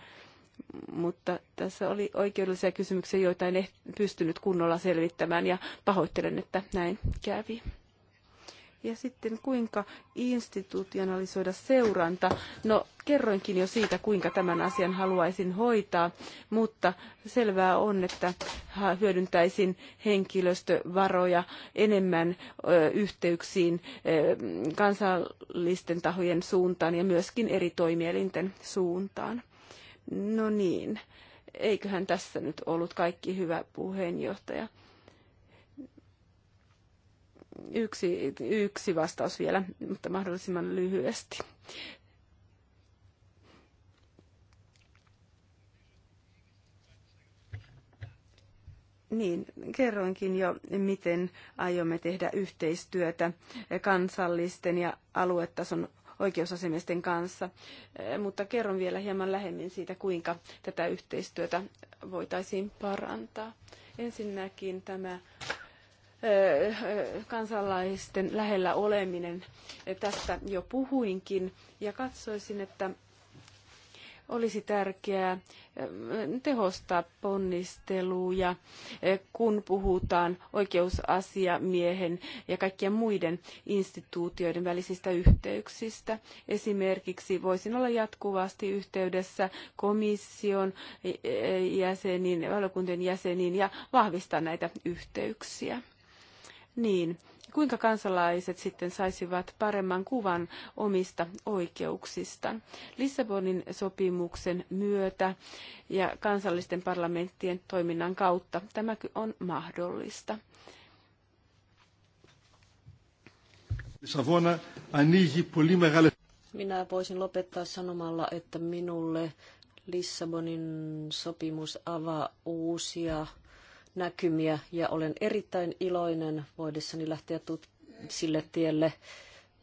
Mutta tässä oli oikeudellisia kysymyksiä, joita en pystynyt kunnolla selvittämään ja pahoittelen, että näin kävi. Ja sitten kuinka institutionalisoida seuranta? No kerroinkin jo siitä, kuinka tämän asian haluaisin hoitaa, mutta selvää on, että hyödyntäisin henkilöstövaroja enemmän yhteyksiin kansallisten tahojen suuntaan ja myöskin eri toimielinten suuntaan. No niin, eiköhän tässä nyt ollut kaikki hyvä puheenjohtaja. Yksi, yksi vastaus vielä, mutta mahdollisimman lyhyesti. Niin, kerroinkin jo, miten aiomme tehdä yhteistyötä kansallisten ja aluetason oikeusasemisten kanssa, mutta kerron vielä hieman lähemmin siitä, kuinka tätä yhteistyötä voitaisiin parantaa. Ensinnäkin tämä kansalaisten lähellä oleminen. Tästä jo puhuinkin ja katsoisin, että olisi tärkeää tehostaa ponnisteluja, kun puhutaan oikeusasiamiehen ja kaikkien muiden instituutioiden välisistä yhteyksistä. Esimerkiksi voisin olla jatkuvasti yhteydessä komission jäseniin, valiokuntien jäseniin ja vahvistaa näitä yhteyksiä niin kuinka kansalaiset sitten saisivat paremman kuvan omista oikeuksistaan. Lissabonin sopimuksen myötä ja kansallisten parlamenttien toiminnan kautta tämä on mahdollista. Minä voisin lopettaa sanomalla, että minulle Lissabonin sopimus avaa uusia näkymiä ja olen erittäin iloinen voidessani lähteä tut- sille tielle,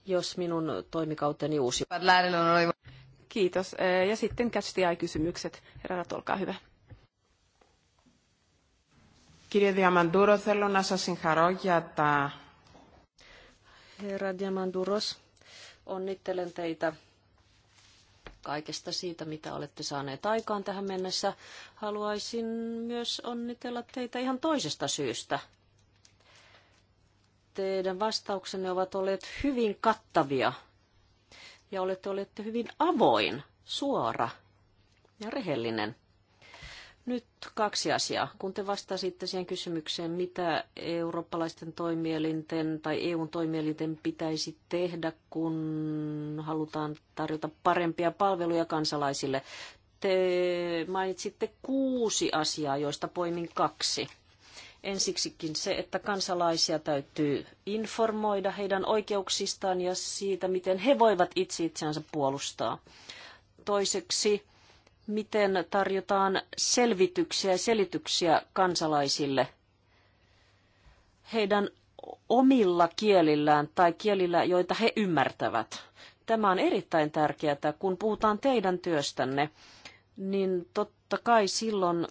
jos minun toimikauteni uusi. Kiitos. Eh, ja sitten catch the kysymykset Herra, olkaa hyvä. Kirja Διαμαντούρο, θέλω να σας συγχαρώ για τα... Herra Diamanduros, onnittelen teitä kaikesta siitä, mitä olette saaneet aikaan tähän mennessä. Haluaisin myös onnitella teitä ihan toisesta syystä. Teidän vastauksenne ovat olleet hyvin kattavia ja olette, olette hyvin avoin, suora ja rehellinen. Nyt kaksi asiaa. Kun te vastasitte siihen kysymykseen, mitä eurooppalaisten toimielinten tai EUn toimielinten pitäisi tehdä, kun halutaan tarjota parempia palveluja kansalaisille, te mainitsitte kuusi asiaa, joista poimin kaksi. Ensiksikin se, että kansalaisia täytyy informoida heidän oikeuksistaan ja siitä, miten he voivat itse itseänsä puolustaa. Toiseksi miten tarjotaan selvityksiä ja selityksiä kansalaisille heidän omilla kielillään tai kielillä, joita he ymmärtävät. Tämä on erittäin tärkeää, kun puhutaan teidän työstänne, niin totta kai silloin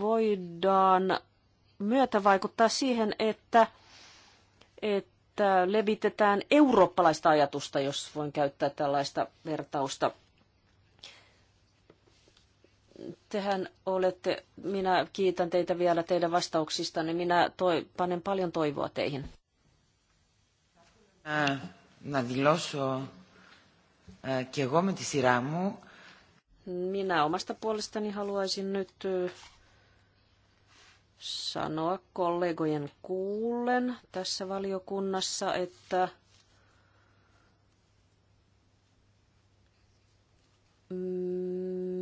voidaan myötä vaikuttaa siihen, että, että levitetään eurooppalaista ajatusta, jos voin käyttää tällaista vertausta tehän olette, minä kiitän teitä vielä teidän vastauksistanne. Minä toi, panen paljon toivoa teihin. Na δηλώσω και εγώ Minä omasta puolestani haluaisin nyt sanoa kollegojen kuullen tässä valiokunnassa, että mm,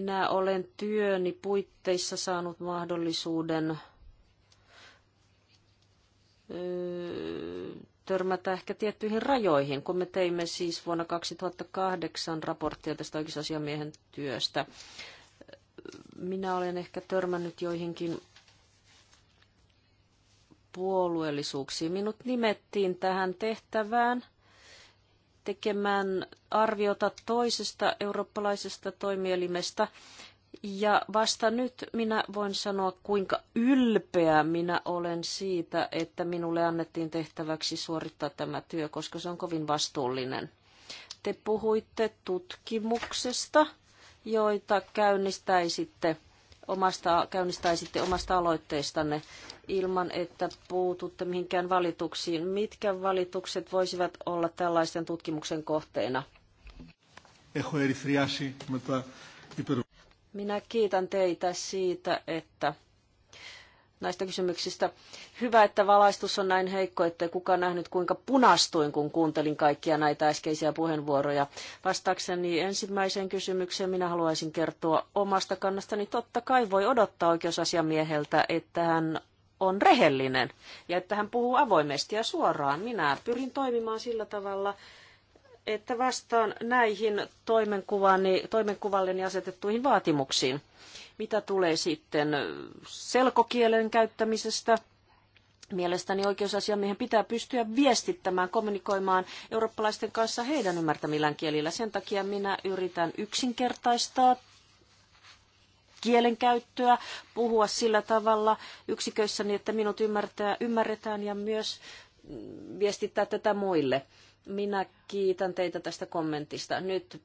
minä olen työni puitteissa saanut mahdollisuuden törmätä ehkä tiettyihin rajoihin, kun me teimme siis vuonna 2008 raporttia tästä oikeusasiamiehen työstä. Minä olen ehkä törmännyt joihinkin puolueellisuuksiin. Minut nimettiin tähän tehtävään – tekemään arviota toisesta eurooppalaisesta toimielimestä. Ja vasta nyt minä voin sanoa, kuinka ylpeä minä olen siitä, että minulle annettiin tehtäväksi suorittaa tämä työ, koska se on kovin vastuullinen. Te puhuitte tutkimuksesta, joita käynnistäisitte omasta, käynnistäisitte omasta aloitteestanne ilman, että puututte mihinkään valituksiin. Mitkä valitukset voisivat olla tällaisten tutkimuksen kohteena? Minä kiitän teitä siitä, että näistä kysymyksistä. Hyvä, että valaistus on näin heikko, ettei kukaan nähnyt kuinka punastuin, kun kuuntelin kaikkia näitä äskeisiä puheenvuoroja. Vastaakseni ensimmäiseen kysymykseen minä haluaisin kertoa omasta kannastani. Totta kai voi odottaa oikeusasiamieheltä, että hän on rehellinen ja että hän puhuu avoimesti ja suoraan. Minä pyrin toimimaan sillä tavalla, että vastaan näihin toimenkuvalleni asetettuihin vaatimuksiin. Mitä tulee sitten selkokielen käyttämisestä, Mielestäni oikeusasiamiehen pitää pystyä viestittämään, kommunikoimaan eurooppalaisten kanssa heidän ymmärtämillään kielillä. Sen takia minä yritän yksinkertaistaa kielenkäyttöä, puhua sillä tavalla yksiköissäni, niin, että minut ymmärretään ja myös viestittää tätä muille. Minä kiitän teitä tästä kommentista. Nyt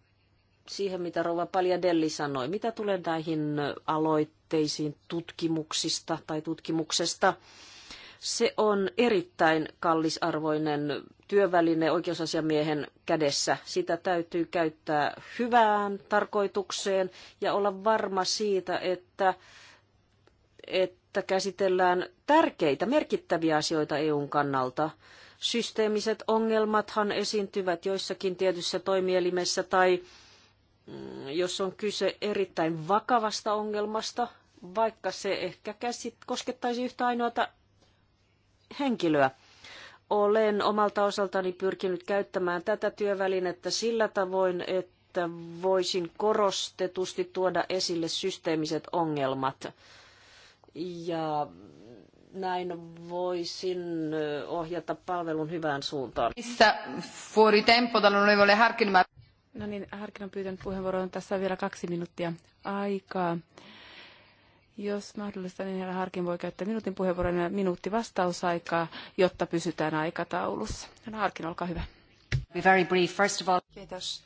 siihen, mitä Rova Paljadelli sanoi. Mitä tulee näihin aloitteisiin tutkimuksista tai tutkimuksesta? Se on erittäin kallisarvoinen työväline oikeusasiamiehen kädessä. Sitä täytyy käyttää hyvään tarkoitukseen ja olla varma siitä, että, että käsitellään tärkeitä, merkittäviä asioita EUn kannalta – Systeemiset ongelmathan esiintyvät joissakin tietyissä toimielimessä tai mm, jos on kyse erittäin vakavasta ongelmasta, vaikka se ehkä käsit, koskettaisi yhtä ainoata henkilöä. Olen omalta osaltani pyrkinyt käyttämään tätä työvälinettä sillä tavoin, että voisin korostetusti tuoda esille systeemiset ongelmat ja näin voisin ohjata palvelun hyvään suuntaan. Missä fuori tempo dall'onorevole Harkin? No niin, Harkin on pyytänyt puheenvuoron. Tässä on vielä kaksi minuuttia aikaa. Jos mahdollista, niin herra Harkin voi käyttää minuutin puheenvuoron ja minuutti vastausaikaa, jotta pysytään aikataulussa. Herra no, Harkin, olkaa hyvä. Be very brief. First of all... Kiitos.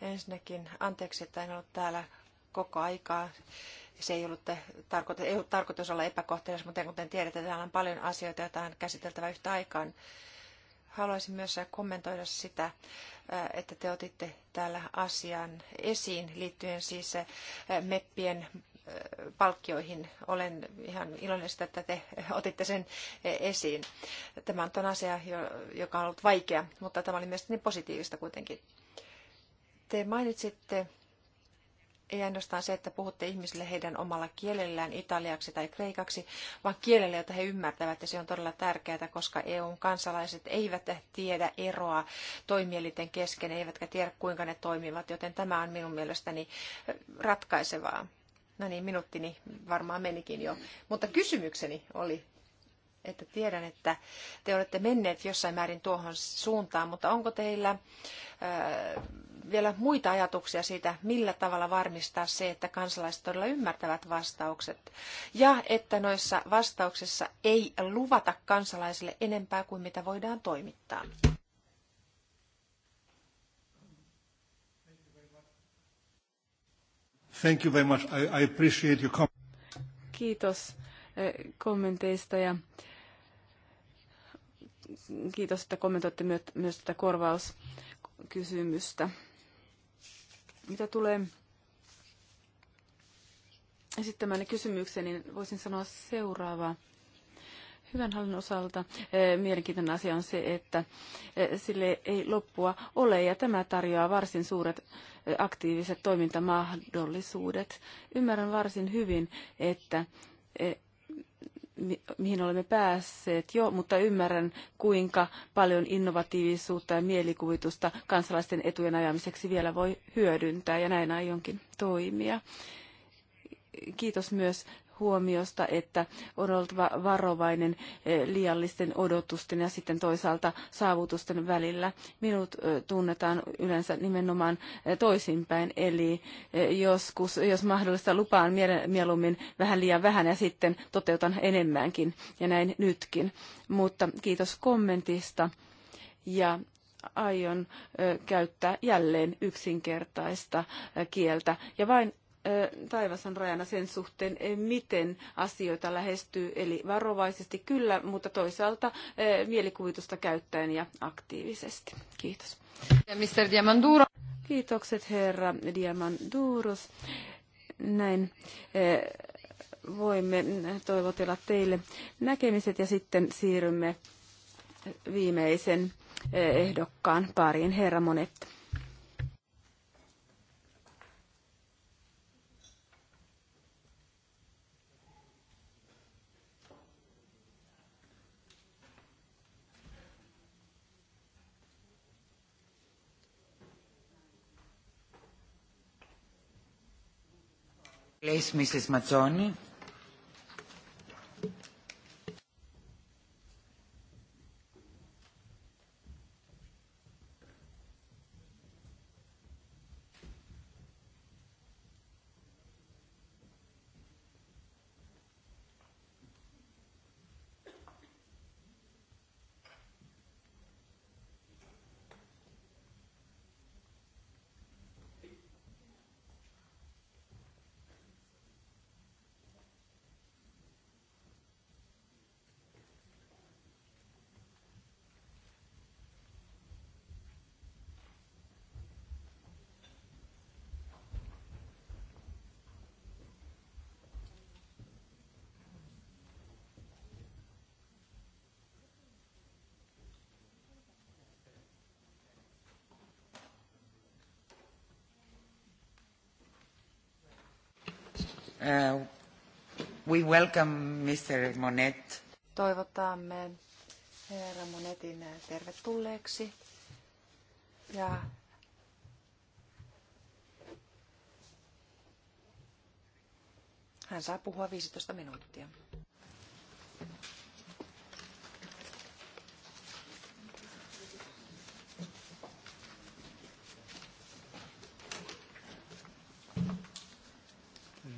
Ensinnäkin anteeksi, että en ollut täällä koko aikaa se ei ollut tarkoitus, ei ollut tarkoitus olla epäkohtelias, mutta kuten tiedetään, täällä on paljon asioita, joita on käsiteltävä yhtä aikaan. Haluaisin myös kommentoida sitä, äh, että te otitte täällä asian esiin liittyen siis äh, meppien äh, palkkioihin. Olen ihan iloinen sitä, että te otitte sen esiin. Tämä on asia, joka on ollut vaikea, mutta tämä oli mielestäni positiivista kuitenkin. Te mainitsitte ei ainoastaan se, että puhutte ihmisille heidän omalla kielellään, italiaksi tai kreikaksi, vaan kielellä, jota he ymmärtävät. Ja se on todella tärkeää, koska EUn kansalaiset eivät tiedä eroa toimielinten kesken, eivätkä tiedä kuinka ne toimivat, joten tämä on minun mielestäni ratkaisevaa. No niin, minuuttini varmaan menikin jo. Mutta kysymykseni oli että tiedän, että te olette menneet jossain määrin tuohon suuntaan, mutta onko teillä vielä muita ajatuksia siitä, millä tavalla varmistaa se, että kansalaiset todella ymmärtävät vastaukset ja että noissa vastauksissa ei luvata kansalaisille enempää kuin mitä voidaan toimittaa? Thank you very much. I, I appreciate your Kiitos kommenteista ja kiitos, että kommentoitte myös tätä korvauskysymystä. Mitä tulee esittämään kysymykseen, niin voisin sanoa seuraavaa. Hyvän hallinnon osalta eh, mielenkiintoinen asia on se, että eh, sille ei loppua ole ja tämä tarjoaa varsin suuret eh, aktiiviset toimintamahdollisuudet. Ymmärrän varsin hyvin, että mihin olemme päässeet jo, mutta ymmärrän, kuinka paljon innovatiivisuutta ja mielikuvitusta kansalaisten etujen ajamiseksi vielä voi hyödyntää, ja näin aionkin toimia. Kiitos myös huomiosta, että on oltava varovainen eh, liiallisten odotusten ja sitten toisaalta saavutusten välillä. Minut eh, tunnetaan yleensä nimenomaan eh, toisinpäin, eli joskus, jos mahdollista, lupaan mieluummin vähän liian vähän ja sitten toteutan enemmänkin, ja näin nytkin. Mutta kiitos kommentista. Ja aion käyttää jälleen yksinkertaista kieltä ja vain taivas on rajana sen suhteen, miten asioita lähestyy, eli varovaisesti kyllä, mutta toisaalta mielikuvitusta käyttäen ja aktiivisesti. Kiitos. Ja Mr. Diamanduro. Kiitokset herra Diamanduros. Näin voimme toivotella teille näkemiset ja sitten siirrymme viimeisen ehdokkaan pariin. Herra Mrs. Mazzoni. Uh, we welcome Mr. Monet. Toivotamme herra Monetin tervetulleeksi. Ja hän saa puhua 15 minuuttia.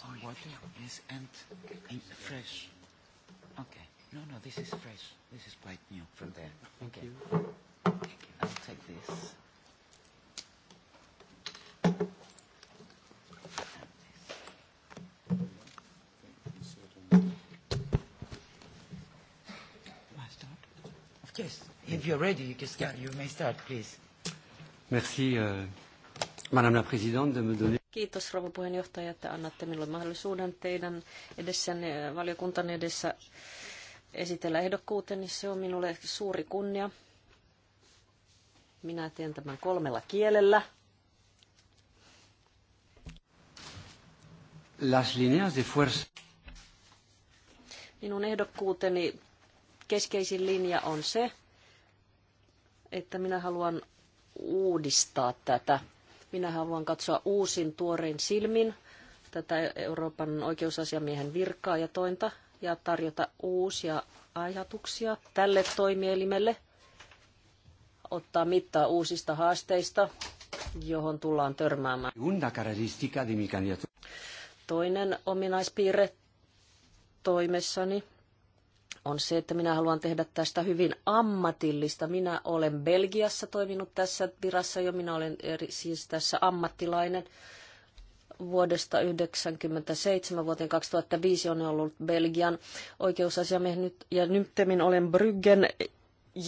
some water? Yes, and, and fresh. Okay. No, no, this is fresh. This is quite new from there. Thank okay. you. Thank you. I'll take this. if you're ready, you, can start. you may start, please. Merci, euh, Madame la Présidente, de me donner. Kiitos rouva puheenjohtaja, että annatte minulle mahdollisuuden teidän edessänne, eh, valiokuntanne edessä esitellä ehdokkuuteni. Se on minulle suuri kunnia. Minä teen tämän kolmella kielellä. Las líneas de fuerza. Minun ehdokkuuteni keskeisin linja on se, että minä haluan uudistaa tätä minä haluan katsoa uusin tuorein silmin tätä Euroopan oikeusasiamiehen virkaa ja tointa ja tarjota uusia ajatuksia tälle toimielimelle, ottaa mittaa uusista haasteista, johon tullaan törmäämään. Toinen ominaispiirre toimessani on se, että minä haluan tehdä tästä hyvin ammatillista. Minä olen Belgiassa toiminut tässä virassa jo, minä olen eri, siis tässä ammattilainen. Vuodesta 1997 vuoteen 2005 on ollut Belgian oikeusasiamies nyt, ja nyt olen Bryggen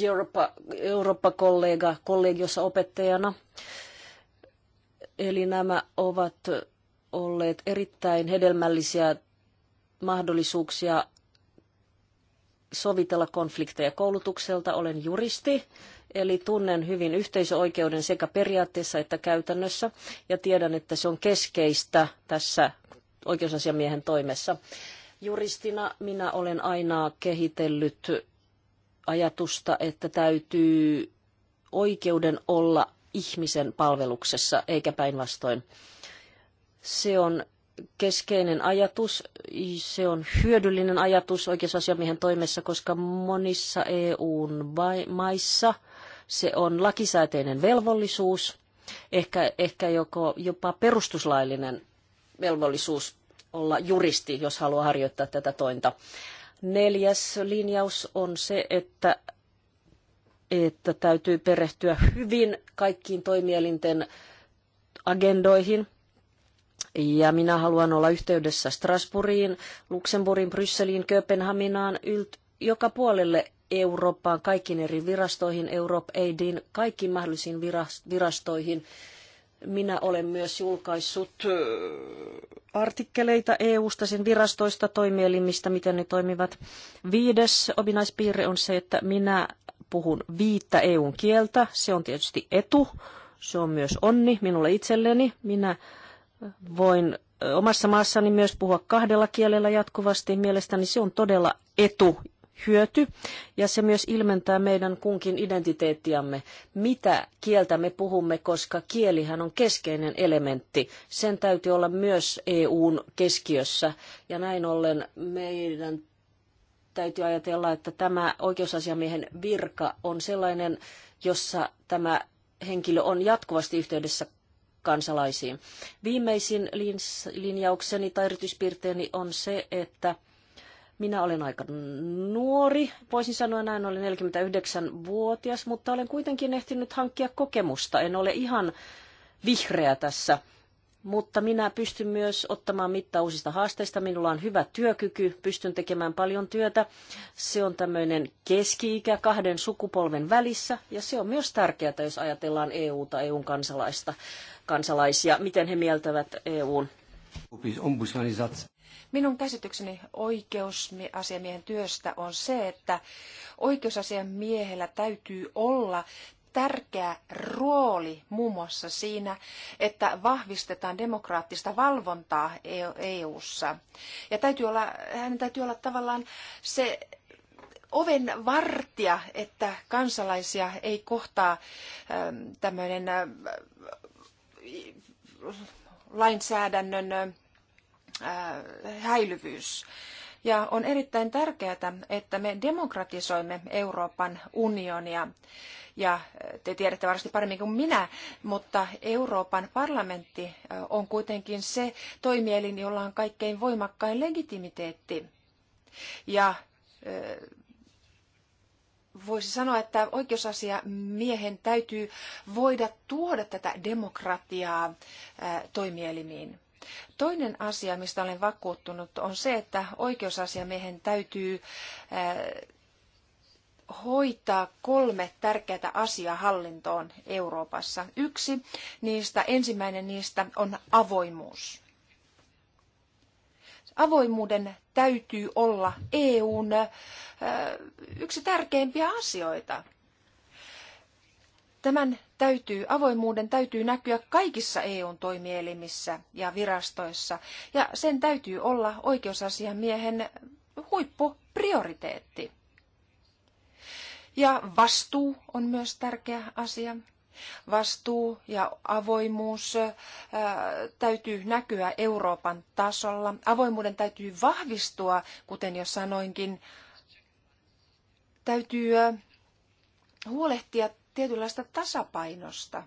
Eurooppa, Eurooppa-kollega kollegiossa opettajana. Eli nämä ovat olleet erittäin hedelmällisiä mahdollisuuksia sovitella konflikteja koulutukselta. Olen juristi, eli tunnen hyvin yhteisöoikeuden sekä periaatteessa että käytännössä, ja tiedän, että se on keskeistä tässä oikeusasiamiehen toimessa. Juristina minä olen aina kehitellyt ajatusta, että täytyy oikeuden olla ihmisen palveluksessa, eikä päinvastoin. Se on keskeinen ajatus. Se on hyödyllinen ajatus oikeusasiamiehen toimessa, koska monissa EUn maissa se on lakisääteinen velvollisuus, ehkä, ehkä joko, jopa perustuslaillinen velvollisuus olla juristi, jos haluaa harjoittaa tätä tointa. Neljäs linjaus on se, että, että täytyy perehtyä hyvin kaikkiin toimielinten agendoihin – ja minä haluan olla yhteydessä Strasbourgiin, Luxemburgin, Brysseliin, Kööpenhaminaan, ylt, joka puolelle Eurooppaan, kaikkiin eri virastoihin, Europe Aidin, kaikkiin mahdollisiin virastoihin. Minä olen myös julkaissut artikkeleita EU-sta, sen virastoista, toimielimistä, miten ne toimivat. Viides ominaispiirre on se, että minä puhun viittä EUn kieltä. Se on tietysti etu. Se on myös onni minulle itselleni. Minä Voin omassa maassani myös puhua kahdella kielellä jatkuvasti. Mielestäni se on todella etu hyöty ja se myös ilmentää meidän kunkin identiteettiamme, mitä kieltä me puhumme, koska kielihän on keskeinen elementti. Sen täytyy olla myös EUn keskiössä ja näin ollen meidän täytyy ajatella, että tämä oikeusasiamiehen virka on sellainen, jossa tämä henkilö on jatkuvasti yhteydessä kansalaisiin. Viimeisin linjaukseni tai erityispiirteeni on se, että minä olen aika nuori, voisin sanoa näin, olen 49-vuotias, mutta olen kuitenkin ehtinyt hankkia kokemusta. En ole ihan vihreä tässä mutta minä pystyn myös ottamaan mittaa uusista haasteista. Minulla on hyvä työkyky, pystyn tekemään paljon työtä. Se on tämmöinen keski-ikä kahden sukupolven välissä ja se on myös tärkeää, jos ajatellaan EU-ta, EUn kansalaista, kansalaisia, miten he mieltävät EUn. Minun käsitykseni oikeusasiamiehen työstä on se, että oikeusasiamiehellä täytyy olla tärkeä rooli muun muassa siinä, että vahvistetaan demokraattista valvontaa EU:ssa. E ja täytyy olla, hänen täytyy olla tavallaan se oven vartija, että kansalaisia ei kohtaa ähm, tämmöinen äh, lainsäädännön äh, häilyvyys. Ja on erittäin tärkeää, että me demokratisoimme Euroopan unionia. Ja te tiedätte varmasti paremmin kuin minä, mutta Euroopan parlamentti on kuitenkin se toimielin, jolla on kaikkein voimakkain legitimiteetti. Ja voisi sanoa, että oikeusasia miehen täytyy voida tuoda tätä demokratiaa toimielimiin. Toinen asia, mistä olen vakuuttunut, on se, että oikeusasiamiehen täytyy äh, hoitaa kolme tärkeää asiaa hallintoon Euroopassa. Yksi niistä, ensimmäinen niistä on avoimuus. Avoimuuden täytyy olla EUn äh, yksi tärkeimpiä asioita. Tämän täytyy, avoimuuden täytyy näkyä kaikissa EUn toimielimissä ja virastoissa, ja sen täytyy olla oikeusasiamiehen huippuprioriteetti. Ja vastuu on myös tärkeä asia. Vastuu ja avoimuus täytyy näkyä Euroopan tasolla. Avoimuuden täytyy vahvistua, kuten jo sanoinkin. Täytyy huolehtia tietynlaista tasapainosta.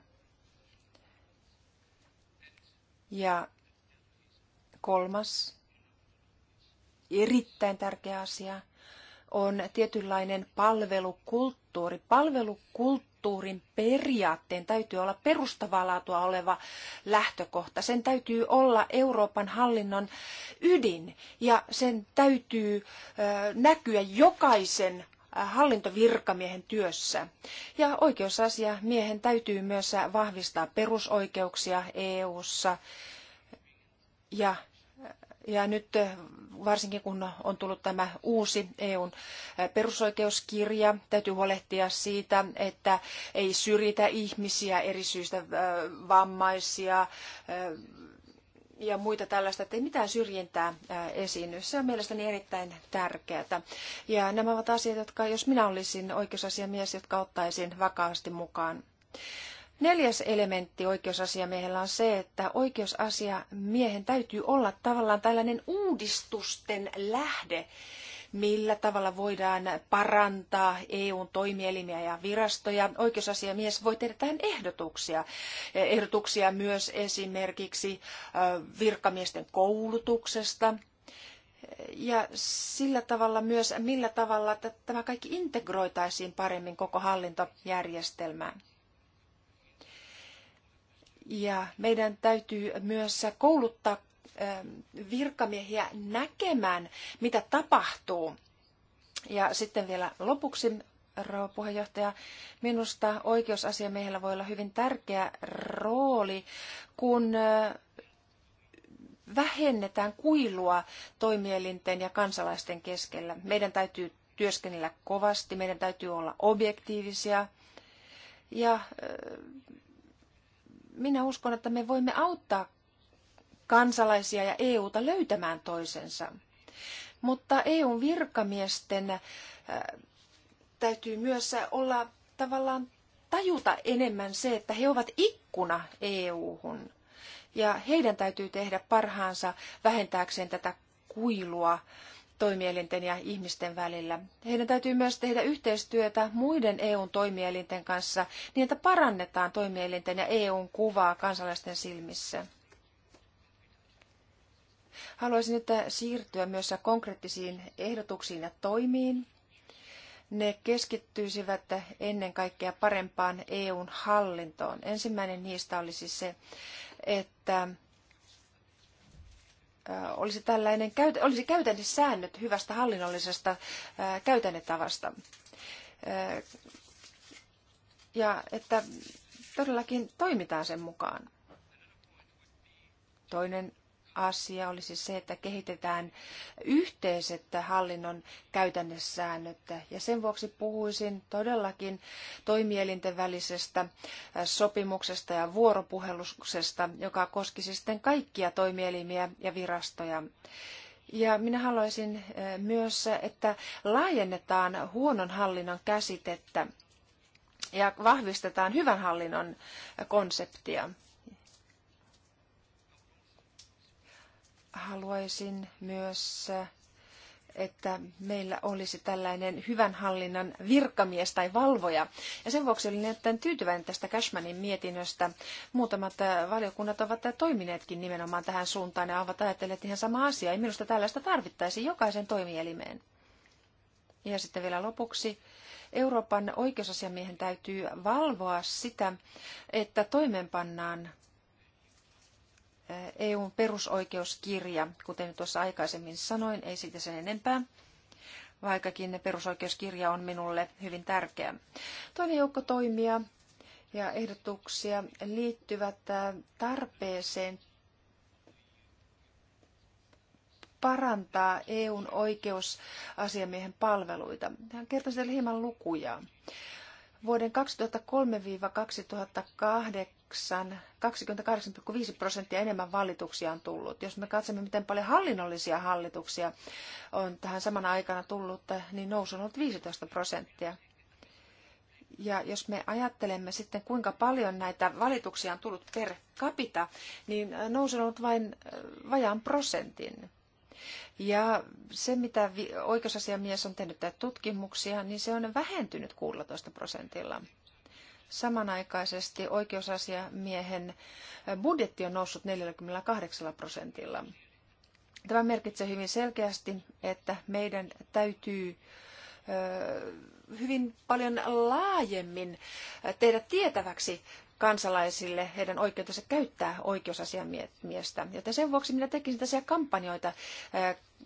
Ja kolmas erittäin tärkeä asia on tietynlainen palvelukulttuuri. Palvelukulttuurin periaatteen täytyy olla perustavaa laatua oleva lähtökohta. Sen täytyy olla Euroopan hallinnon ydin ja sen täytyy näkyä jokaisen hallintovirkamiehen työssä. Ja oikeusasiamiehen täytyy myös vahvistaa perusoikeuksia EU:ssa ja ja nyt eh, varsinkin kun on tullut tämä uusi EUn eh, perusoikeuskirja, täytyy huolehtia siitä, että ei syrjitä ihmisiä eri syistä, eh, vammaisia, ja muita tällaista, ettei mitään syrjintää esiinny. Se on mielestäni erittäin tärkeää. Ja nämä ovat asiat, jotka, jos minä olisin oikeusasiamies, jotka ottaisin vakavasti mukaan. Neljäs elementti oikeusasiamiehellä on se, että oikeusasiamiehen täytyy olla tavallaan tällainen uudistusten lähde millä tavalla voidaan parantaa EUn toimielimiä ja virastoja. Oikeusasiamies voi tehdä tähän ehdotuksia. Ehdotuksia myös esimerkiksi virkamiesten koulutuksesta, ja sillä tavalla myös, millä tavalla tämä kaikki integroitaisiin paremmin koko hallintojärjestelmään. Ja meidän täytyy myös kouluttaa Ähm, virkamiehiä näkemään, mitä tapahtuu. Ja sitten vielä lopuksi, rouva puheenjohtaja, minusta oikeusasiamiehellä voi olla hyvin tärkeä rooli, kun äh, vähennetään kuilua toimielinten ja kansalaisten keskellä. Meidän täytyy työskennellä kovasti, meidän täytyy olla objektiivisia. Ja äh, minä uskon, että me voimme auttaa kansalaisia ja EUta löytämään toisensa. Mutta EUn virkamiesten äh, täytyy myös olla tavallaan tajuta enemmän se, että he ovat ikkuna EU-hun. Ja heidän täytyy tehdä parhaansa vähentääkseen tätä kuilua toimielinten ja ihmisten välillä. Heidän täytyy myös tehdä yhteistyötä muiden EUn toimielinten kanssa niin, että parannetaan toimielinten ja EUn kuvaa kansalaisten silmissä. Haluaisin nyt äh, siirtyä myös konkreettisiin ehdotuksiin ja toimiin. Ne keskittyisivät äh, ennen kaikkea parempaan EUn hallintoon. Ensimmäinen niistä olisi siis se, että äh, olisi tällainen, olisi säännöt hyvästä hallinnollisesta käytännetavasta. Ja että todellakin toimitaan sen mukaan. Toinen asia olisi siis se, että kehitetään yhteiset hallinnon käytännössäännöt. Ja sen vuoksi puhuisin todellakin toimielinten välisestä sopimuksesta ja vuoropuheluksesta, joka koskisi sitten kaikkia toimielimiä ja virastoja. Ja minä haluaisin myös, että laajennetaan huonon hallinnon käsitettä ja vahvistetaan hyvän hallinnon konseptia. haluaisin myös, että meillä olisi tällainen hyvän hallinnan virkamies tai valvoja. Ja sen vuoksi olin erittäin tyytyväinen tästä Cashmanin mietinnöstä. Muutamat äh, valiokunnat ovat toimineetkin nimenomaan tähän suuntaan ja ovat ajatelleet ihan sama asia. Ei minusta tällaista tarvittaisi jokaisen toimielimeen. Ja sitten vielä lopuksi. Euroopan oikeusasiamiehen täytyy valvoa sitä, että toimeenpannaan EUn perusoikeuskirja, kuten tuossa aikaisemmin sanoin, ei siitä sen enempää, vaikkakin perusoikeuskirja on minulle hyvin tärkeä. Toinen joukko toimia ja ehdotuksia liittyvät äh, tarpeeseen parantaa EUn oikeusasiamiehen palveluita. Hän kertoi teille hieman lukuja. Vuoden 2003-2008 28,5 prosenttia enemmän valituksia on tullut. Jos me katsomme, miten paljon hallinnollisia hallituksia on tähän samana aikana tullut, niin nousu on ollut 15 prosenttia. Ja jos me ajattelemme sitten, kuinka paljon näitä valituksia on tullut per capita, niin nousu on ollut vain äh, vajaan prosentin. Ja se, mitä oikeusasiamies on tehnyt tätä tutkimuksia, niin se on vähentynyt 16 prosentilla. Samanaikaisesti oikeusasiamiehen budjetti on noussut 48 prosentilla. Tämä merkitsee hyvin selkeästi, että meidän täytyy hyvin paljon laajemmin tehdä tietäväksi kansalaisille heidän oikeutensa käyttää oikeusasiamiestä. Joten sen vuoksi minä tekisin tässä kampanjoita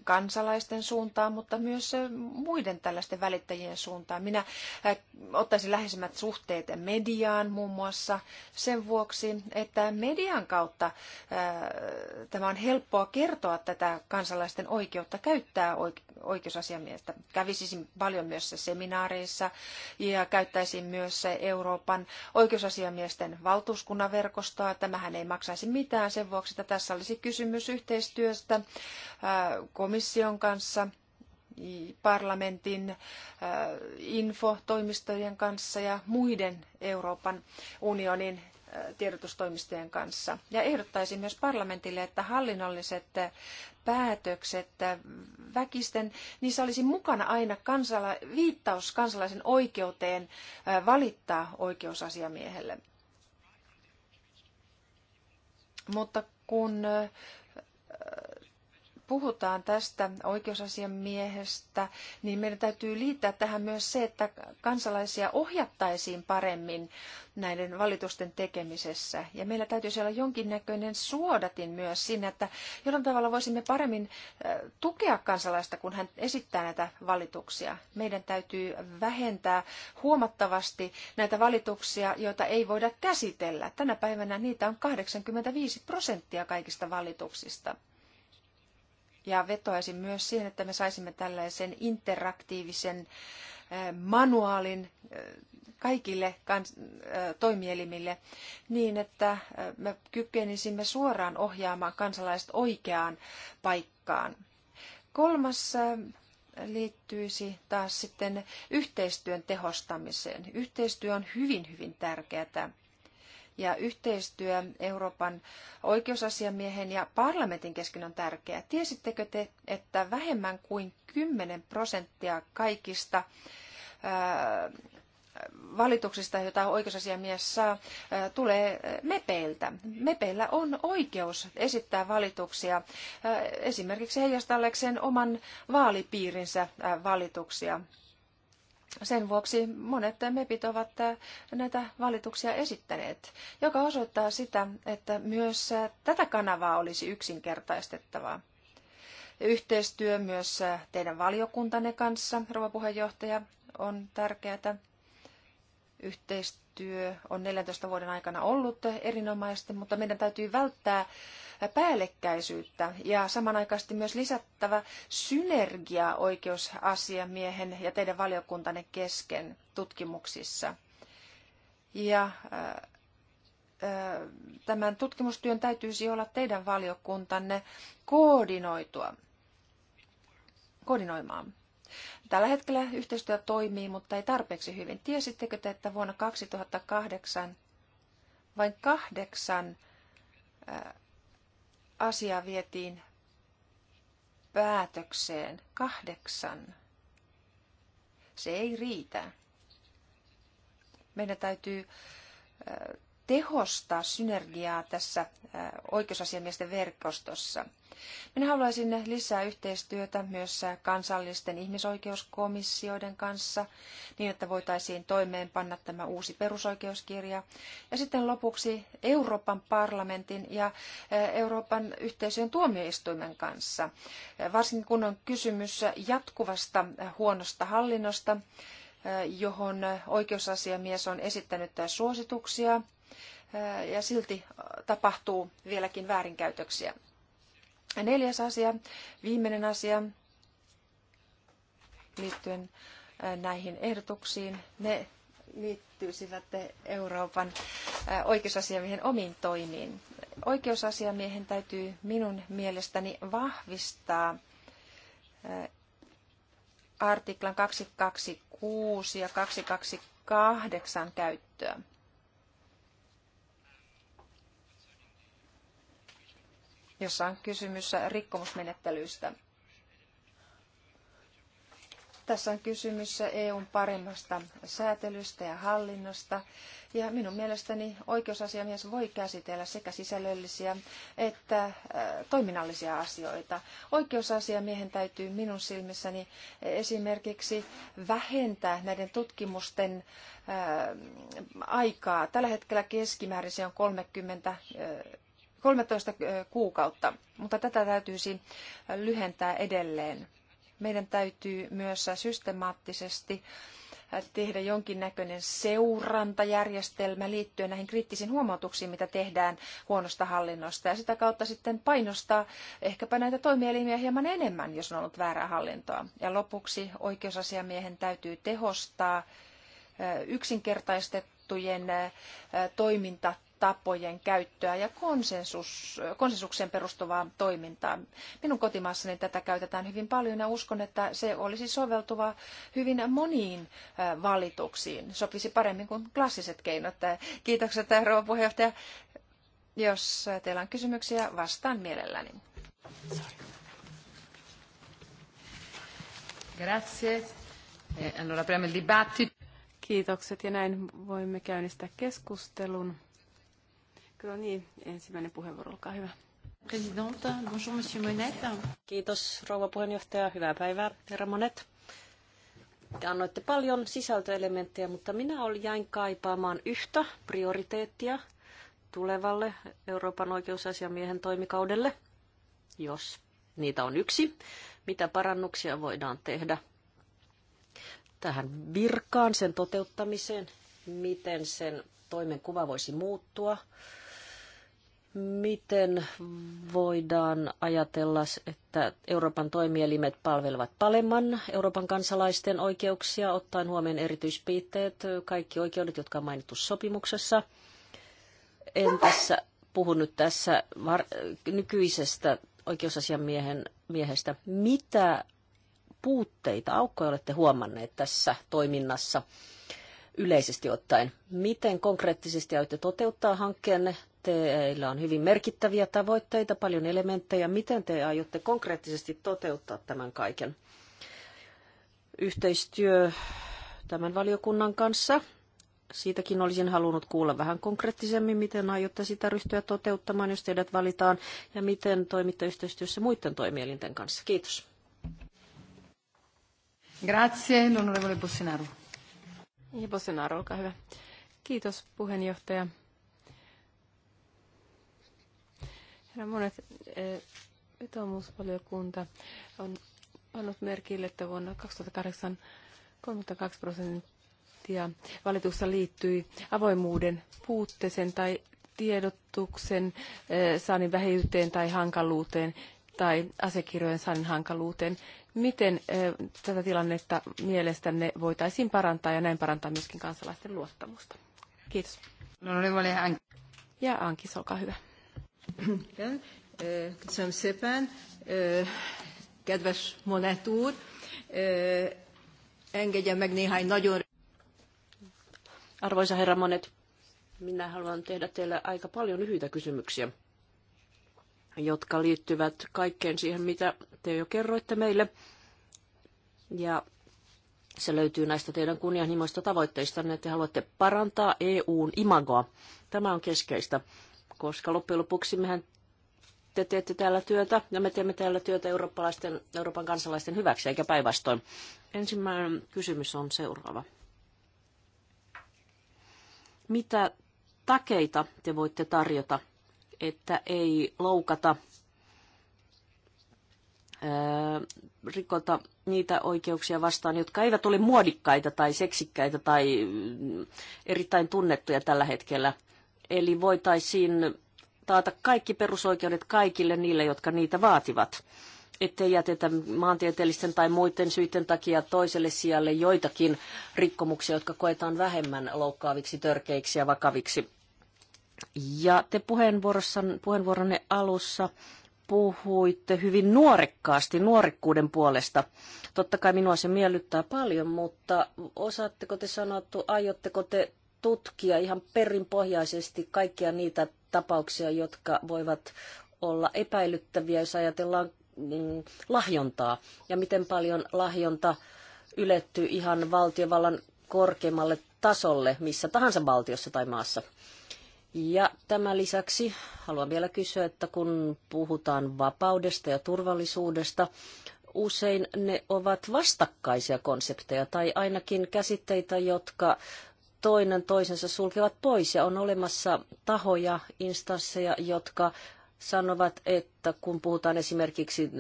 kansalaisten suuntaan, mutta myös eh, muiden tällaisten välittäjien suuntaan. Minä eh, ottaisin läheisemmät suhteet mediaan muun muassa sen vuoksi, että median kautta eh, tämä on helppoa kertoa tätä kansalaisten oikeutta käyttää oikeusasiamiestä. Kävisisin paljon myös seminaareissa ja käyttäisin myös Euroopan oikeusasiamiesten valtuuskunnan verkostoa. Tämähän ei maksaisi mitään sen vuoksi, että tässä olisi kysymys yhteistyöstä komission kanssa, parlamentin infotoimistojen kanssa ja muiden Euroopan unionin tiedotustoimistojen kanssa. Ja ehdottaisin myös parlamentille, että hallinnolliset päätökset väkisten, niissä olisi mukana aina kansala- viittaus kansalaisen oikeuteen valittaa oikeusasiamiehelle. Mutta kun puhutaan tästä oikeusasiamiehestä, niin meidän täytyy liittää tähän myös se, että kansalaisia ohjattaisiin paremmin näiden valitusten tekemisessä. Ja meillä täytyisi olla jonkinnäköinen suodatin myös siinä, että jollain tavalla voisimme paremmin tukea kansalaista, kun hän esittää näitä valituksia. Meidän täytyy vähentää huomattavasti näitä valituksia, joita ei voida käsitellä. Tänä päivänä niitä on 85 prosenttia kaikista valituksista. Ja vetoaisin myös siihen, että me saisimme tällaisen interaktiivisen manuaalin kaikille toimielimille niin, että me kykenisimme suoraan ohjaamaan kansalaiset oikeaan paikkaan. Kolmas liittyisi taas sitten yhteistyön tehostamiseen. Yhteistyö on hyvin, hyvin tärkeää ja yhteistyö Euroopan oikeusasiamiehen ja parlamentin kesken on tärkeää. Tiesittekö te, että vähemmän kuin 10 prosenttia kaikista valituksista, joita oikeusasiamies saa, tulee mepeiltä. Mepeillä on oikeus esittää valituksia, esimerkiksi heijastaakseen oman vaalipiirinsä valituksia. Sen vuoksi monet MEPit ovat äh, näitä valituksia esittäneet, joka osoittaa sitä, että myös äh, tätä kanavaa olisi yksinkertaistettava. Yhteistyö myös äh, teidän valiokuntanne kanssa, rouva puheenjohtaja, on tärkeää. Yhteistyö työ on 14 vuoden aikana ollut erinomaisesti, mutta meidän täytyy välttää päällekkäisyyttä ja samanaikaisesti myös lisättävä synergia oikeusasiamiehen ja teidän valiokuntanne kesken tutkimuksissa. Ja äh, äh, tämän tutkimustyön täytyisi olla teidän valiokuntanne koordinoitua, koordinoimaan. Tällä hetkellä yhteistyö toimii, mutta ei tarpeeksi hyvin. Tiesittekö te, että vuonna 2008 vain kahdeksan asiaa vietiin päätökseen? Kahdeksan. Se ei riitä. Meidän täytyy tehostaa synergiaa tässä oikeusasiamiesten verkostossa. Minä haluaisin lisää yhteistyötä myös kansallisten ihmisoikeuskomissioiden kanssa, niin että voitaisiin toimeenpanna tämä uusi perusoikeuskirja. Ja sitten lopuksi Euroopan parlamentin ja Euroopan yhteisöjen tuomioistuimen kanssa, varsinkin kun on kysymys jatkuvasta huonosta hallinnosta, johon oikeusasiamies on esittänyt suosituksia ja silti tapahtuu vieläkin väärinkäytöksiä. Neljäs asia, viimeinen asia liittyen näihin ehdotuksiin. Ne liittyisivät Euroopan oikeusasiamiehen omiin toimiin. Oikeusasiamiehen täytyy minun mielestäni vahvistaa artiklan 226 ja 228 käyttöä. jossa on kysymys rikkomusmenettelyistä. Tässä on kysymys EUn paremmasta säätelystä ja hallinnosta. Ja minun mielestäni oikeusasiamies voi käsitellä sekä sisällöllisiä että äh, toiminnallisia asioita. Oikeusasiamiehen täytyy minun silmissäni esimerkiksi vähentää näiden tutkimusten äh, aikaa. Tällä hetkellä keskimäärin se on 30 13 kuukautta, mutta tätä täytyisi lyhentää edelleen. Meidän täytyy myös systemaattisesti tehdä jonkinnäköinen seurantajärjestelmä liittyen näihin kriittisiin huomautuksiin, mitä tehdään huonosta hallinnosta. Ja sitä kautta sitten painostaa ehkäpä näitä toimielimiä hieman enemmän, jos on ollut väärää hallintoa. Ja lopuksi oikeusasiamiehen täytyy tehostaa yksinkertaistettujen toiminta tapojen käyttöä ja konsensus, konsensukseen perustuvaa toimintaa. Minun kotimaassani tätä käytetään hyvin paljon ja uskon, että se olisi soveltuva hyvin moniin valituksiin. Sopisi paremmin kuin klassiset keinot. Kiitokset, rouva puheenjohtaja. Jos teillä on kysymyksiä, vastaan mielelläni. Sorry. Grazie. Eh, allora il dibattito. Kiitokset ja näin voimme käynnistää keskustelun. Groni, niin. ensimmäinen puheenvuoro, olkaa hyvä. Presidenta, bonjour monsieur Monet. Kiitos rouva puheenjohtaja, hyvää päivää, herra Monet. Te annoitte paljon sisältöelementtejä, mutta minä olin jäin kaipaamaan yhtä prioriteettia tulevalle Euroopan oikeusasiamiehen toimikaudelle, jos niitä on yksi. Mitä parannuksia voidaan tehdä tähän virkaan, sen toteuttamiseen, miten sen toimenkuva voisi muuttua, Miten voidaan ajatella, että Euroopan toimielimet palvelevat paremman Euroopan kansalaisten oikeuksia, ottaen huomioon erityispiitteet, kaikki oikeudet, jotka on mainittu sopimuksessa? En tässä puhu nyt tässä nykyisestä oikeusasiamiehen miehestä. Mitä puutteita, aukkoja olette huomanneet tässä toiminnassa yleisesti ottaen? Miten konkreettisesti aiotte toteuttaa hankkeenne Teillä on hyvin merkittäviä tavoitteita, paljon elementtejä. Miten te aiotte konkreettisesti toteuttaa tämän kaiken? Yhteistyö tämän valiokunnan kanssa. Siitäkin olisin halunnut kuulla vähän konkreettisemmin, miten aiotte sitä ryhtyä toteuttamaan, jos teidät valitaan, ja miten toimitte yhteistyössä muiden toimielinten kanssa. Kiitos. Grazie, l'onorevole Bossinaro. Bossinaro, olkaa hyvä. Kiitos puheenjohtaja. Herra monet, eh, vetomusvaliokunta on pannut merkille, että vuonna 2008 32 prosenttia valitussa liittyi avoimuuden puutteeseen tai tiedotuksen eh, saannin vähyyteen tai hankaluuteen tai asekirjojen saannin hankaluuteen. Miten eh, tätä tilannetta mielestänne voitaisiin parantaa ja näin parantaa myöskin kansalaisten luottamusta? Kiitos. No Ja Ankis, olkaa hyvä. Köszönöm szépen. Kedves Monet úr, engedje meg néhány nagyon... Arvoisa herra Monet, minä haluan tehdä teille aika paljon lyhyitä kysymyksiä, jotka liittyvät kaikkeen siihen, mitä te jo kerroitte meille. Ja se löytyy näistä teidän kunnianhimoista tavoitteista, että te haluatte parantaa EUn imagoa. Tämä on keskeistä koska loppujen lopuksi mehän te teette täällä työtä ja me teemme täällä työtä eurooppalaisten, Euroopan kansalaisten hyväksi, eikä päinvastoin. Ensimmäinen kysymys on seuraava. Mitä takeita te voitte tarjota, että ei loukata, ää, rikota niitä oikeuksia vastaan, jotka eivät ole muodikkaita tai seksikkäitä tai mm, erittäin tunnettuja tällä hetkellä – Eli voitaisiin taata kaikki perusoikeudet kaikille niille, jotka niitä vaativat ettei jätetä maantieteellisten tai muiden syiden takia toiselle sijalle joitakin rikkomuksia, jotka koetaan vähemmän loukkaaviksi, törkeiksi ja vakaviksi. Ja te puheenvuoronne alussa puhuitte hyvin nuorekkaasti nuorikkuuden puolesta. Totta kai minua se miellyttää paljon, mutta osaatteko te sanoa, aiotteko te tutkia ihan perinpohjaisesti kaikkia niitä tapauksia, jotka voivat olla epäilyttäviä, jos ajatellaan mm, lahjontaa ja miten paljon lahjonta ylettyy ihan valtiovallan korkeammalle tasolle missä tahansa valtiossa tai maassa. Ja tämän lisäksi haluan vielä kysyä, että kun puhutaan vapaudesta ja turvallisuudesta, usein ne ovat vastakkaisia konsepteja tai ainakin käsitteitä, jotka toinen toisensa sulkevat pois ja on olemassa tahoja, instansseja, jotka sanovat, että kun puhutaan esimerkiksi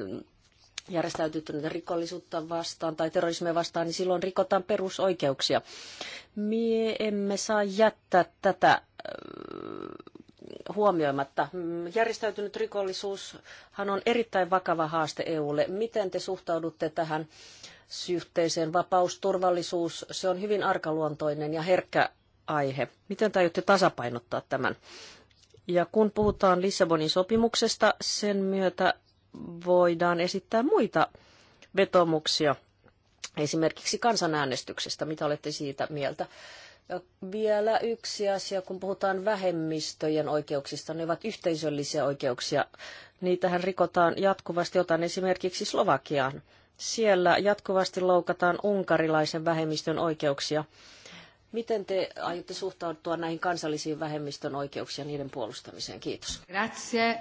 järjestäytynyttä rikollisuutta vastaan tai terrorismia vastaan, niin silloin rikotaan perusoikeuksia. Me emme saa jättää tätä äh, huomioimatta. Järjestäytynyt rikollisuushan on erittäin vakava haaste EUlle. Miten te suhtaudutte tähän yhteiseen vapaus, turvallisuus, se on hyvin arkaluontoinen ja herkkä aihe. Miten te aiotte tasapainottaa tämän? Ja kun puhutaan Lissabonin sopimuksesta, sen myötä voidaan esittää muita vetomuksia, esimerkiksi kansanäänestyksestä. Mitä olette siitä mieltä? Ja vielä yksi asia, kun puhutaan vähemmistöjen oikeuksista, ne ovat yhteisöllisiä oikeuksia. Niitähän rikotaan jatkuvasti, otan esimerkiksi Slovakiaan. Siellä jatkuvasti loukataan unkarilaisen vähemmistön oikeuksia. Miten te aiotte suhtautua näihin kansallisiin vähemmistön oikeuksiin ja niiden puolustamiseen? Kiitos. Grazie.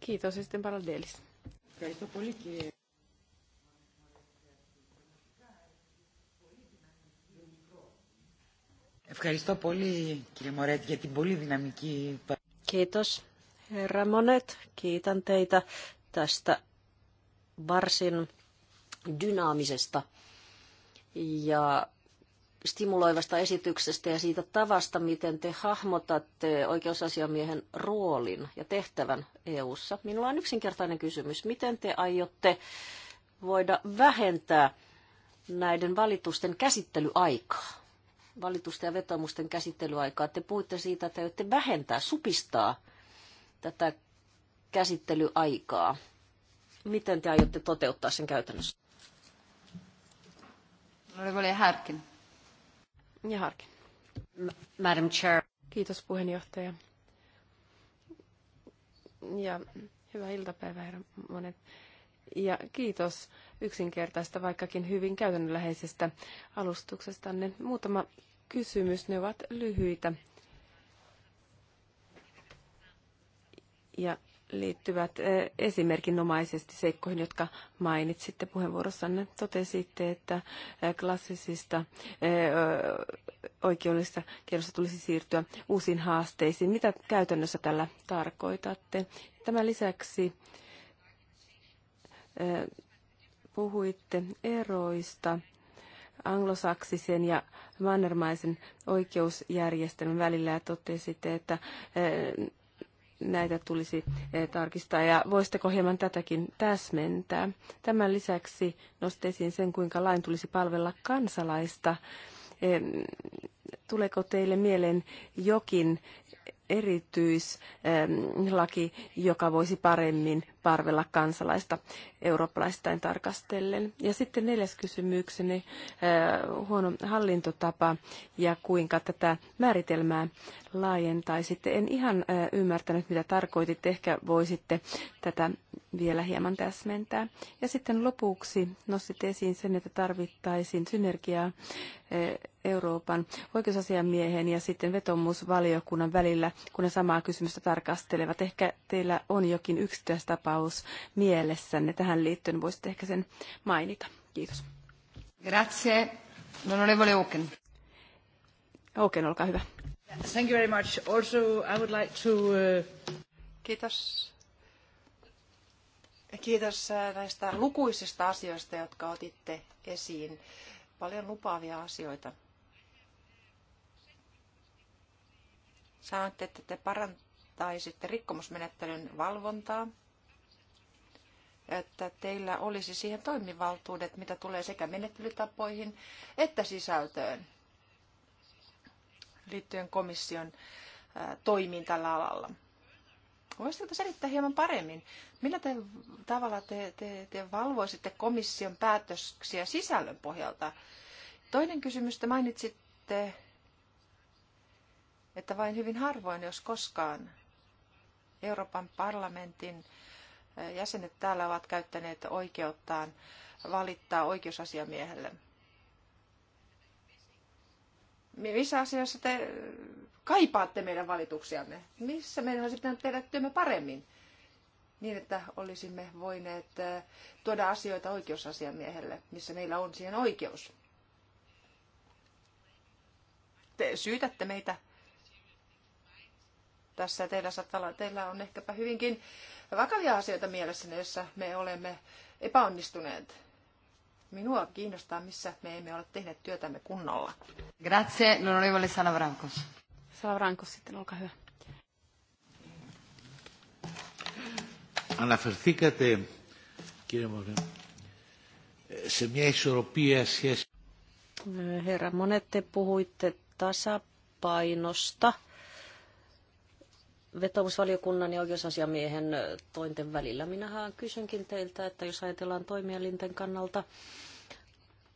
Kiitos sitten Paradelis. Ευχαριστώ πολύ κύριε Μωρέτ για την πολύ δυναμική... Kiitos herra Monet, kiitän teitä tästä varsin dynaamisesta ja stimuloivasta esityksestä ja siitä tavasta, miten te hahmotatte oikeusasiamiehen roolin ja tehtävän EU:ssa. Minulla on yksinkertainen kysymys. Miten te aiotte voida vähentää näiden valitusten käsittelyaikaa? Valitusten ja vetomusten käsittelyaikaa. Te puhutte siitä, että aiotte vähentää, supistaa tätä käsittelyaikaa Miten te aiotte toteuttaa sen käytännössä? Onorevole Harkin. Ja Harkin. Madam Chair. Kiitos puheenjohtaja. Ja hyvää iltapäivää, herra monet. Ja kiitos yksinkertaista, vaikkakin hyvin käytännönläheisestä alustuksestanne. Muutama kysymys, ne ovat lyhyitä. Ja liittyvät eh, esimerkinomaisesti seikkoihin, jotka mainitsitte puheenvuorossanne. Totesitte, että eh, klassisista eh, oikeudellisista kielosta tulisi siirtyä uusiin haasteisiin. Mitä käytännössä tällä tarkoitatte? Tämän lisäksi puhuitte eroista anglosaksisen ja mannermaisen oikeusjärjestelmän välillä ja totesitte, että näitä tulisi eh, tarkistaa ja voisitteko hieman tätäkin täsmentää? Tämän lisäksi nostaisin sen, kuinka lain tulisi palvella kansalaista. Eh, tuleeko teille mieleen jokin erityislaki, eh, joka voisi paremmin parvella kansalaista eurooppalaistain tarkastellen. Ja sitten neljäs kysymykseni, eh, huono hallintotapa ja kuinka tätä määritelmää laajentaisitte. En ihan eh, ymmärtänyt, mitä tarkoitit. Ehkä voisitte tätä vielä hieman täsmentää. Ja sitten lopuksi nostit esiin sen, että tarvittaisiin synergiaa eh, Euroopan oikeusasiamiehen ja sitten vetomusvaliokunnan välillä, kun ne samaa kysymystä tarkastelevat. Ehkä teillä on jokin yksittäistapaus vastaus mielessänne tähän liittyen? Voisitte ehkä sen mainita. Kiitos. Grazie. Onorevole Oken. Oken, olkaa hyvä. Thank you very much. Also, I would like to... Uh, Kiitos. Kiitos uh, näistä lukuisista asioista, jotka otitte esiin. Paljon lupaavia asioita. Sanoitte, että te parantaisitte rikkomusmenettelyn valvontaa että teillä olisi siihen toimivaltuudet, mitä tulee sekä menettelytapoihin että sisältöön liittyen komission toimiin tällä alalla. Voisitteko selittää hieman paremmin, millä te, tavalla te, te, te valvoisitte komission päätöksiä sisällön pohjalta? Toinen kysymys, te mainitsitte, että vain hyvin harvoin, jos koskaan, Euroopan parlamentin äh, jäsenet täällä ovat käyttäneet oikeuttaan valittaa oikeusasiamiehelle. Missä asioissa te kaipaatte meidän valituksiamme? Missä meidän olisi pitänyt tehdä työmme paremmin? Niin, että olisimme voineet tuoda asioita oikeusasiamiehelle, missä meillä on siihen oikeus. Te syytätte meitä tässä. Teillä, saattaa teillä on ehkäpä hyvinkin äh, vakavia asioita mielessä, joissa me olemme epäonnistuneet. Minua kiinnostaa, missä me emme ole tehneet työtämme kunnolla. Grazie, onorevole Salavrankos. Salavrankos sitten, olkaa hyvä. Αναφερθήκατε, κύριε Μωρέ, σε μια ισορροπία σχέση. Herra Monet, te puhuitte tasapainosta vetomusvaliokunnan ja oikeusasiamiehen tointen välillä. Minähän kysynkin teiltä, että jos ajatellaan toimielinten kannalta,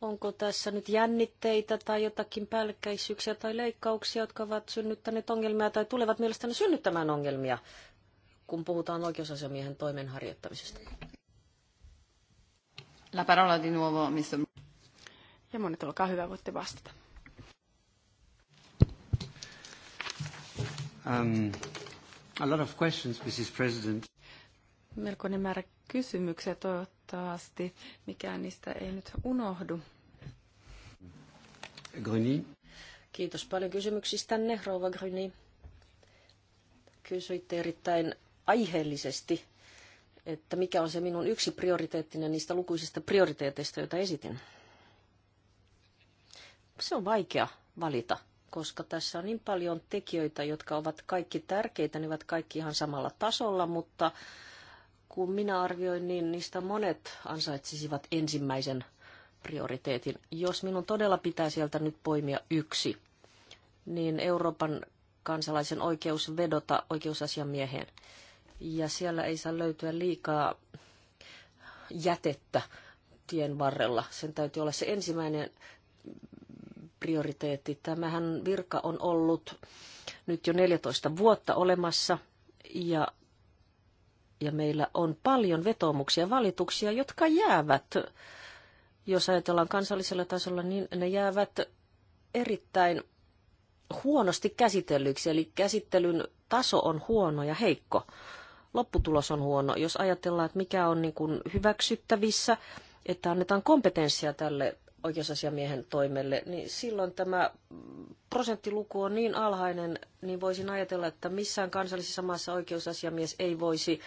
onko tässä nyt jännitteitä tai jotakin päällekkäisyyksiä tai leikkauksia, jotka ovat synnyttäneet ongelmia tai tulevat mielestäni synnyttämään ongelmia, kun puhutaan oikeusasiamiehen toimen harjoittamisesta? La parola di nuovo, missä... Ja monet, olkaa hyvä, voitte vastata. Um, A lot of questions, Mrs. President. Melkoinen määrä kysymyksiä toivottavasti. Mikään niistä ei nyt unohdu. Gruni. Kiitos paljon kysymyksistänne, rouva Gruny. Kysyitte erittäin aiheellisesti, että mikä on se minun yksi prioriteettinen niistä lukuisista prioriteeteista, joita esitin. Se on vaikea valita koska tässä on niin paljon tekijöitä, jotka ovat kaikki tärkeitä, ne ovat kaikki ihan samalla tasolla, mutta kun minä arvioin, niin niistä monet ansaitsisivat ensimmäisen prioriteetin. Jos minun todella pitää sieltä nyt poimia yksi, niin Euroopan kansalaisen oikeus vedota oikeusasiamieheen. Ja siellä ei saa löytyä liikaa jätettä tien varrella. Sen täytyy olla se ensimmäinen prioriteetti. Tämähän virka on ollut nyt jo 14 vuotta olemassa ja, ja meillä on paljon vetoomuksia ja valituksia, jotka jäävät, jos ajatellaan kansallisella tasolla, niin ne jäävät erittäin huonosti käsitellyiksi, eli käsittelyn taso on huono ja heikko. Lopputulos on huono, jos ajatellaan, että mikä on niin kuin hyväksyttävissä, että annetaan kompetenssia tälle oikeusasiamiehen toimelle, niin silloin tämä prosenttiluku on niin alhainen, niin voisin ajatella, että missään kansallisessa maassa oikeusasiamies ei voisi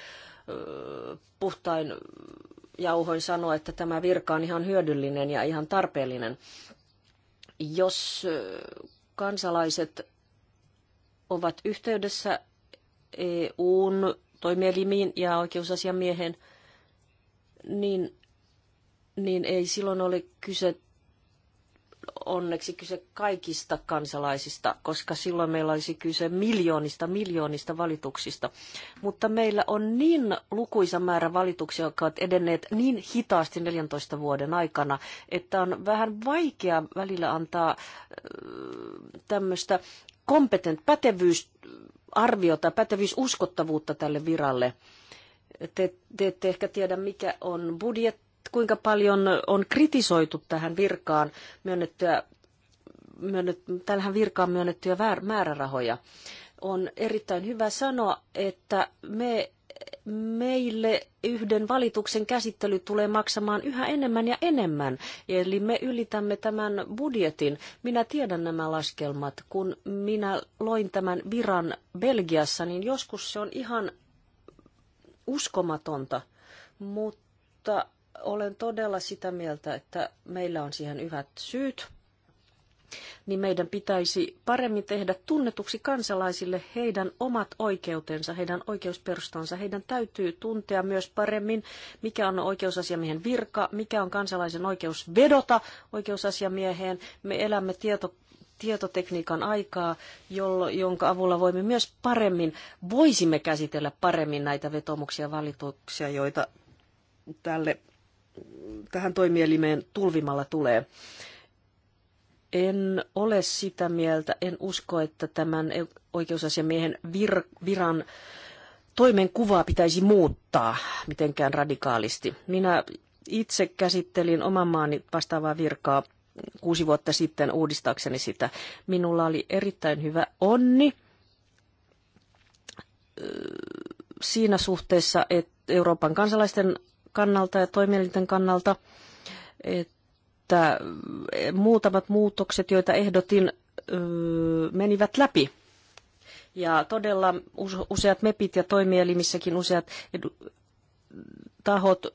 puhtain jauhoin sanoa, että tämä virka on ihan hyödyllinen ja ihan tarpeellinen. Jos kansalaiset ovat yhteydessä EUn toimielimiin ja oikeusasiamiehen, niin, niin ei silloin ole kyse onneksi kyse kaikista kansalaisista, koska silloin meillä olisi kyse miljoonista, miljoonista valituksista. Mutta meillä on niin lukuisa määrä valituksia, jotka ovat edenneet niin hitaasti 14 vuoden aikana, että on vähän vaikea välillä antaa äh, tämmöistä kompetent pätevyysarviota, pätevyysuskottavuutta tälle viralle te, te ette ehkä tiedä, mikä on budjetti kuinka paljon on kritisoitu tähän virkaan myönnettyä, myönnet, tähän virkaan myönnettyjä määrärahoja. On erittäin hyvä sanoa, että me meille yhden valituksen käsittely tulee maksamaan yhä enemmän ja enemmän. Eli me ylitämme tämän budjetin. Minä tiedän nämä laskelmat. Kun minä loin tämän viran Belgiassa, niin joskus se on ihan uskomatonta. Mutta olen todella sitä mieltä, että meillä on siihen hyvät syyt, niin meidän pitäisi paremmin tehdä tunnetuksi kansalaisille heidän omat oikeutensa, heidän oikeusperustansa. Heidän täytyy tuntea myös paremmin, mikä on oikeusasiamiehen virka, mikä on kansalaisen oikeus vedota oikeusasiamieheen. Me elämme tieto, tietotekniikan aikaa, jollo, jonka avulla voimme myös paremmin, voisimme käsitellä paremmin näitä vetomuksia ja valituksia, joita tälle tähän toimielimeen tulvimalla tulee. En ole sitä mieltä, en usko, että tämän oikeusasiamiehen vir- viran toimenkuvaa pitäisi muuttaa mitenkään radikaalisti. Minä itse käsittelin oman maani vastaavaa virkaa kuusi vuotta sitten uudistaakseni sitä. Minulla oli erittäin hyvä onni siinä suhteessa, että Euroopan kansalaisten kannalta ja toimielinten kannalta, että muutamat muutokset, joita ehdotin, menivät läpi. Ja todella useat MEPit ja toimielimissäkin useat tahot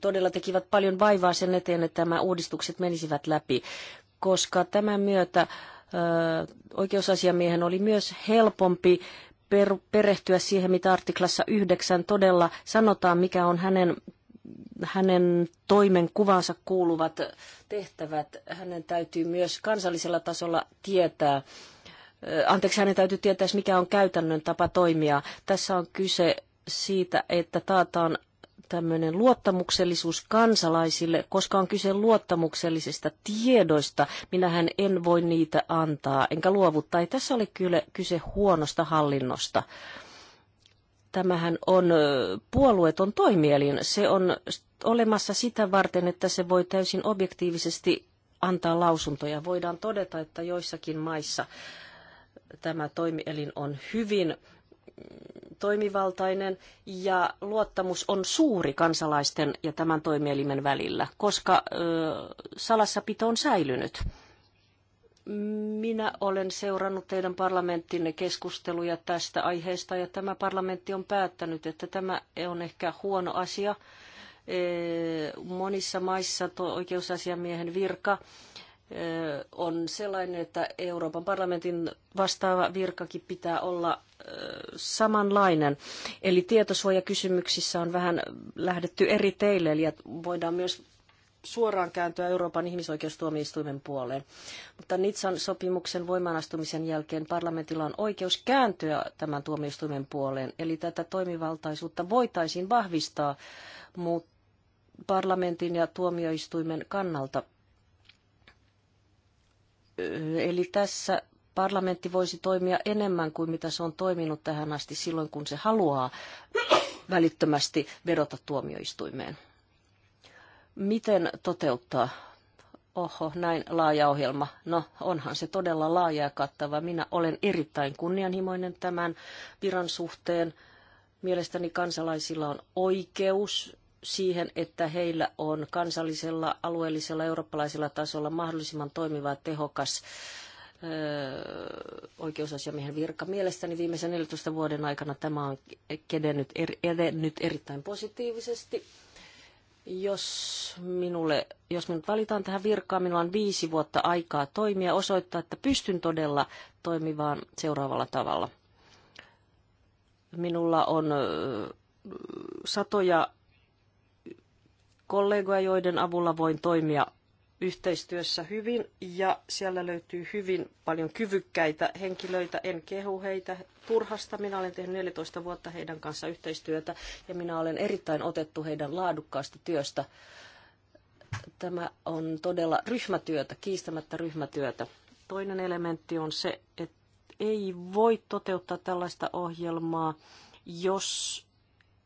todella tekivät paljon vaivaa sen eteen, että nämä uudistukset menisivät läpi, koska tämän myötä oikeusasiamiehen oli myös helpompi perehtyä siihen, mitä artiklassa 9 todella sanotaan, mikä on hänen hänen toimen kuuluvat tehtävät, hänen täytyy myös kansallisella tasolla tietää, anteeksi, hänen täytyy tietää, mikä on käytännön tapa toimia. Tässä on kyse siitä, että taataan tämmöinen luottamuksellisuus kansalaisille, koska on kyse luottamuksellisista tiedoista. Minähän en voi niitä antaa, enkä luovuttaa. Ei tässä ole kyllä kyse huonosta hallinnosta tämähän on puolueeton toimielin. Se on olemassa sitä varten, että se voi täysin objektiivisesti antaa lausuntoja. Voidaan todeta, että joissakin maissa tämä toimielin on hyvin mm, toimivaltainen ja luottamus on suuri kansalaisten ja tämän toimielimen välillä, koska ö, salassapito on säilynyt. Minä olen seurannut teidän parlamenttinne keskusteluja tästä aiheesta ja tämä parlamentti on päättänyt, että tämä on ehkä huono asia. Monissa maissa tuo oikeusasiamiehen virka on sellainen, että Euroopan parlamentin vastaava virkakin pitää olla samanlainen. Eli tietosuojakysymyksissä on vähän lähdetty eri teille, eli voidaan myös suoraan kääntyä Euroopan ihmisoikeustuomioistuimen puoleen. Mutta Nitsan sopimuksen voimaanastumisen jälkeen parlamentilla on oikeus kääntyä tämän tuomioistuimen puoleen. Eli tätä toimivaltaisuutta voitaisiin vahvistaa parlamentin ja tuomioistuimen kannalta. Eli tässä parlamentti voisi toimia enemmän kuin mitä se on toiminut tähän asti silloin, kun se haluaa välittömästi vedota tuomioistuimeen miten toteuttaa oho, näin laaja ohjelma. No, onhan se todella laaja ja kattava. Minä olen erittäin kunnianhimoinen tämän viran suhteen. Mielestäni kansalaisilla on oikeus siihen, että heillä on kansallisella, alueellisella, eurooppalaisella tasolla mahdollisimman toimiva ja tehokas öö, oikeusasiamiehen virka. Mielestäni viimeisen 14 vuoden aikana tämä on edennyt, er, edennyt erittäin positiivisesti jos, minulle, jos minut valitaan tähän virkaan, minulla on viisi vuotta aikaa toimia, osoittaa, että pystyn todella toimimaan seuraavalla tavalla. Minulla on satoja kollegoja, joiden avulla voin toimia yhteistyössä hyvin ja siellä löytyy hyvin paljon kyvykkäitä henkilöitä. En kehu heitä turhasta. Minä olen tehnyt 14 vuotta heidän kanssa yhteistyötä ja minä olen erittäin otettu heidän laadukkaasta työstä. Tämä on todella ryhmätyötä, kiistämättä ryhmätyötä. Toinen elementti on se, että ei voi toteuttaa tällaista ohjelmaa, jos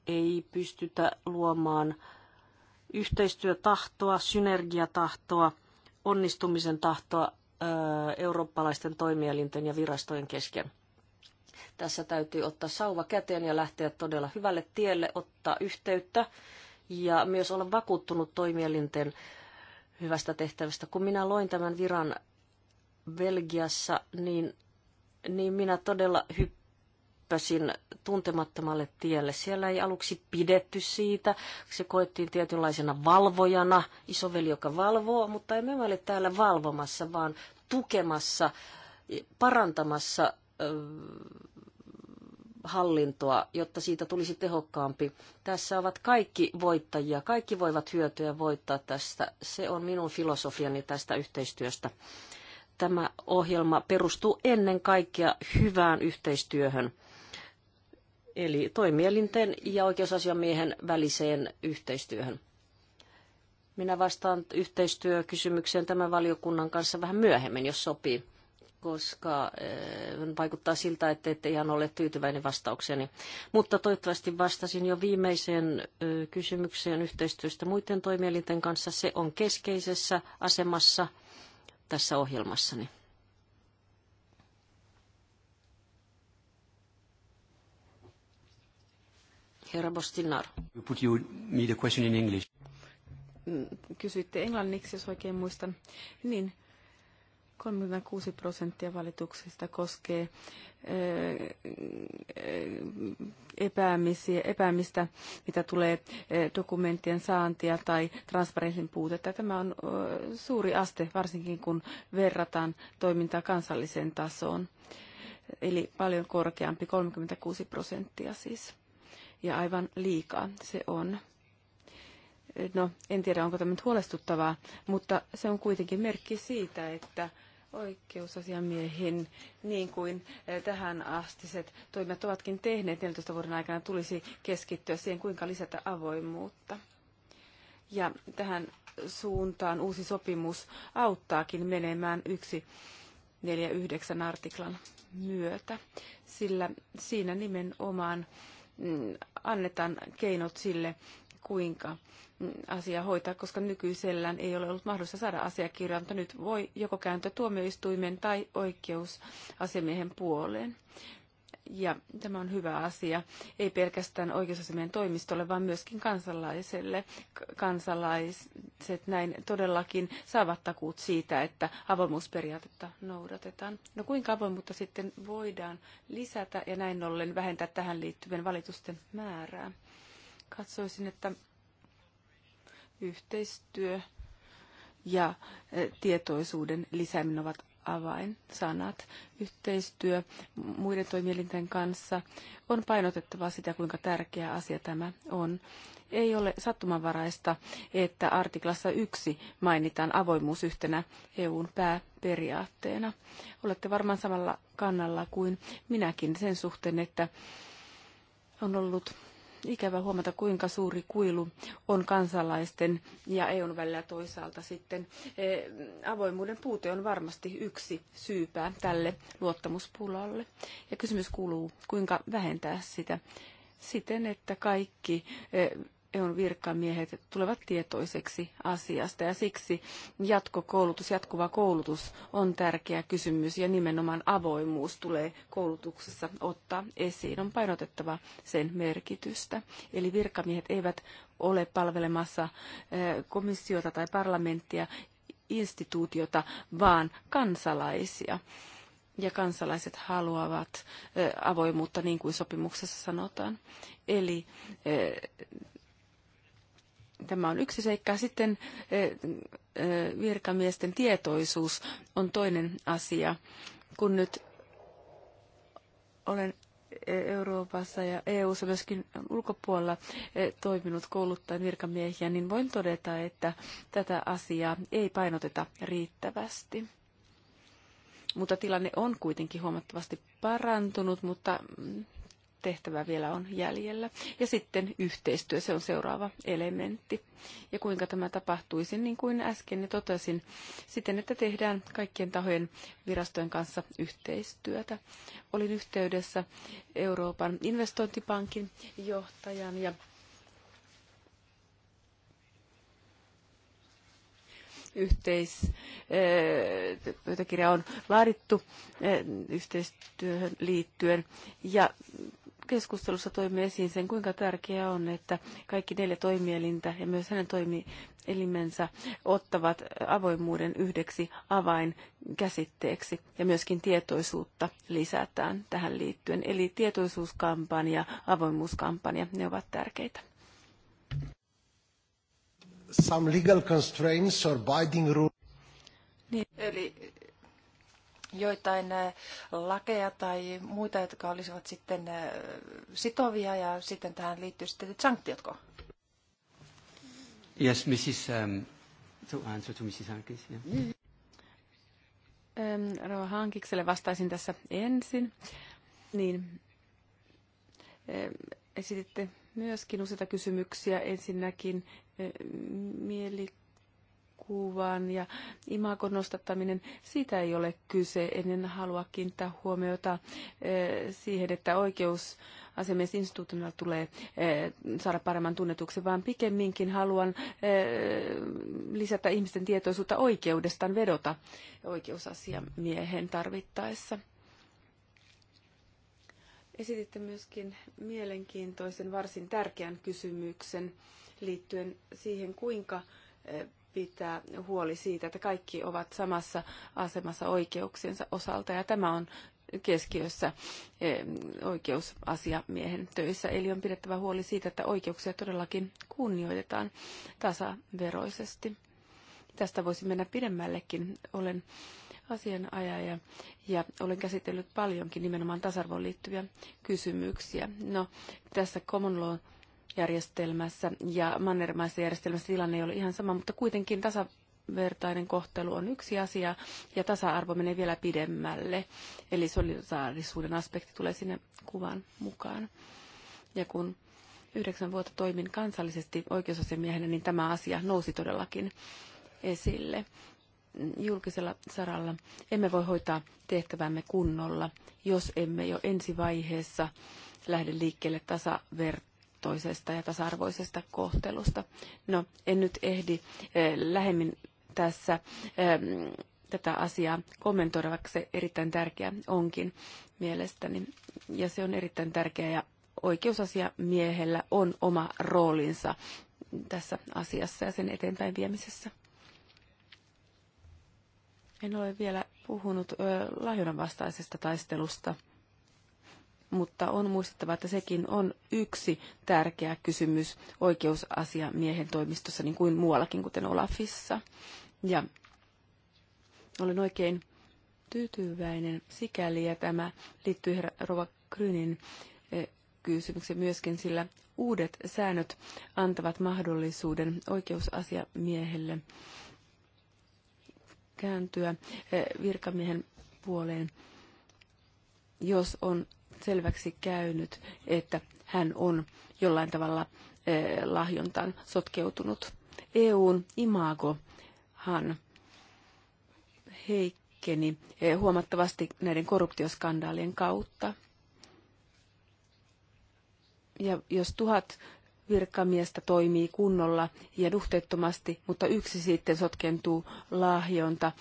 ei pystytä luomaan yhteistyötahtoa, synergiatahtoa, onnistumisen tahtoa eurooppalaisten toimielinten ja virastojen kesken. Tässä täytyy ottaa sauva käteen ja lähteä todella hyvälle tielle, ottaa yhteyttä ja myös olla vakuuttunut toimielinten hyvästä tehtävästä. Kun minä loin tämän viran Belgiassa, niin, niin minä todella hyppäsin hyppäsin tuntemattomalle tielle. Siellä ei aluksi pidetty siitä. Se koettiin tietynlaisena valvojana, isoveli, joka valvoo, mutta emme ole täällä valvomassa, vaan tukemassa, parantamassa hallintoa, jotta siitä tulisi tehokkaampi. Tässä ovat kaikki voittajia, kaikki voivat hyötyä ja voittaa tästä. Se on minun filosofiani tästä yhteistyöstä. Tämä ohjelma perustuu ennen kaikkea hyvään yhteistyöhön eli toimielinten ja oikeusasiamiehen väliseen yhteistyöhön. Minä vastaan yhteistyökysymykseen tämän valiokunnan kanssa vähän myöhemmin, jos sopii, koska eh, vaikuttaa siltä, että ette ihan ole tyytyväinen vastaukseni. Mutta toivottavasti vastasin jo viimeiseen eh, kysymykseen yhteistyöstä muiden toimielinten kanssa. Se on keskeisessä asemassa tässä ohjelmassani. Herra Bostilnar. You put you, me the question in English. Mm, kysyitte englanniksi, jos oikein muistan. Niin, 36 prosenttia valituksista koskee eh, eh, epäämistä, mitä tulee eh, dokumenttien saantia tai transparenssin puutetta. Tämä on suuri aste, varsinkin kun verrataan toimintaa kansalliseen tasoon. Eli paljon korkeampi, 36 prosenttia siis ja aivan liikaa se on. No, en tiedä, onko tämä nyt huolestuttavaa, mutta se on kuitenkin merkki siitä, että oikeusasiamiehen, niin kuin eh, tähän astiset toimet ovatkin tehneet 14 vuoden aikana, tulisi keskittyä siihen, kuinka lisätä avoimuutta. Ja tähän suuntaan uusi sopimus auttaakin menemään yksi 49 artiklan myötä, sillä siinä nimenomaan annetaan keinot sille, kuinka asia hoitaa, koska nykyisellään ei ole ollut mahdollista saada asiakirjaa, mutta nyt voi joko kääntyä tuomioistuimen tai oikeusasiamiehen puoleen ja tämä on hyvä asia, ei pelkästään oikeusasemien toimistolle, vaan myöskin kansalaiselle. Kansalaiset näin todellakin saavat takuut siitä, että avoimuusperiaatetta noudatetaan. No kuinka avoimuutta sitten voidaan lisätä ja näin ollen vähentää tähän liittyvien valitusten määrää? Katsoisin, että yhteistyö ja eh, tietoisuuden lisääminen ovat avainsanat. Yhteistyö muiden toimielinten kanssa on painotettava sitä, kuinka tärkeä asia tämä on. Ei ole sattumanvaraista, että artiklassa yksi mainitaan avoimuus yhtenä EUn pääperiaatteena. Olette varmaan samalla kannalla kuin minäkin sen suhteen, että on ollut ikävä huomata, kuinka suuri kuilu on kansalaisten ja EUn välillä toisaalta sitten. E, avoimuuden puute on varmasti yksi syypää tälle luottamuspulalle. Ja kysymys kuuluu, kuinka vähentää sitä siten, että kaikki e, EUn virkamiehet tulevat tietoiseksi asiasta ja siksi jatkokoulutus, jatkuva koulutus on tärkeä kysymys ja nimenomaan avoimuus tulee koulutuksessa ottaa esiin. On painotettava sen merkitystä. Eli virkamiehet eivät ole palvelemassa eh, komissiota tai parlamenttia, instituutiota, vaan kansalaisia. Ja kansalaiset haluavat eh, avoimuutta, niin kuin sopimuksessa sanotaan. Eli eh, Tämä on yksi seikka. Sitten eh, eh, virkamiesten tietoisuus on toinen asia. Kun nyt olen eh, Euroopassa ja EU-ssa myöskin ulkopuolella toiminut kouluttajan virkamiehiä, niin voin todeta, että tätä asiaa ei painoteta riittävästi. Mutta tilanne on kuitenkin huomattavasti parantunut, mutta mm, tehtävää vielä on jäljellä. Ja sitten yhteistyö, se on seuraava elementti. Ja kuinka tämä tapahtuisi, niin kuin äsken totesin, siten, että tehdään kaikkien tahojen virastojen kanssa yhteistyötä. Olin yhteydessä Euroopan investointipankin johtajan ja yhteispöytäkirja eh, on laadittu eh, yhteistyöhön liittyen ja keskustelussa toimme esiin sen, kuinka tärkeää on, että kaikki neljä toimielintä ja myös hänen toimielimensä ottavat avoimuuden yhdeksi avainkäsitteeksi ja myöskin tietoisuutta lisätään tähän liittyen. Eli tietoisuuskampanja, avoimuuskampanja, ne ovat tärkeitä. Some legal constraints or binding rules. Niin. Eli joitain äh, lakeja tai muita, jotka olisivat sitten äh, sitovia ja sitten tähän liittyy sitten sanktiotko? Yes, Mrs. Um, to answer to Mrs. Hankis. Yeah. Ähm, Rauha Hankikselle vastaisin tässä ensin. Niin, ähm, esititte myöskin useita kysymyksiä. Ensinnäkin äh, mielikuvia kuvan ja imakon nostattaminen, siitä ei ole kyse. En halua kiinnittää huomiota eh, siihen, että oikeus asiamiesinstituutiolla tulee eh, saada paremman tunnetuksen, vaan pikemminkin haluan eh, lisätä ihmisten tietoisuutta oikeudestaan vedota oikeusasiamiehen tarvittaessa. Esititte myöskin mielenkiintoisen, varsin tärkeän kysymyksen liittyen siihen, kuinka pitää huoli siitä, että kaikki ovat samassa asemassa oikeuksiensa osalta ja tämä on keskiössä eh, oikeusasiamiehen töissä. Eli on pidettävä huoli siitä, että oikeuksia todellakin kunnioitetaan tasaveroisesti. Tästä voisi mennä pidemmällekin. Olen asianajaja ja olen käsitellyt paljonkin nimenomaan tasa-arvoon liittyviä kysymyksiä. No, tässä common law järjestelmässä ja mannermaisessa järjestelmässä tilanne ei ole ihan sama, mutta kuitenkin tasavertainen kohtelu on yksi asia ja tasa-arvo menee vielä pidemmälle. Eli solidaarisuuden aspekti tulee sinne kuvan mukaan. Ja kun yhdeksän vuotta toimin kansallisesti oikeusasiamiehenä, niin tämä asia nousi todellakin esille julkisella saralla. Emme voi hoitaa tehtävämme kunnolla, jos emme jo ensi vaiheessa lähde liikkeelle tasavertaisesti toisesta ja tasa-arvoisesta kohtelusta. No, en nyt ehdi eh, lähemmin tässä tätä asiaa vaikka se erittäin tärkeä onkin mielestäni. Ja se on erittäin tärkeä ja oikeusasia miehellä on oma roolinsa tässä asiassa ja sen eteenpäin viemisessä. En ole vielä puhunut ö, lahjonnan vastaisesta taistelusta mutta on muistettava, että sekin on yksi tärkeä kysymys oikeusasiamiehen toimistossa, niin kuin muuallakin, kuten Olafissa. Ja olen oikein tyytyväinen sikäli, ja tämä liittyy herra Rova Grynin eh, kysymykseen myöskin, sillä uudet säännöt antavat mahdollisuuden oikeusasiamiehelle kääntyä eh, virkamiehen puoleen, jos on selväksi käynyt, että hän on jollain tavalla eh, lahjontaan sotkeutunut. EUn imagohan heikkeni eh, huomattavasti näiden korruptioskandaalien kautta. Ja jos tuhat virkamiestä toimii kunnolla ja duhteettomasti, mutta yksi sitten sotkentuu lahjonta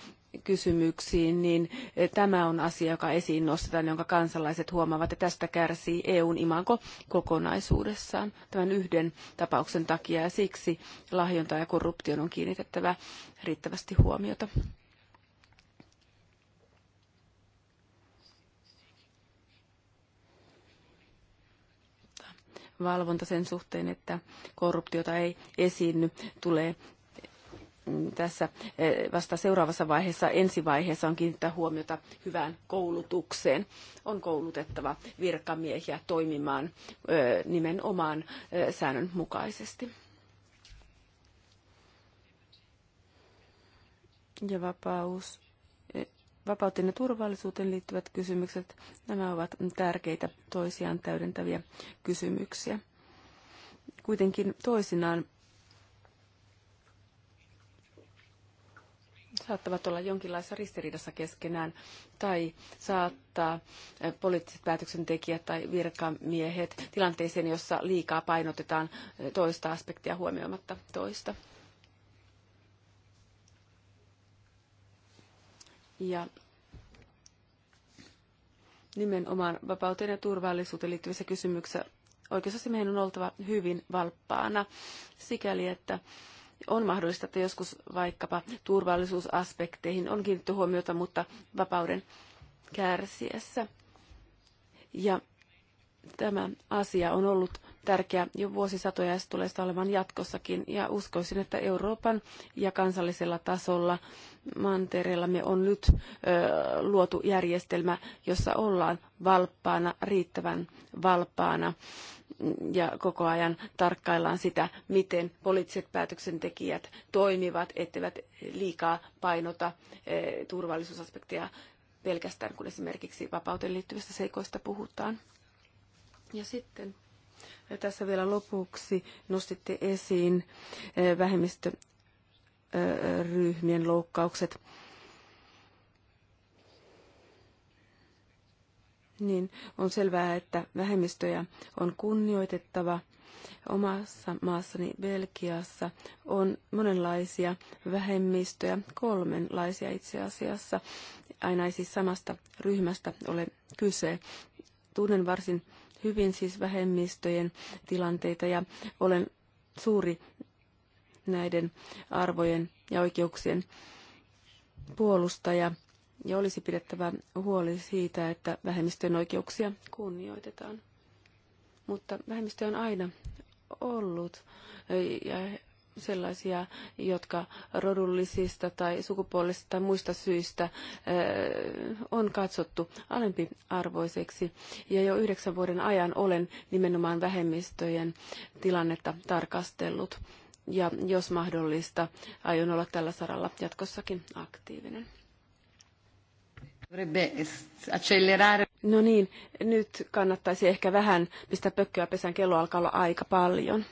kysymyksiin, niin eh, tämä on asia, joka esiin nostetaan, jonka kansalaiset huomaavat, ja tästä kärsii EUn imanko kokonaisuudessaan tämän yhden tapauksen takia, ja siksi lahjonta ja korruption on kiinnitettävä riittävästi huomiota. valvonta sen suhteen, että korruptiota ei esiinny, tulee Mm, tässä eh, vasta seuraavassa vaiheessa, ensivaiheessa on kiinnittää huomiota hyvään koulutukseen. On koulutettava virkamiehiä toimimaan eh, nimenomaan eh, säännönmukaisesti. Ja vapaus vapauteen ja turvallisuuteen liittyvät kysymykset, nämä ovat tärkeitä toisiaan täydentäviä kysymyksiä. Kuitenkin toisinaan saattavat olla jonkinlaisessa ristiriidassa keskenään tai saattaa eh, poliittiset päätöksentekijät tai virkamiehet tilanteeseen, jossa liikaa painotetaan eh, toista aspektia huomioimatta toista. Ja nimenomaan vapauteen ja turvallisuuteen liittyvissä kysymyksissä oikeusasiamiehen on oltava hyvin valppaana sikäli, että on mahdollista, että joskus vaikkapa turvallisuusaspekteihin on kiinnitetty huomiota, mutta vapauden kärsiessä. Ja tämä asia on ollut tärkeä jo vuosisatoja ja se tulee sitä olemaan jatkossakin. Ja uskoisin, että Euroopan ja kansallisella tasolla me on nyt ö, luotu järjestelmä, jossa ollaan valppaana, riittävän valppaana ja koko ajan tarkkaillaan sitä, miten poliittiset päätöksentekijät toimivat, etteivät liikaa painota eh, turvallisuusaspekteja pelkästään, kun esimerkiksi vapauteen liittyvistä seikoista puhutaan. Ja sitten ja tässä vielä lopuksi nostitte esiin eh, vähemmistöryhmien loukkaukset. niin on selvää, että vähemmistöjä on kunnioitettava. Omassa maassani Belgiassa on monenlaisia vähemmistöjä, kolmenlaisia itse asiassa. Aina ei siis samasta ryhmästä ole kyse. Tunnen varsin hyvin siis vähemmistöjen tilanteita ja olen suuri näiden arvojen ja oikeuksien puolustaja ja olisi pidettävä huoli siitä, että vähemmistöjen oikeuksia kunnioitetaan. Mutta vähemmistö on aina ollut ja sellaisia, jotka rodullisista tai sukupuolisista tai muista syistä on katsottu alempiarvoiseksi. Ja jo yhdeksän vuoden ajan olen nimenomaan vähemmistöjen tilannetta tarkastellut. Ja jos mahdollista, aion olla tällä saralla jatkossakin aktiivinen. No niin, nyt kannattaisi ehkä vähän pistää pökköä pesän, kello alkaa olla aika paljon.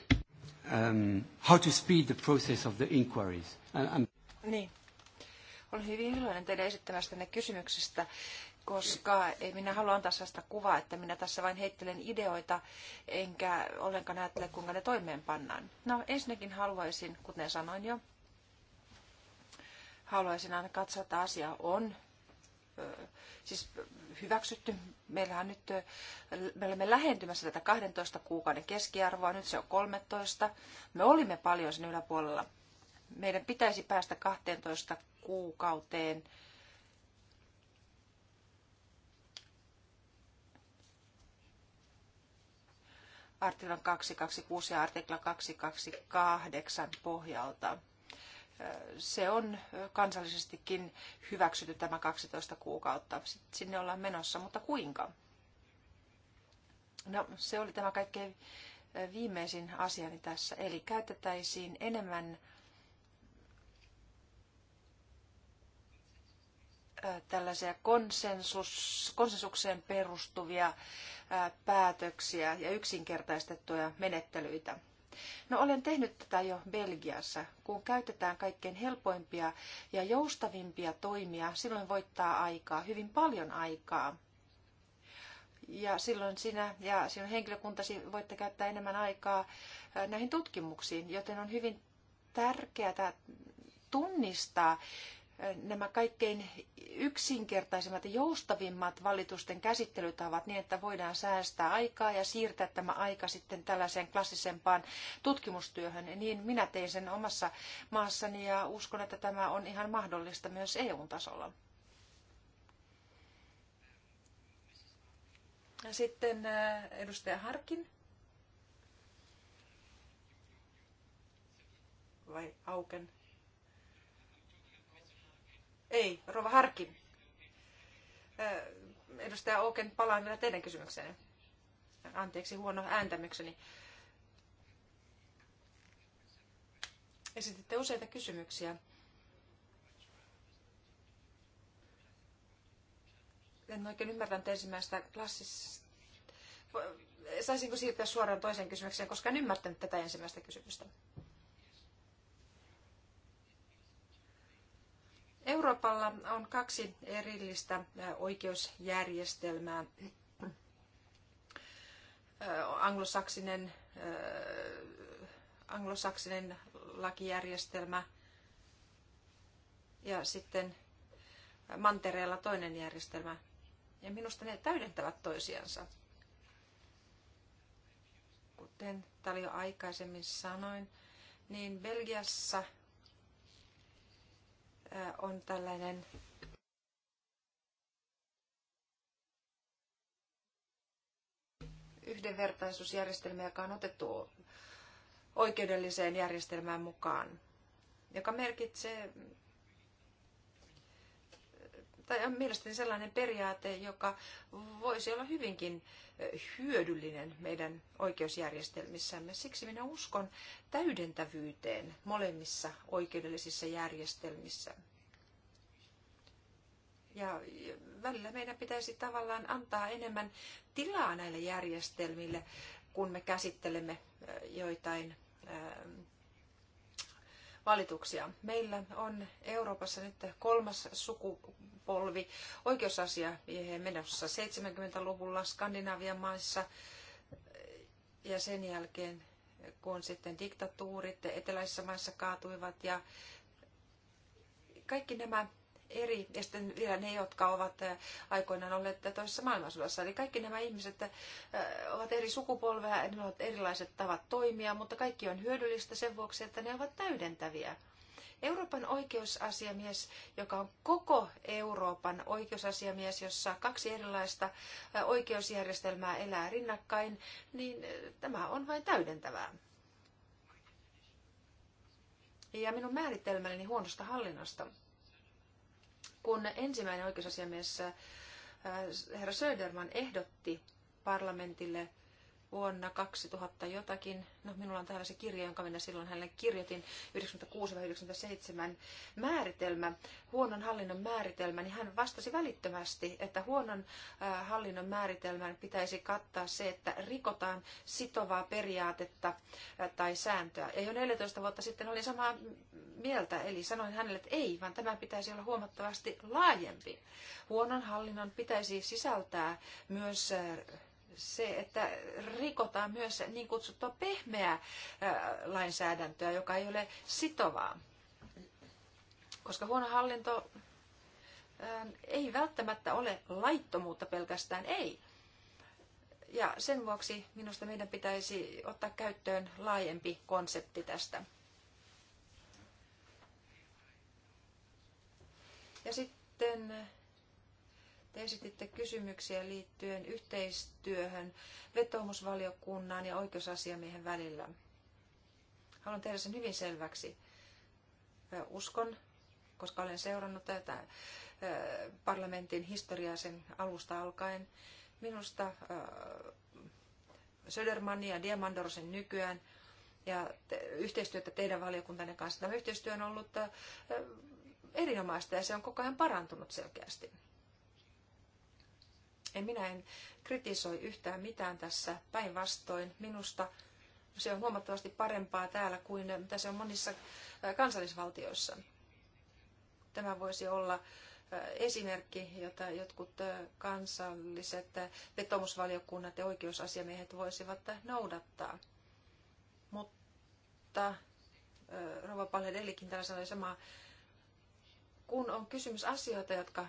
Um, how to speed the process of the inquiries. I'm... Niin. Olen hyvin iloinen teidän esittämästänne kysymyksestä, koska ei minä halua antaa sellaista kuvaa, että minä tässä vain heittelen ideoita, enkä ollenkaan ajattele, kuinka ne toimeenpannaan. No ensinnäkin haluaisin, kuten sanoin jo, haluaisin aina katsoa, että asia on siis hyväksytty. Meillähän nyt, me olemme lähentymässä tätä 12 kuukauden keskiarvoa, nyt se on 13. Me olimme paljon sen yläpuolella. Meidän pitäisi päästä 12 kuukauteen. artiklan 226 ja artikla 228 pohjalta se on kansallisestikin hyväksytty tämä 12 kuukautta. Sitten sinne ollaan menossa, mutta kuinka? No, se oli tämä kaikkein viimeisin asiani tässä. Eli käytettäisiin enemmän tällaisia konsensus, konsensukseen perustuvia päätöksiä ja yksinkertaistettuja menettelyitä. No olen tehnyt tätä jo Belgiassa. Kun käytetään kaikkein helpoimpia ja joustavimpia toimia, silloin voittaa aikaa, hyvin paljon aikaa. Ja silloin sinä ja sinun henkilökuntasi voitte käyttää enemmän aikaa äh, näihin tutkimuksiin, joten on hyvin tärkeää tunnistaa nämä kaikkein yksinkertaisimmat ja joustavimmat valitusten käsittelytavat niin, että voidaan säästää aikaa ja siirtää tämä aika sitten tällaiseen klassisempaan tutkimustyöhön. Niin minä tein sen omassa maassani ja uskon, että tämä on ihan mahdollista myös EU-tasolla. Sitten äh, edustaja Harkin. Vai Auken? Ei, Rova Harkin. Edustaja Oken, palaan vielä teidän kysymykseen. Anteeksi huono ääntämykseni. Esititte useita kysymyksiä. En oikein ymmärtänyt ensimmäistä klassista. Saisinko siirtyä suoraan toiseen kysymykseen, koska en ymmärtänyt tätä ensimmäistä kysymystä? Euroopalla on kaksi erillistä oikeusjärjestelmää. Anglosaksinen, anglosaksinen lakijärjestelmä ja sitten mantereella toinen järjestelmä. Ja minusta ne täydentävät toisiansa. Kuten Talio aikaisemmin sanoin, niin Belgiassa – on tällainen yhdenvertaisuusjärjestelmä, joka on otettu oikeudelliseen järjestelmään mukaan, joka merkitsee tai on mielestäni sellainen periaate, joka voisi olla hyvinkin hyödyllinen meidän oikeusjärjestelmissämme. Siksi minä uskon täydentävyyteen molemmissa oikeudellisissa järjestelmissä. Ja välillä meidän pitäisi tavallaan antaa enemmän tilaa näille järjestelmille, kun me käsittelemme joitain valituksia. Meillä on Euroopassa nyt kolmas sukupolvi oikeusasia menossa 70-luvulla Skandinavian maissa ja sen jälkeen kun sitten diktatuurit eteläisissä maissa kaatuivat ja kaikki nämä eri, ja sitten vielä ne, jotka ovat äh, aikoinaan olleet toisessa maailmansodassa. Eli kaikki nämä ihmiset äh, ovat eri sukupolvea, ne ovat erilaiset tavat toimia, mutta kaikki on hyödyllistä sen vuoksi, että ne ovat täydentäviä. Euroopan oikeusasiamies, joka on koko Euroopan oikeusasiamies, jossa kaksi erilaista äh, oikeusjärjestelmää elää rinnakkain, niin tämä on vain täydentävää. Ja minun määritelmäni niin huonosta hallinnosta kun ensimmäinen oikeusasiamies äh, herra Söderman ehdotti parlamentille vuonna 2000 jotakin. No, minulla on täällä se kirja, jonka minä silloin hänelle kirjoitin, 96-97 määritelmä, huonon hallinnon määritelmä, niin hän vastasi välittömästi, että huonon hallinnon määritelmän pitäisi kattaa se, että rikotaan sitovaa periaatetta tai sääntöä. Ja jo 14 vuotta sitten olin samaa mieltä, eli sanoin hänelle, että ei, vaan tämä pitäisi olla huomattavasti laajempi. Huonon hallinnon pitäisi sisältää myös se, että rikotaan myös niin kutsuttua pehmeää lainsäädäntöä, joka ei ole sitovaa. Koska huono hallinto ei välttämättä ole laittomuutta pelkästään, ei. Ja sen vuoksi minusta meidän pitäisi ottaa käyttöön laajempi konsepti tästä. Ja sitten te esititte kysymyksiä liittyen yhteistyöhön vetoomusvaliokunnan ja oikeusasiamiehen välillä. Haluan tehdä sen hyvin selväksi. Uskon, koska olen seurannut tätä parlamentin historiaa sen alusta alkaen. Minusta Södermanni ja Diamandorosen nykyään ja yhteistyötä teidän valiokuntanne kanssa. Tämä yhteistyö on ollut erinomaista ja se on koko ajan parantunut selkeästi. En minä en kritisoi yhtään mitään tässä. Päinvastoin minusta se on huomattavasti parempaa täällä kuin mitä se on monissa kansallisvaltioissa. Tämä voisi olla esimerkki, jota jotkut kansalliset vetomusvaliokunnat ja oikeusasiamiehet voisivat noudattaa. Mutta Rova Delikin täällä sanoi samaa kun on kysymys asioita, jotka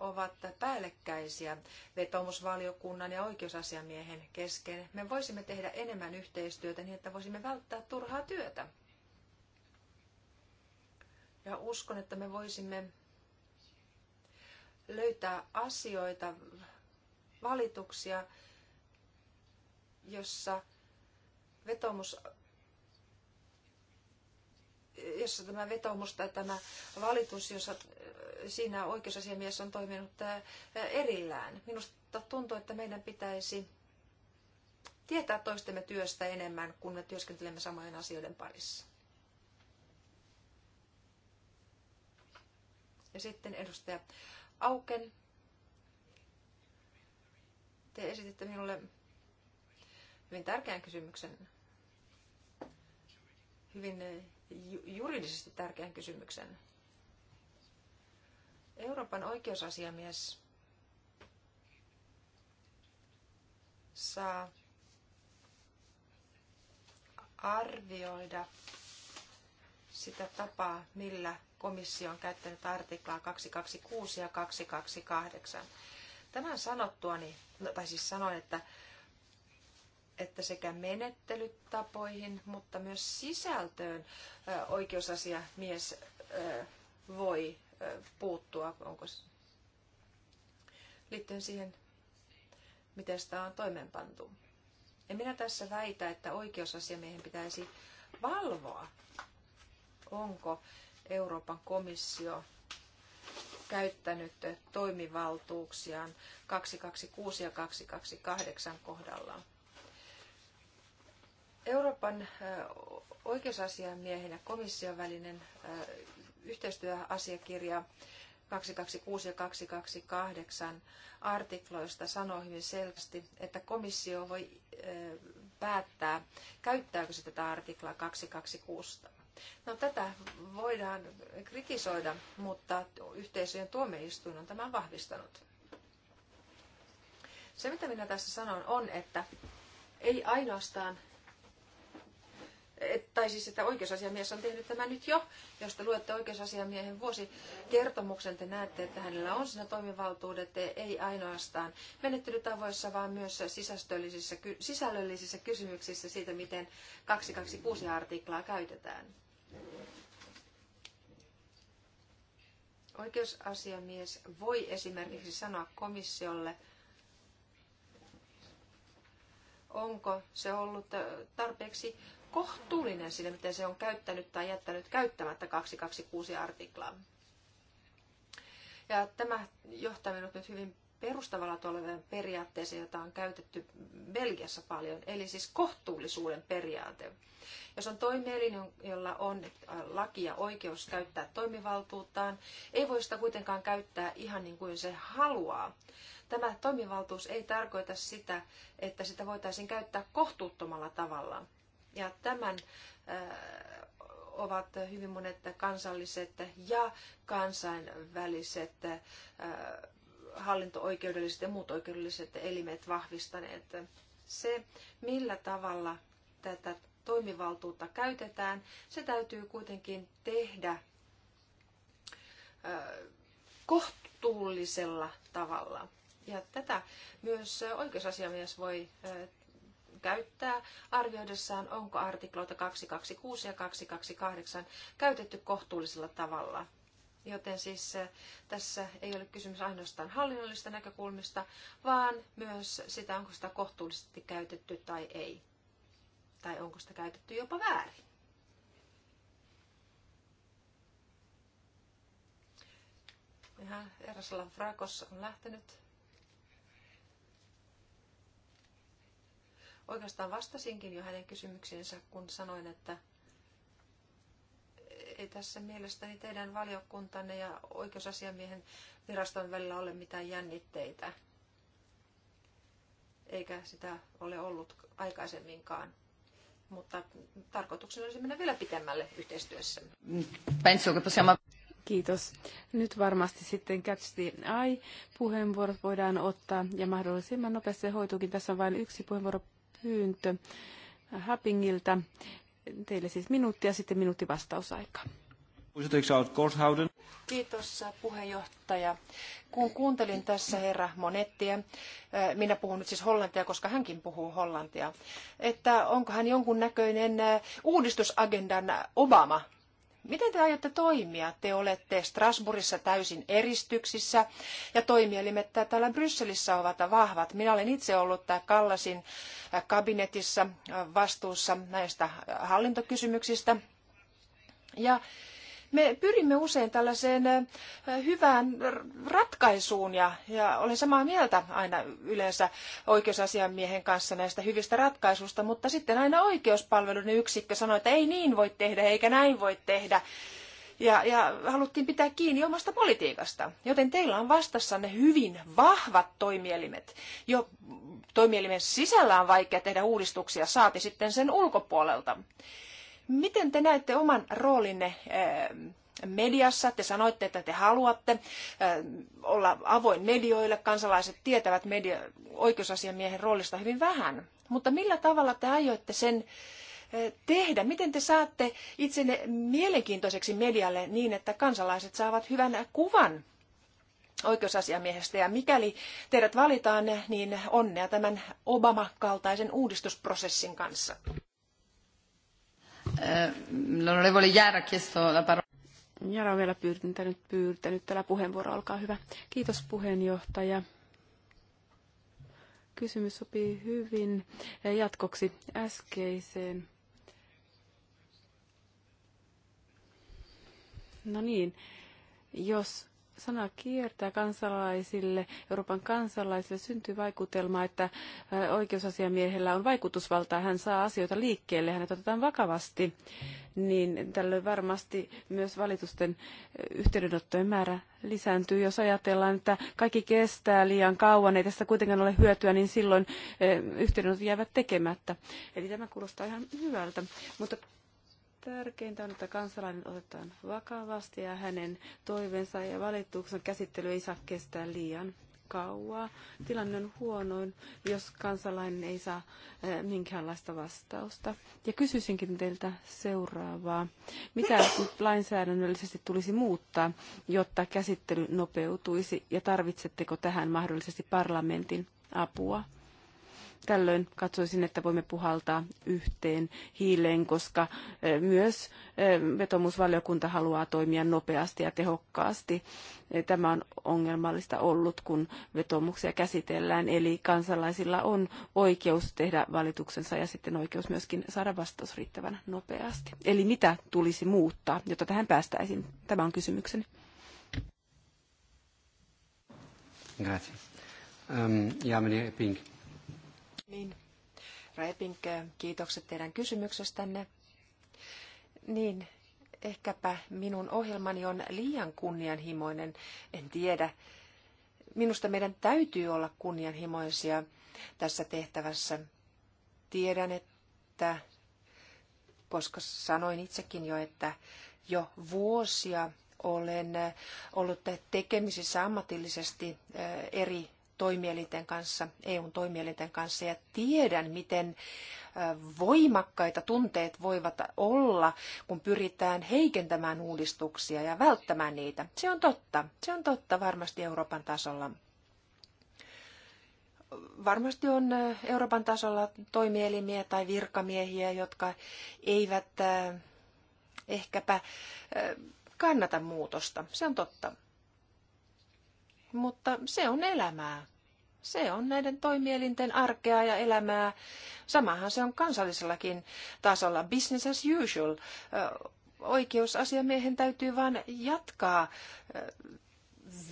ovat päällekkäisiä vetoomusvaliokunnan ja oikeusasiamiehen kesken, me voisimme tehdä enemmän yhteistyötä niin, että voisimme välttää turhaa työtä. Ja uskon, että me voisimme löytää asioita, valituksia, jossa vetomus jossa tämä vetomus tai tämä valitus, jossa siinä oikeusasiamies on toiminut erillään. Minusta tuntuu, että meidän pitäisi tietää toistemme työstä enemmän, kun me työskentelemme samojen asioiden parissa. Ja sitten edustaja Auken. Te esititte minulle hyvin tärkeän kysymyksen hyvin juridisesti tärkeän kysymyksen. Euroopan oikeusasiamies saa arvioida sitä tapaa, millä komissio on käyttänyt artiklaa 226 ja 228. Tämän sanottuani, tai siis sanoin, että että sekä menettelytapoihin, mutta myös sisältöön oikeusasiamies voi puuttua, onko liittyen siihen, miten sitä on toimeenpantu. En minä tässä väitä, että oikeusasiamiehen pitäisi valvoa, onko Euroopan komissio käyttänyt toimivaltuuksiaan 226 ja 228 kohdallaan. Euroopan oikeusasiamiehen ja komission välinen yhteistyöasiakirja 226 ja 228 artikloista sanoo hyvin selvästi, että komissio voi päättää, käyttääkö se tätä artiklaa 226. No tätä voidaan kritisoida, mutta yhteisöjen tuomioistuin on tämän vahvistanut. Se, mitä minä tässä sanon, on, että ei ainoastaan tai siis että oikeusasiamies on tehnyt tämän nyt jo. Jos te luette oikeusasiamiehen vuosikertomuksen, te näette, että hänellä on siinä toimivaltuudet, e- ei ainoastaan menettelytavoissa, vaan myös sisällöllisissä, sisällöllisissä kysymyksissä siitä, miten 226 artiklaa käytetään. Oikeusasiamies voi esimerkiksi sanoa komissiolle, onko se ollut tarpeeksi kohtuullinen sille, miten se on käyttänyt tai jättänyt käyttämättä 226 artiklaa. Ja tämä johtaa minut nyt hyvin perustavalla olevaan periaatteeseen, jota on käytetty Belgiassa paljon, eli siis kohtuullisuuden periaate. Jos on toimielin, jolla on laki ja oikeus käyttää toimivaltuuttaan, ei voi sitä kuitenkaan käyttää ihan niin kuin se haluaa. Tämä toimivaltuus ei tarkoita sitä, että sitä voitaisiin käyttää kohtuuttomalla tavalla. Ja tämän ovat hyvin monet kansalliset ja kansainväliset hallinto-oikeudelliset ja muut oikeudelliset elimet vahvistaneet. Se, millä tavalla tätä toimivaltuutta käytetään, se täytyy kuitenkin tehdä kohtuullisella tavalla. Ja tätä myös oikeusasiamies voi käyttää arvioidessaan, onko artikloita 226 ja 228 käytetty kohtuullisella tavalla. Joten siis eh, tässä ei ole kysymys ainoastaan hallinnollisista näkökulmista, vaan myös sitä, onko sitä kohtuullisesti käytetty tai ei. Tai onko sitä käytetty jopa väärin. Ihan Eraslan Frakos on lähtenyt. Oikeastaan vastasinkin jo hänen kysymyksiinsä, kun sanoin, että ei tässä mielestäni teidän valiokuntanne ja oikeusasiamiehen viraston välillä ole mitään jännitteitä. Eikä sitä ole ollut aikaisemminkaan. Mutta tarkoituksena olisi mennä vielä pitemmälle yhteistyössä. Kiitos. Nyt varmasti sitten Catch the Eye-puheenvuorot voidaan ottaa ja mahdollisimman nopeasti hoitukin. Tässä on vain yksi puheenvuoro pyyntö Happingiltä. Teille siis minuutti ja sitten minuutti vastausaika. Kiitos puheenjohtaja. Kun kuuntelin tässä herra Monettia, eh, minä puhun nyt siis hollantia, koska hänkin puhuu hollantia, että onko hän jonkunnäköinen eh, uudistusagendan Obama Miten te aiotte toimia? Te olette Strasbourgissa täysin eristyksissä ja toimielimet täällä Brysselissä ovat vahvat. Minä olen itse ollut Kallasin kabinetissa vastuussa näistä hallintokysymyksistä. Ja me pyrimme usein tällaiseen hyvään ratkaisuun ja, ja olen samaa mieltä aina yleensä oikeusasiamiehen kanssa näistä hyvistä ratkaisuista, mutta sitten aina oikeuspalvelun yksikkö sanoi, että ei niin voi tehdä eikä näin voi tehdä ja, ja haluttiin pitää kiinni omasta politiikasta. Joten teillä on vastassanne hyvin vahvat toimielimet. Jo toimielimen sisällä on vaikea tehdä uudistuksia, saati sitten sen ulkopuolelta. Miten te näette oman roolinne eh, mediassa? Te sanoitte, että te haluatte eh, olla avoin medioille. Kansalaiset tietävät media, oikeusasiamiehen roolista hyvin vähän. Mutta millä tavalla te aiotte sen eh, tehdä? Miten te saatte itsenne mielenkiintoiseksi medialle niin, että kansalaiset saavat hyvän kuvan oikeusasiamiehestä ja mikäli teidät valitaan, niin onnea tämän Obama-kaltaisen uudistusprosessin kanssa. Eh, l'onorevole Jara ha chiesto la parola. Jara on vielä pyytänyt, pyytänyt tällä puheenvuoro, olkaa hyvä. Kiitos puheenjohtaja. Kysymys sopii hyvin jatkoksi äskeiseen. No niin, jos sana kiertää kansalaisille, Euroopan kansalaisille, syntyy vaikutelma, että oikeusasiamiehellä on vaikutusvaltaa, hän saa asioita liikkeelle, hänet otetaan vakavasti, niin tällöin varmasti myös valitusten yhteydenottojen määrä lisääntyy. Jos ajatellaan, että kaikki kestää liian kauan, ei tästä kuitenkaan ole hyötyä, niin silloin yhteydenotot jäävät tekemättä. Eli tämä kuulostaa ihan hyvältä, mutta Tärkeintä on, että kansalainen otetaan vakavasti ja hänen toiveensa ja valituksensa käsittely ei saa kestää liian kauaa. Tilanne on huonoin, jos kansalainen ei saa eh, minkäänlaista vastausta. Ja kysyisinkin teiltä seuraavaa. Mitä lainsäädännöllisesti tulisi muuttaa, jotta käsittely nopeutuisi ja tarvitsetteko tähän mahdollisesti parlamentin apua? Tällöin katsoisin, että voimme puhaltaa yhteen hiileen, koska myös vetomusvaliokunta haluaa toimia nopeasti ja tehokkaasti. E, tämä on ongelmallista ollut, kun vetomuksia käsitellään, eli kansalaisilla on oikeus tehdä valituksensa ja sitten oikeus myöskin saada vastaus riittävän nopeasti. Eli mitä tulisi muuttaa, jotta tähän päästäisiin? Tämä on kysymykseni. Grazie. Um, ehm, Jaaminen Pink. Niin. Raepink, kiitokset teidän kysymyksestänne. Niin, ehkäpä minun ohjelmani on liian kunnianhimoinen, en tiedä. Minusta meidän täytyy olla kunnianhimoisia tässä tehtävässä. Tiedän, että, koska sanoin itsekin jo, että jo vuosia olen ollut tekemisissä ammatillisesti eh, eri toimielinten kanssa, EUn toimielinten kanssa ja tiedän, miten voimakkaita tunteet voivat olla, kun pyritään heikentämään uudistuksia ja välttämään niitä. Se on totta. Se on totta varmasti Euroopan tasolla. Varmasti on Euroopan tasolla toimielimiä tai virkamiehiä, jotka eivät ehkäpä kannata muutosta. Se on totta. Mutta se on elämää. Se on näiden toimielinten arkea ja elämää. Samahan se on kansallisellakin tasolla. Business as usual. Oikeusasiamiehen täytyy vain jatkaa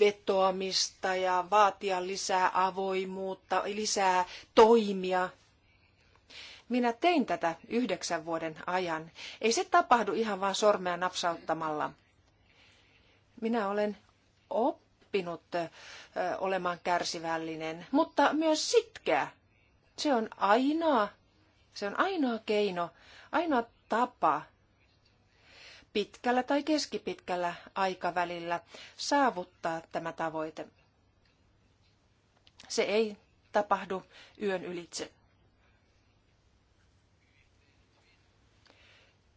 vetoamista ja vaatia lisää avoimuutta, lisää toimia. Minä tein tätä yhdeksän vuoden ajan. Ei se tapahdu ihan vain sormea napsauttamalla. Minä olen oppinut oppinut olemaan kärsivällinen, mutta myös sitkeä. Se on ainoa, se on ainoa keino, ainoa tapa pitkällä tai keskipitkällä aikavälillä saavuttaa tämä tavoite. Se ei tapahdu yön ylitse.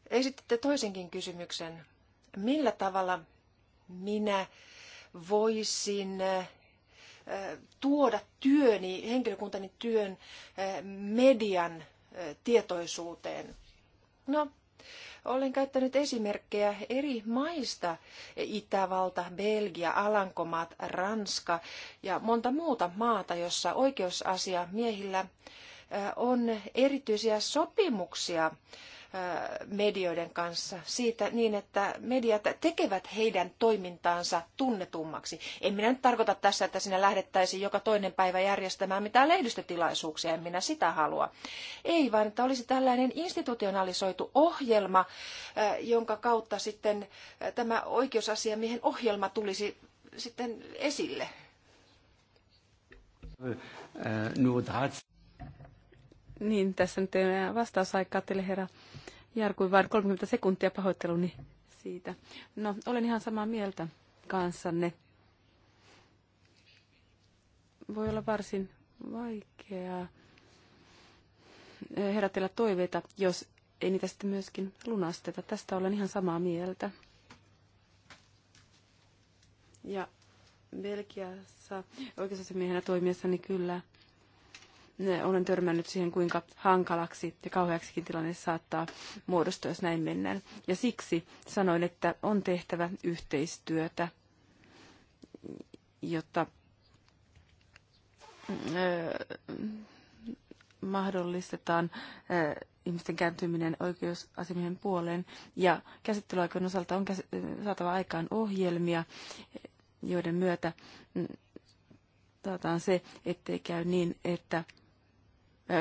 Esititte toisenkin kysymyksen. Millä tavalla minä voisin eh, tuoda työni, henkilökuntani työn eh, median eh, tietoisuuteen. No, olen käyttänyt esimerkkejä eri maista, Itävalta, Belgia, Alankomaat, Ranska ja monta muuta maata, jossa oikeusasia miehillä on erityisiä sopimuksia medioiden kanssa siitä niin, että mediat tekevät heidän toimintaansa tunnetummaksi. En minä nyt tarkoita tässä, että sinä lähdettäisiin joka toinen päivä järjestämään mitään lehdistötilaisuuksia, en minä sitä halua. Ei, vaan että olisi tällainen institutionalisoitu ohjelma, jonka kautta sitten tämä oikeusasiamiehen ohjelma tulisi sitten esille. Niin, tässä nyt ei vastausaikaa teille herra Jarkuin vain 30 sekuntia pahoitteluni siitä. No, olen ihan samaa mieltä kanssanne. Voi olla varsin vaikeaa eh, herätellä toiveita, jos ei niitä sitten myöskin lunasteta. Tästä olen ihan samaa mieltä. Ja Belgiassa oikeusasemiehenä toimiessani kyllä – olen törmännyt siihen, kuinka hankalaksi ja kauheaksikin tilanne saattaa muodostua, jos näin mennään. Ja siksi sanoin, että on tehtävä yhteistyötä, jotta mahdollistetaan ihmisten kääntyminen oikeusasemien puoleen. Ja käsittelyaikojen osalta on saatava aikaan ohjelmia, joiden myötä mm, taataan se, ettei käy niin, että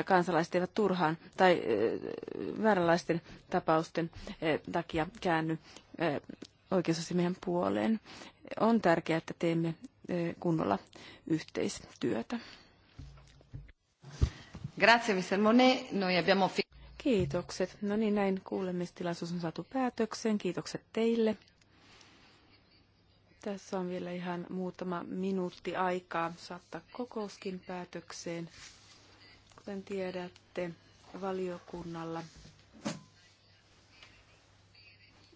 kansalaiset eivät turhaan tai vääränlaisten tapausten takia käänny oikeusasiamiehen puoleen. On tärkeää, että teemme kunnolla yhteistyötä. Grazie, Mr. Monet. Noi abbiamo Kiitokset. No niin, näin kuulemistilaisuus on saatu päätökseen. Kiitokset teille. Tässä on vielä ihan muutama minuutti aikaa saattaa kokouskin päätökseen. Kuten tiedätte, valiokunnalla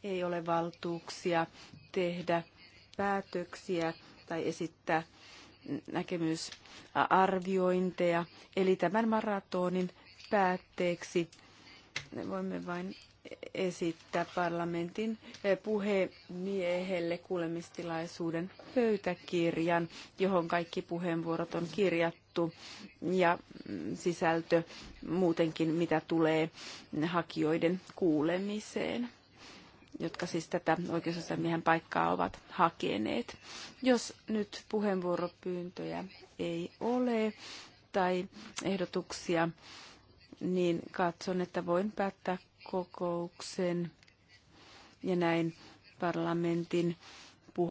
ei ole valtuuksia tehdä päätöksiä tai esittää näkemysarviointeja. Eli tämän maratonin päätteeksi me voimme vain esittää parlamentin eh, puhemiehelle kuulemistilaisuuden pöytäkirjan, johon kaikki puheenvuorot on kirjattu ja mm, sisältö muutenkin, mitä tulee hakijoiden kuulemiseen jotka siis tätä oikeusasiamiehen paikkaa ovat hakeneet. Jos nyt puheenvuoropyyntöjä ei ole tai ehdotuksia, niin katson, että voin päättää kokouksen ja näin parlamentin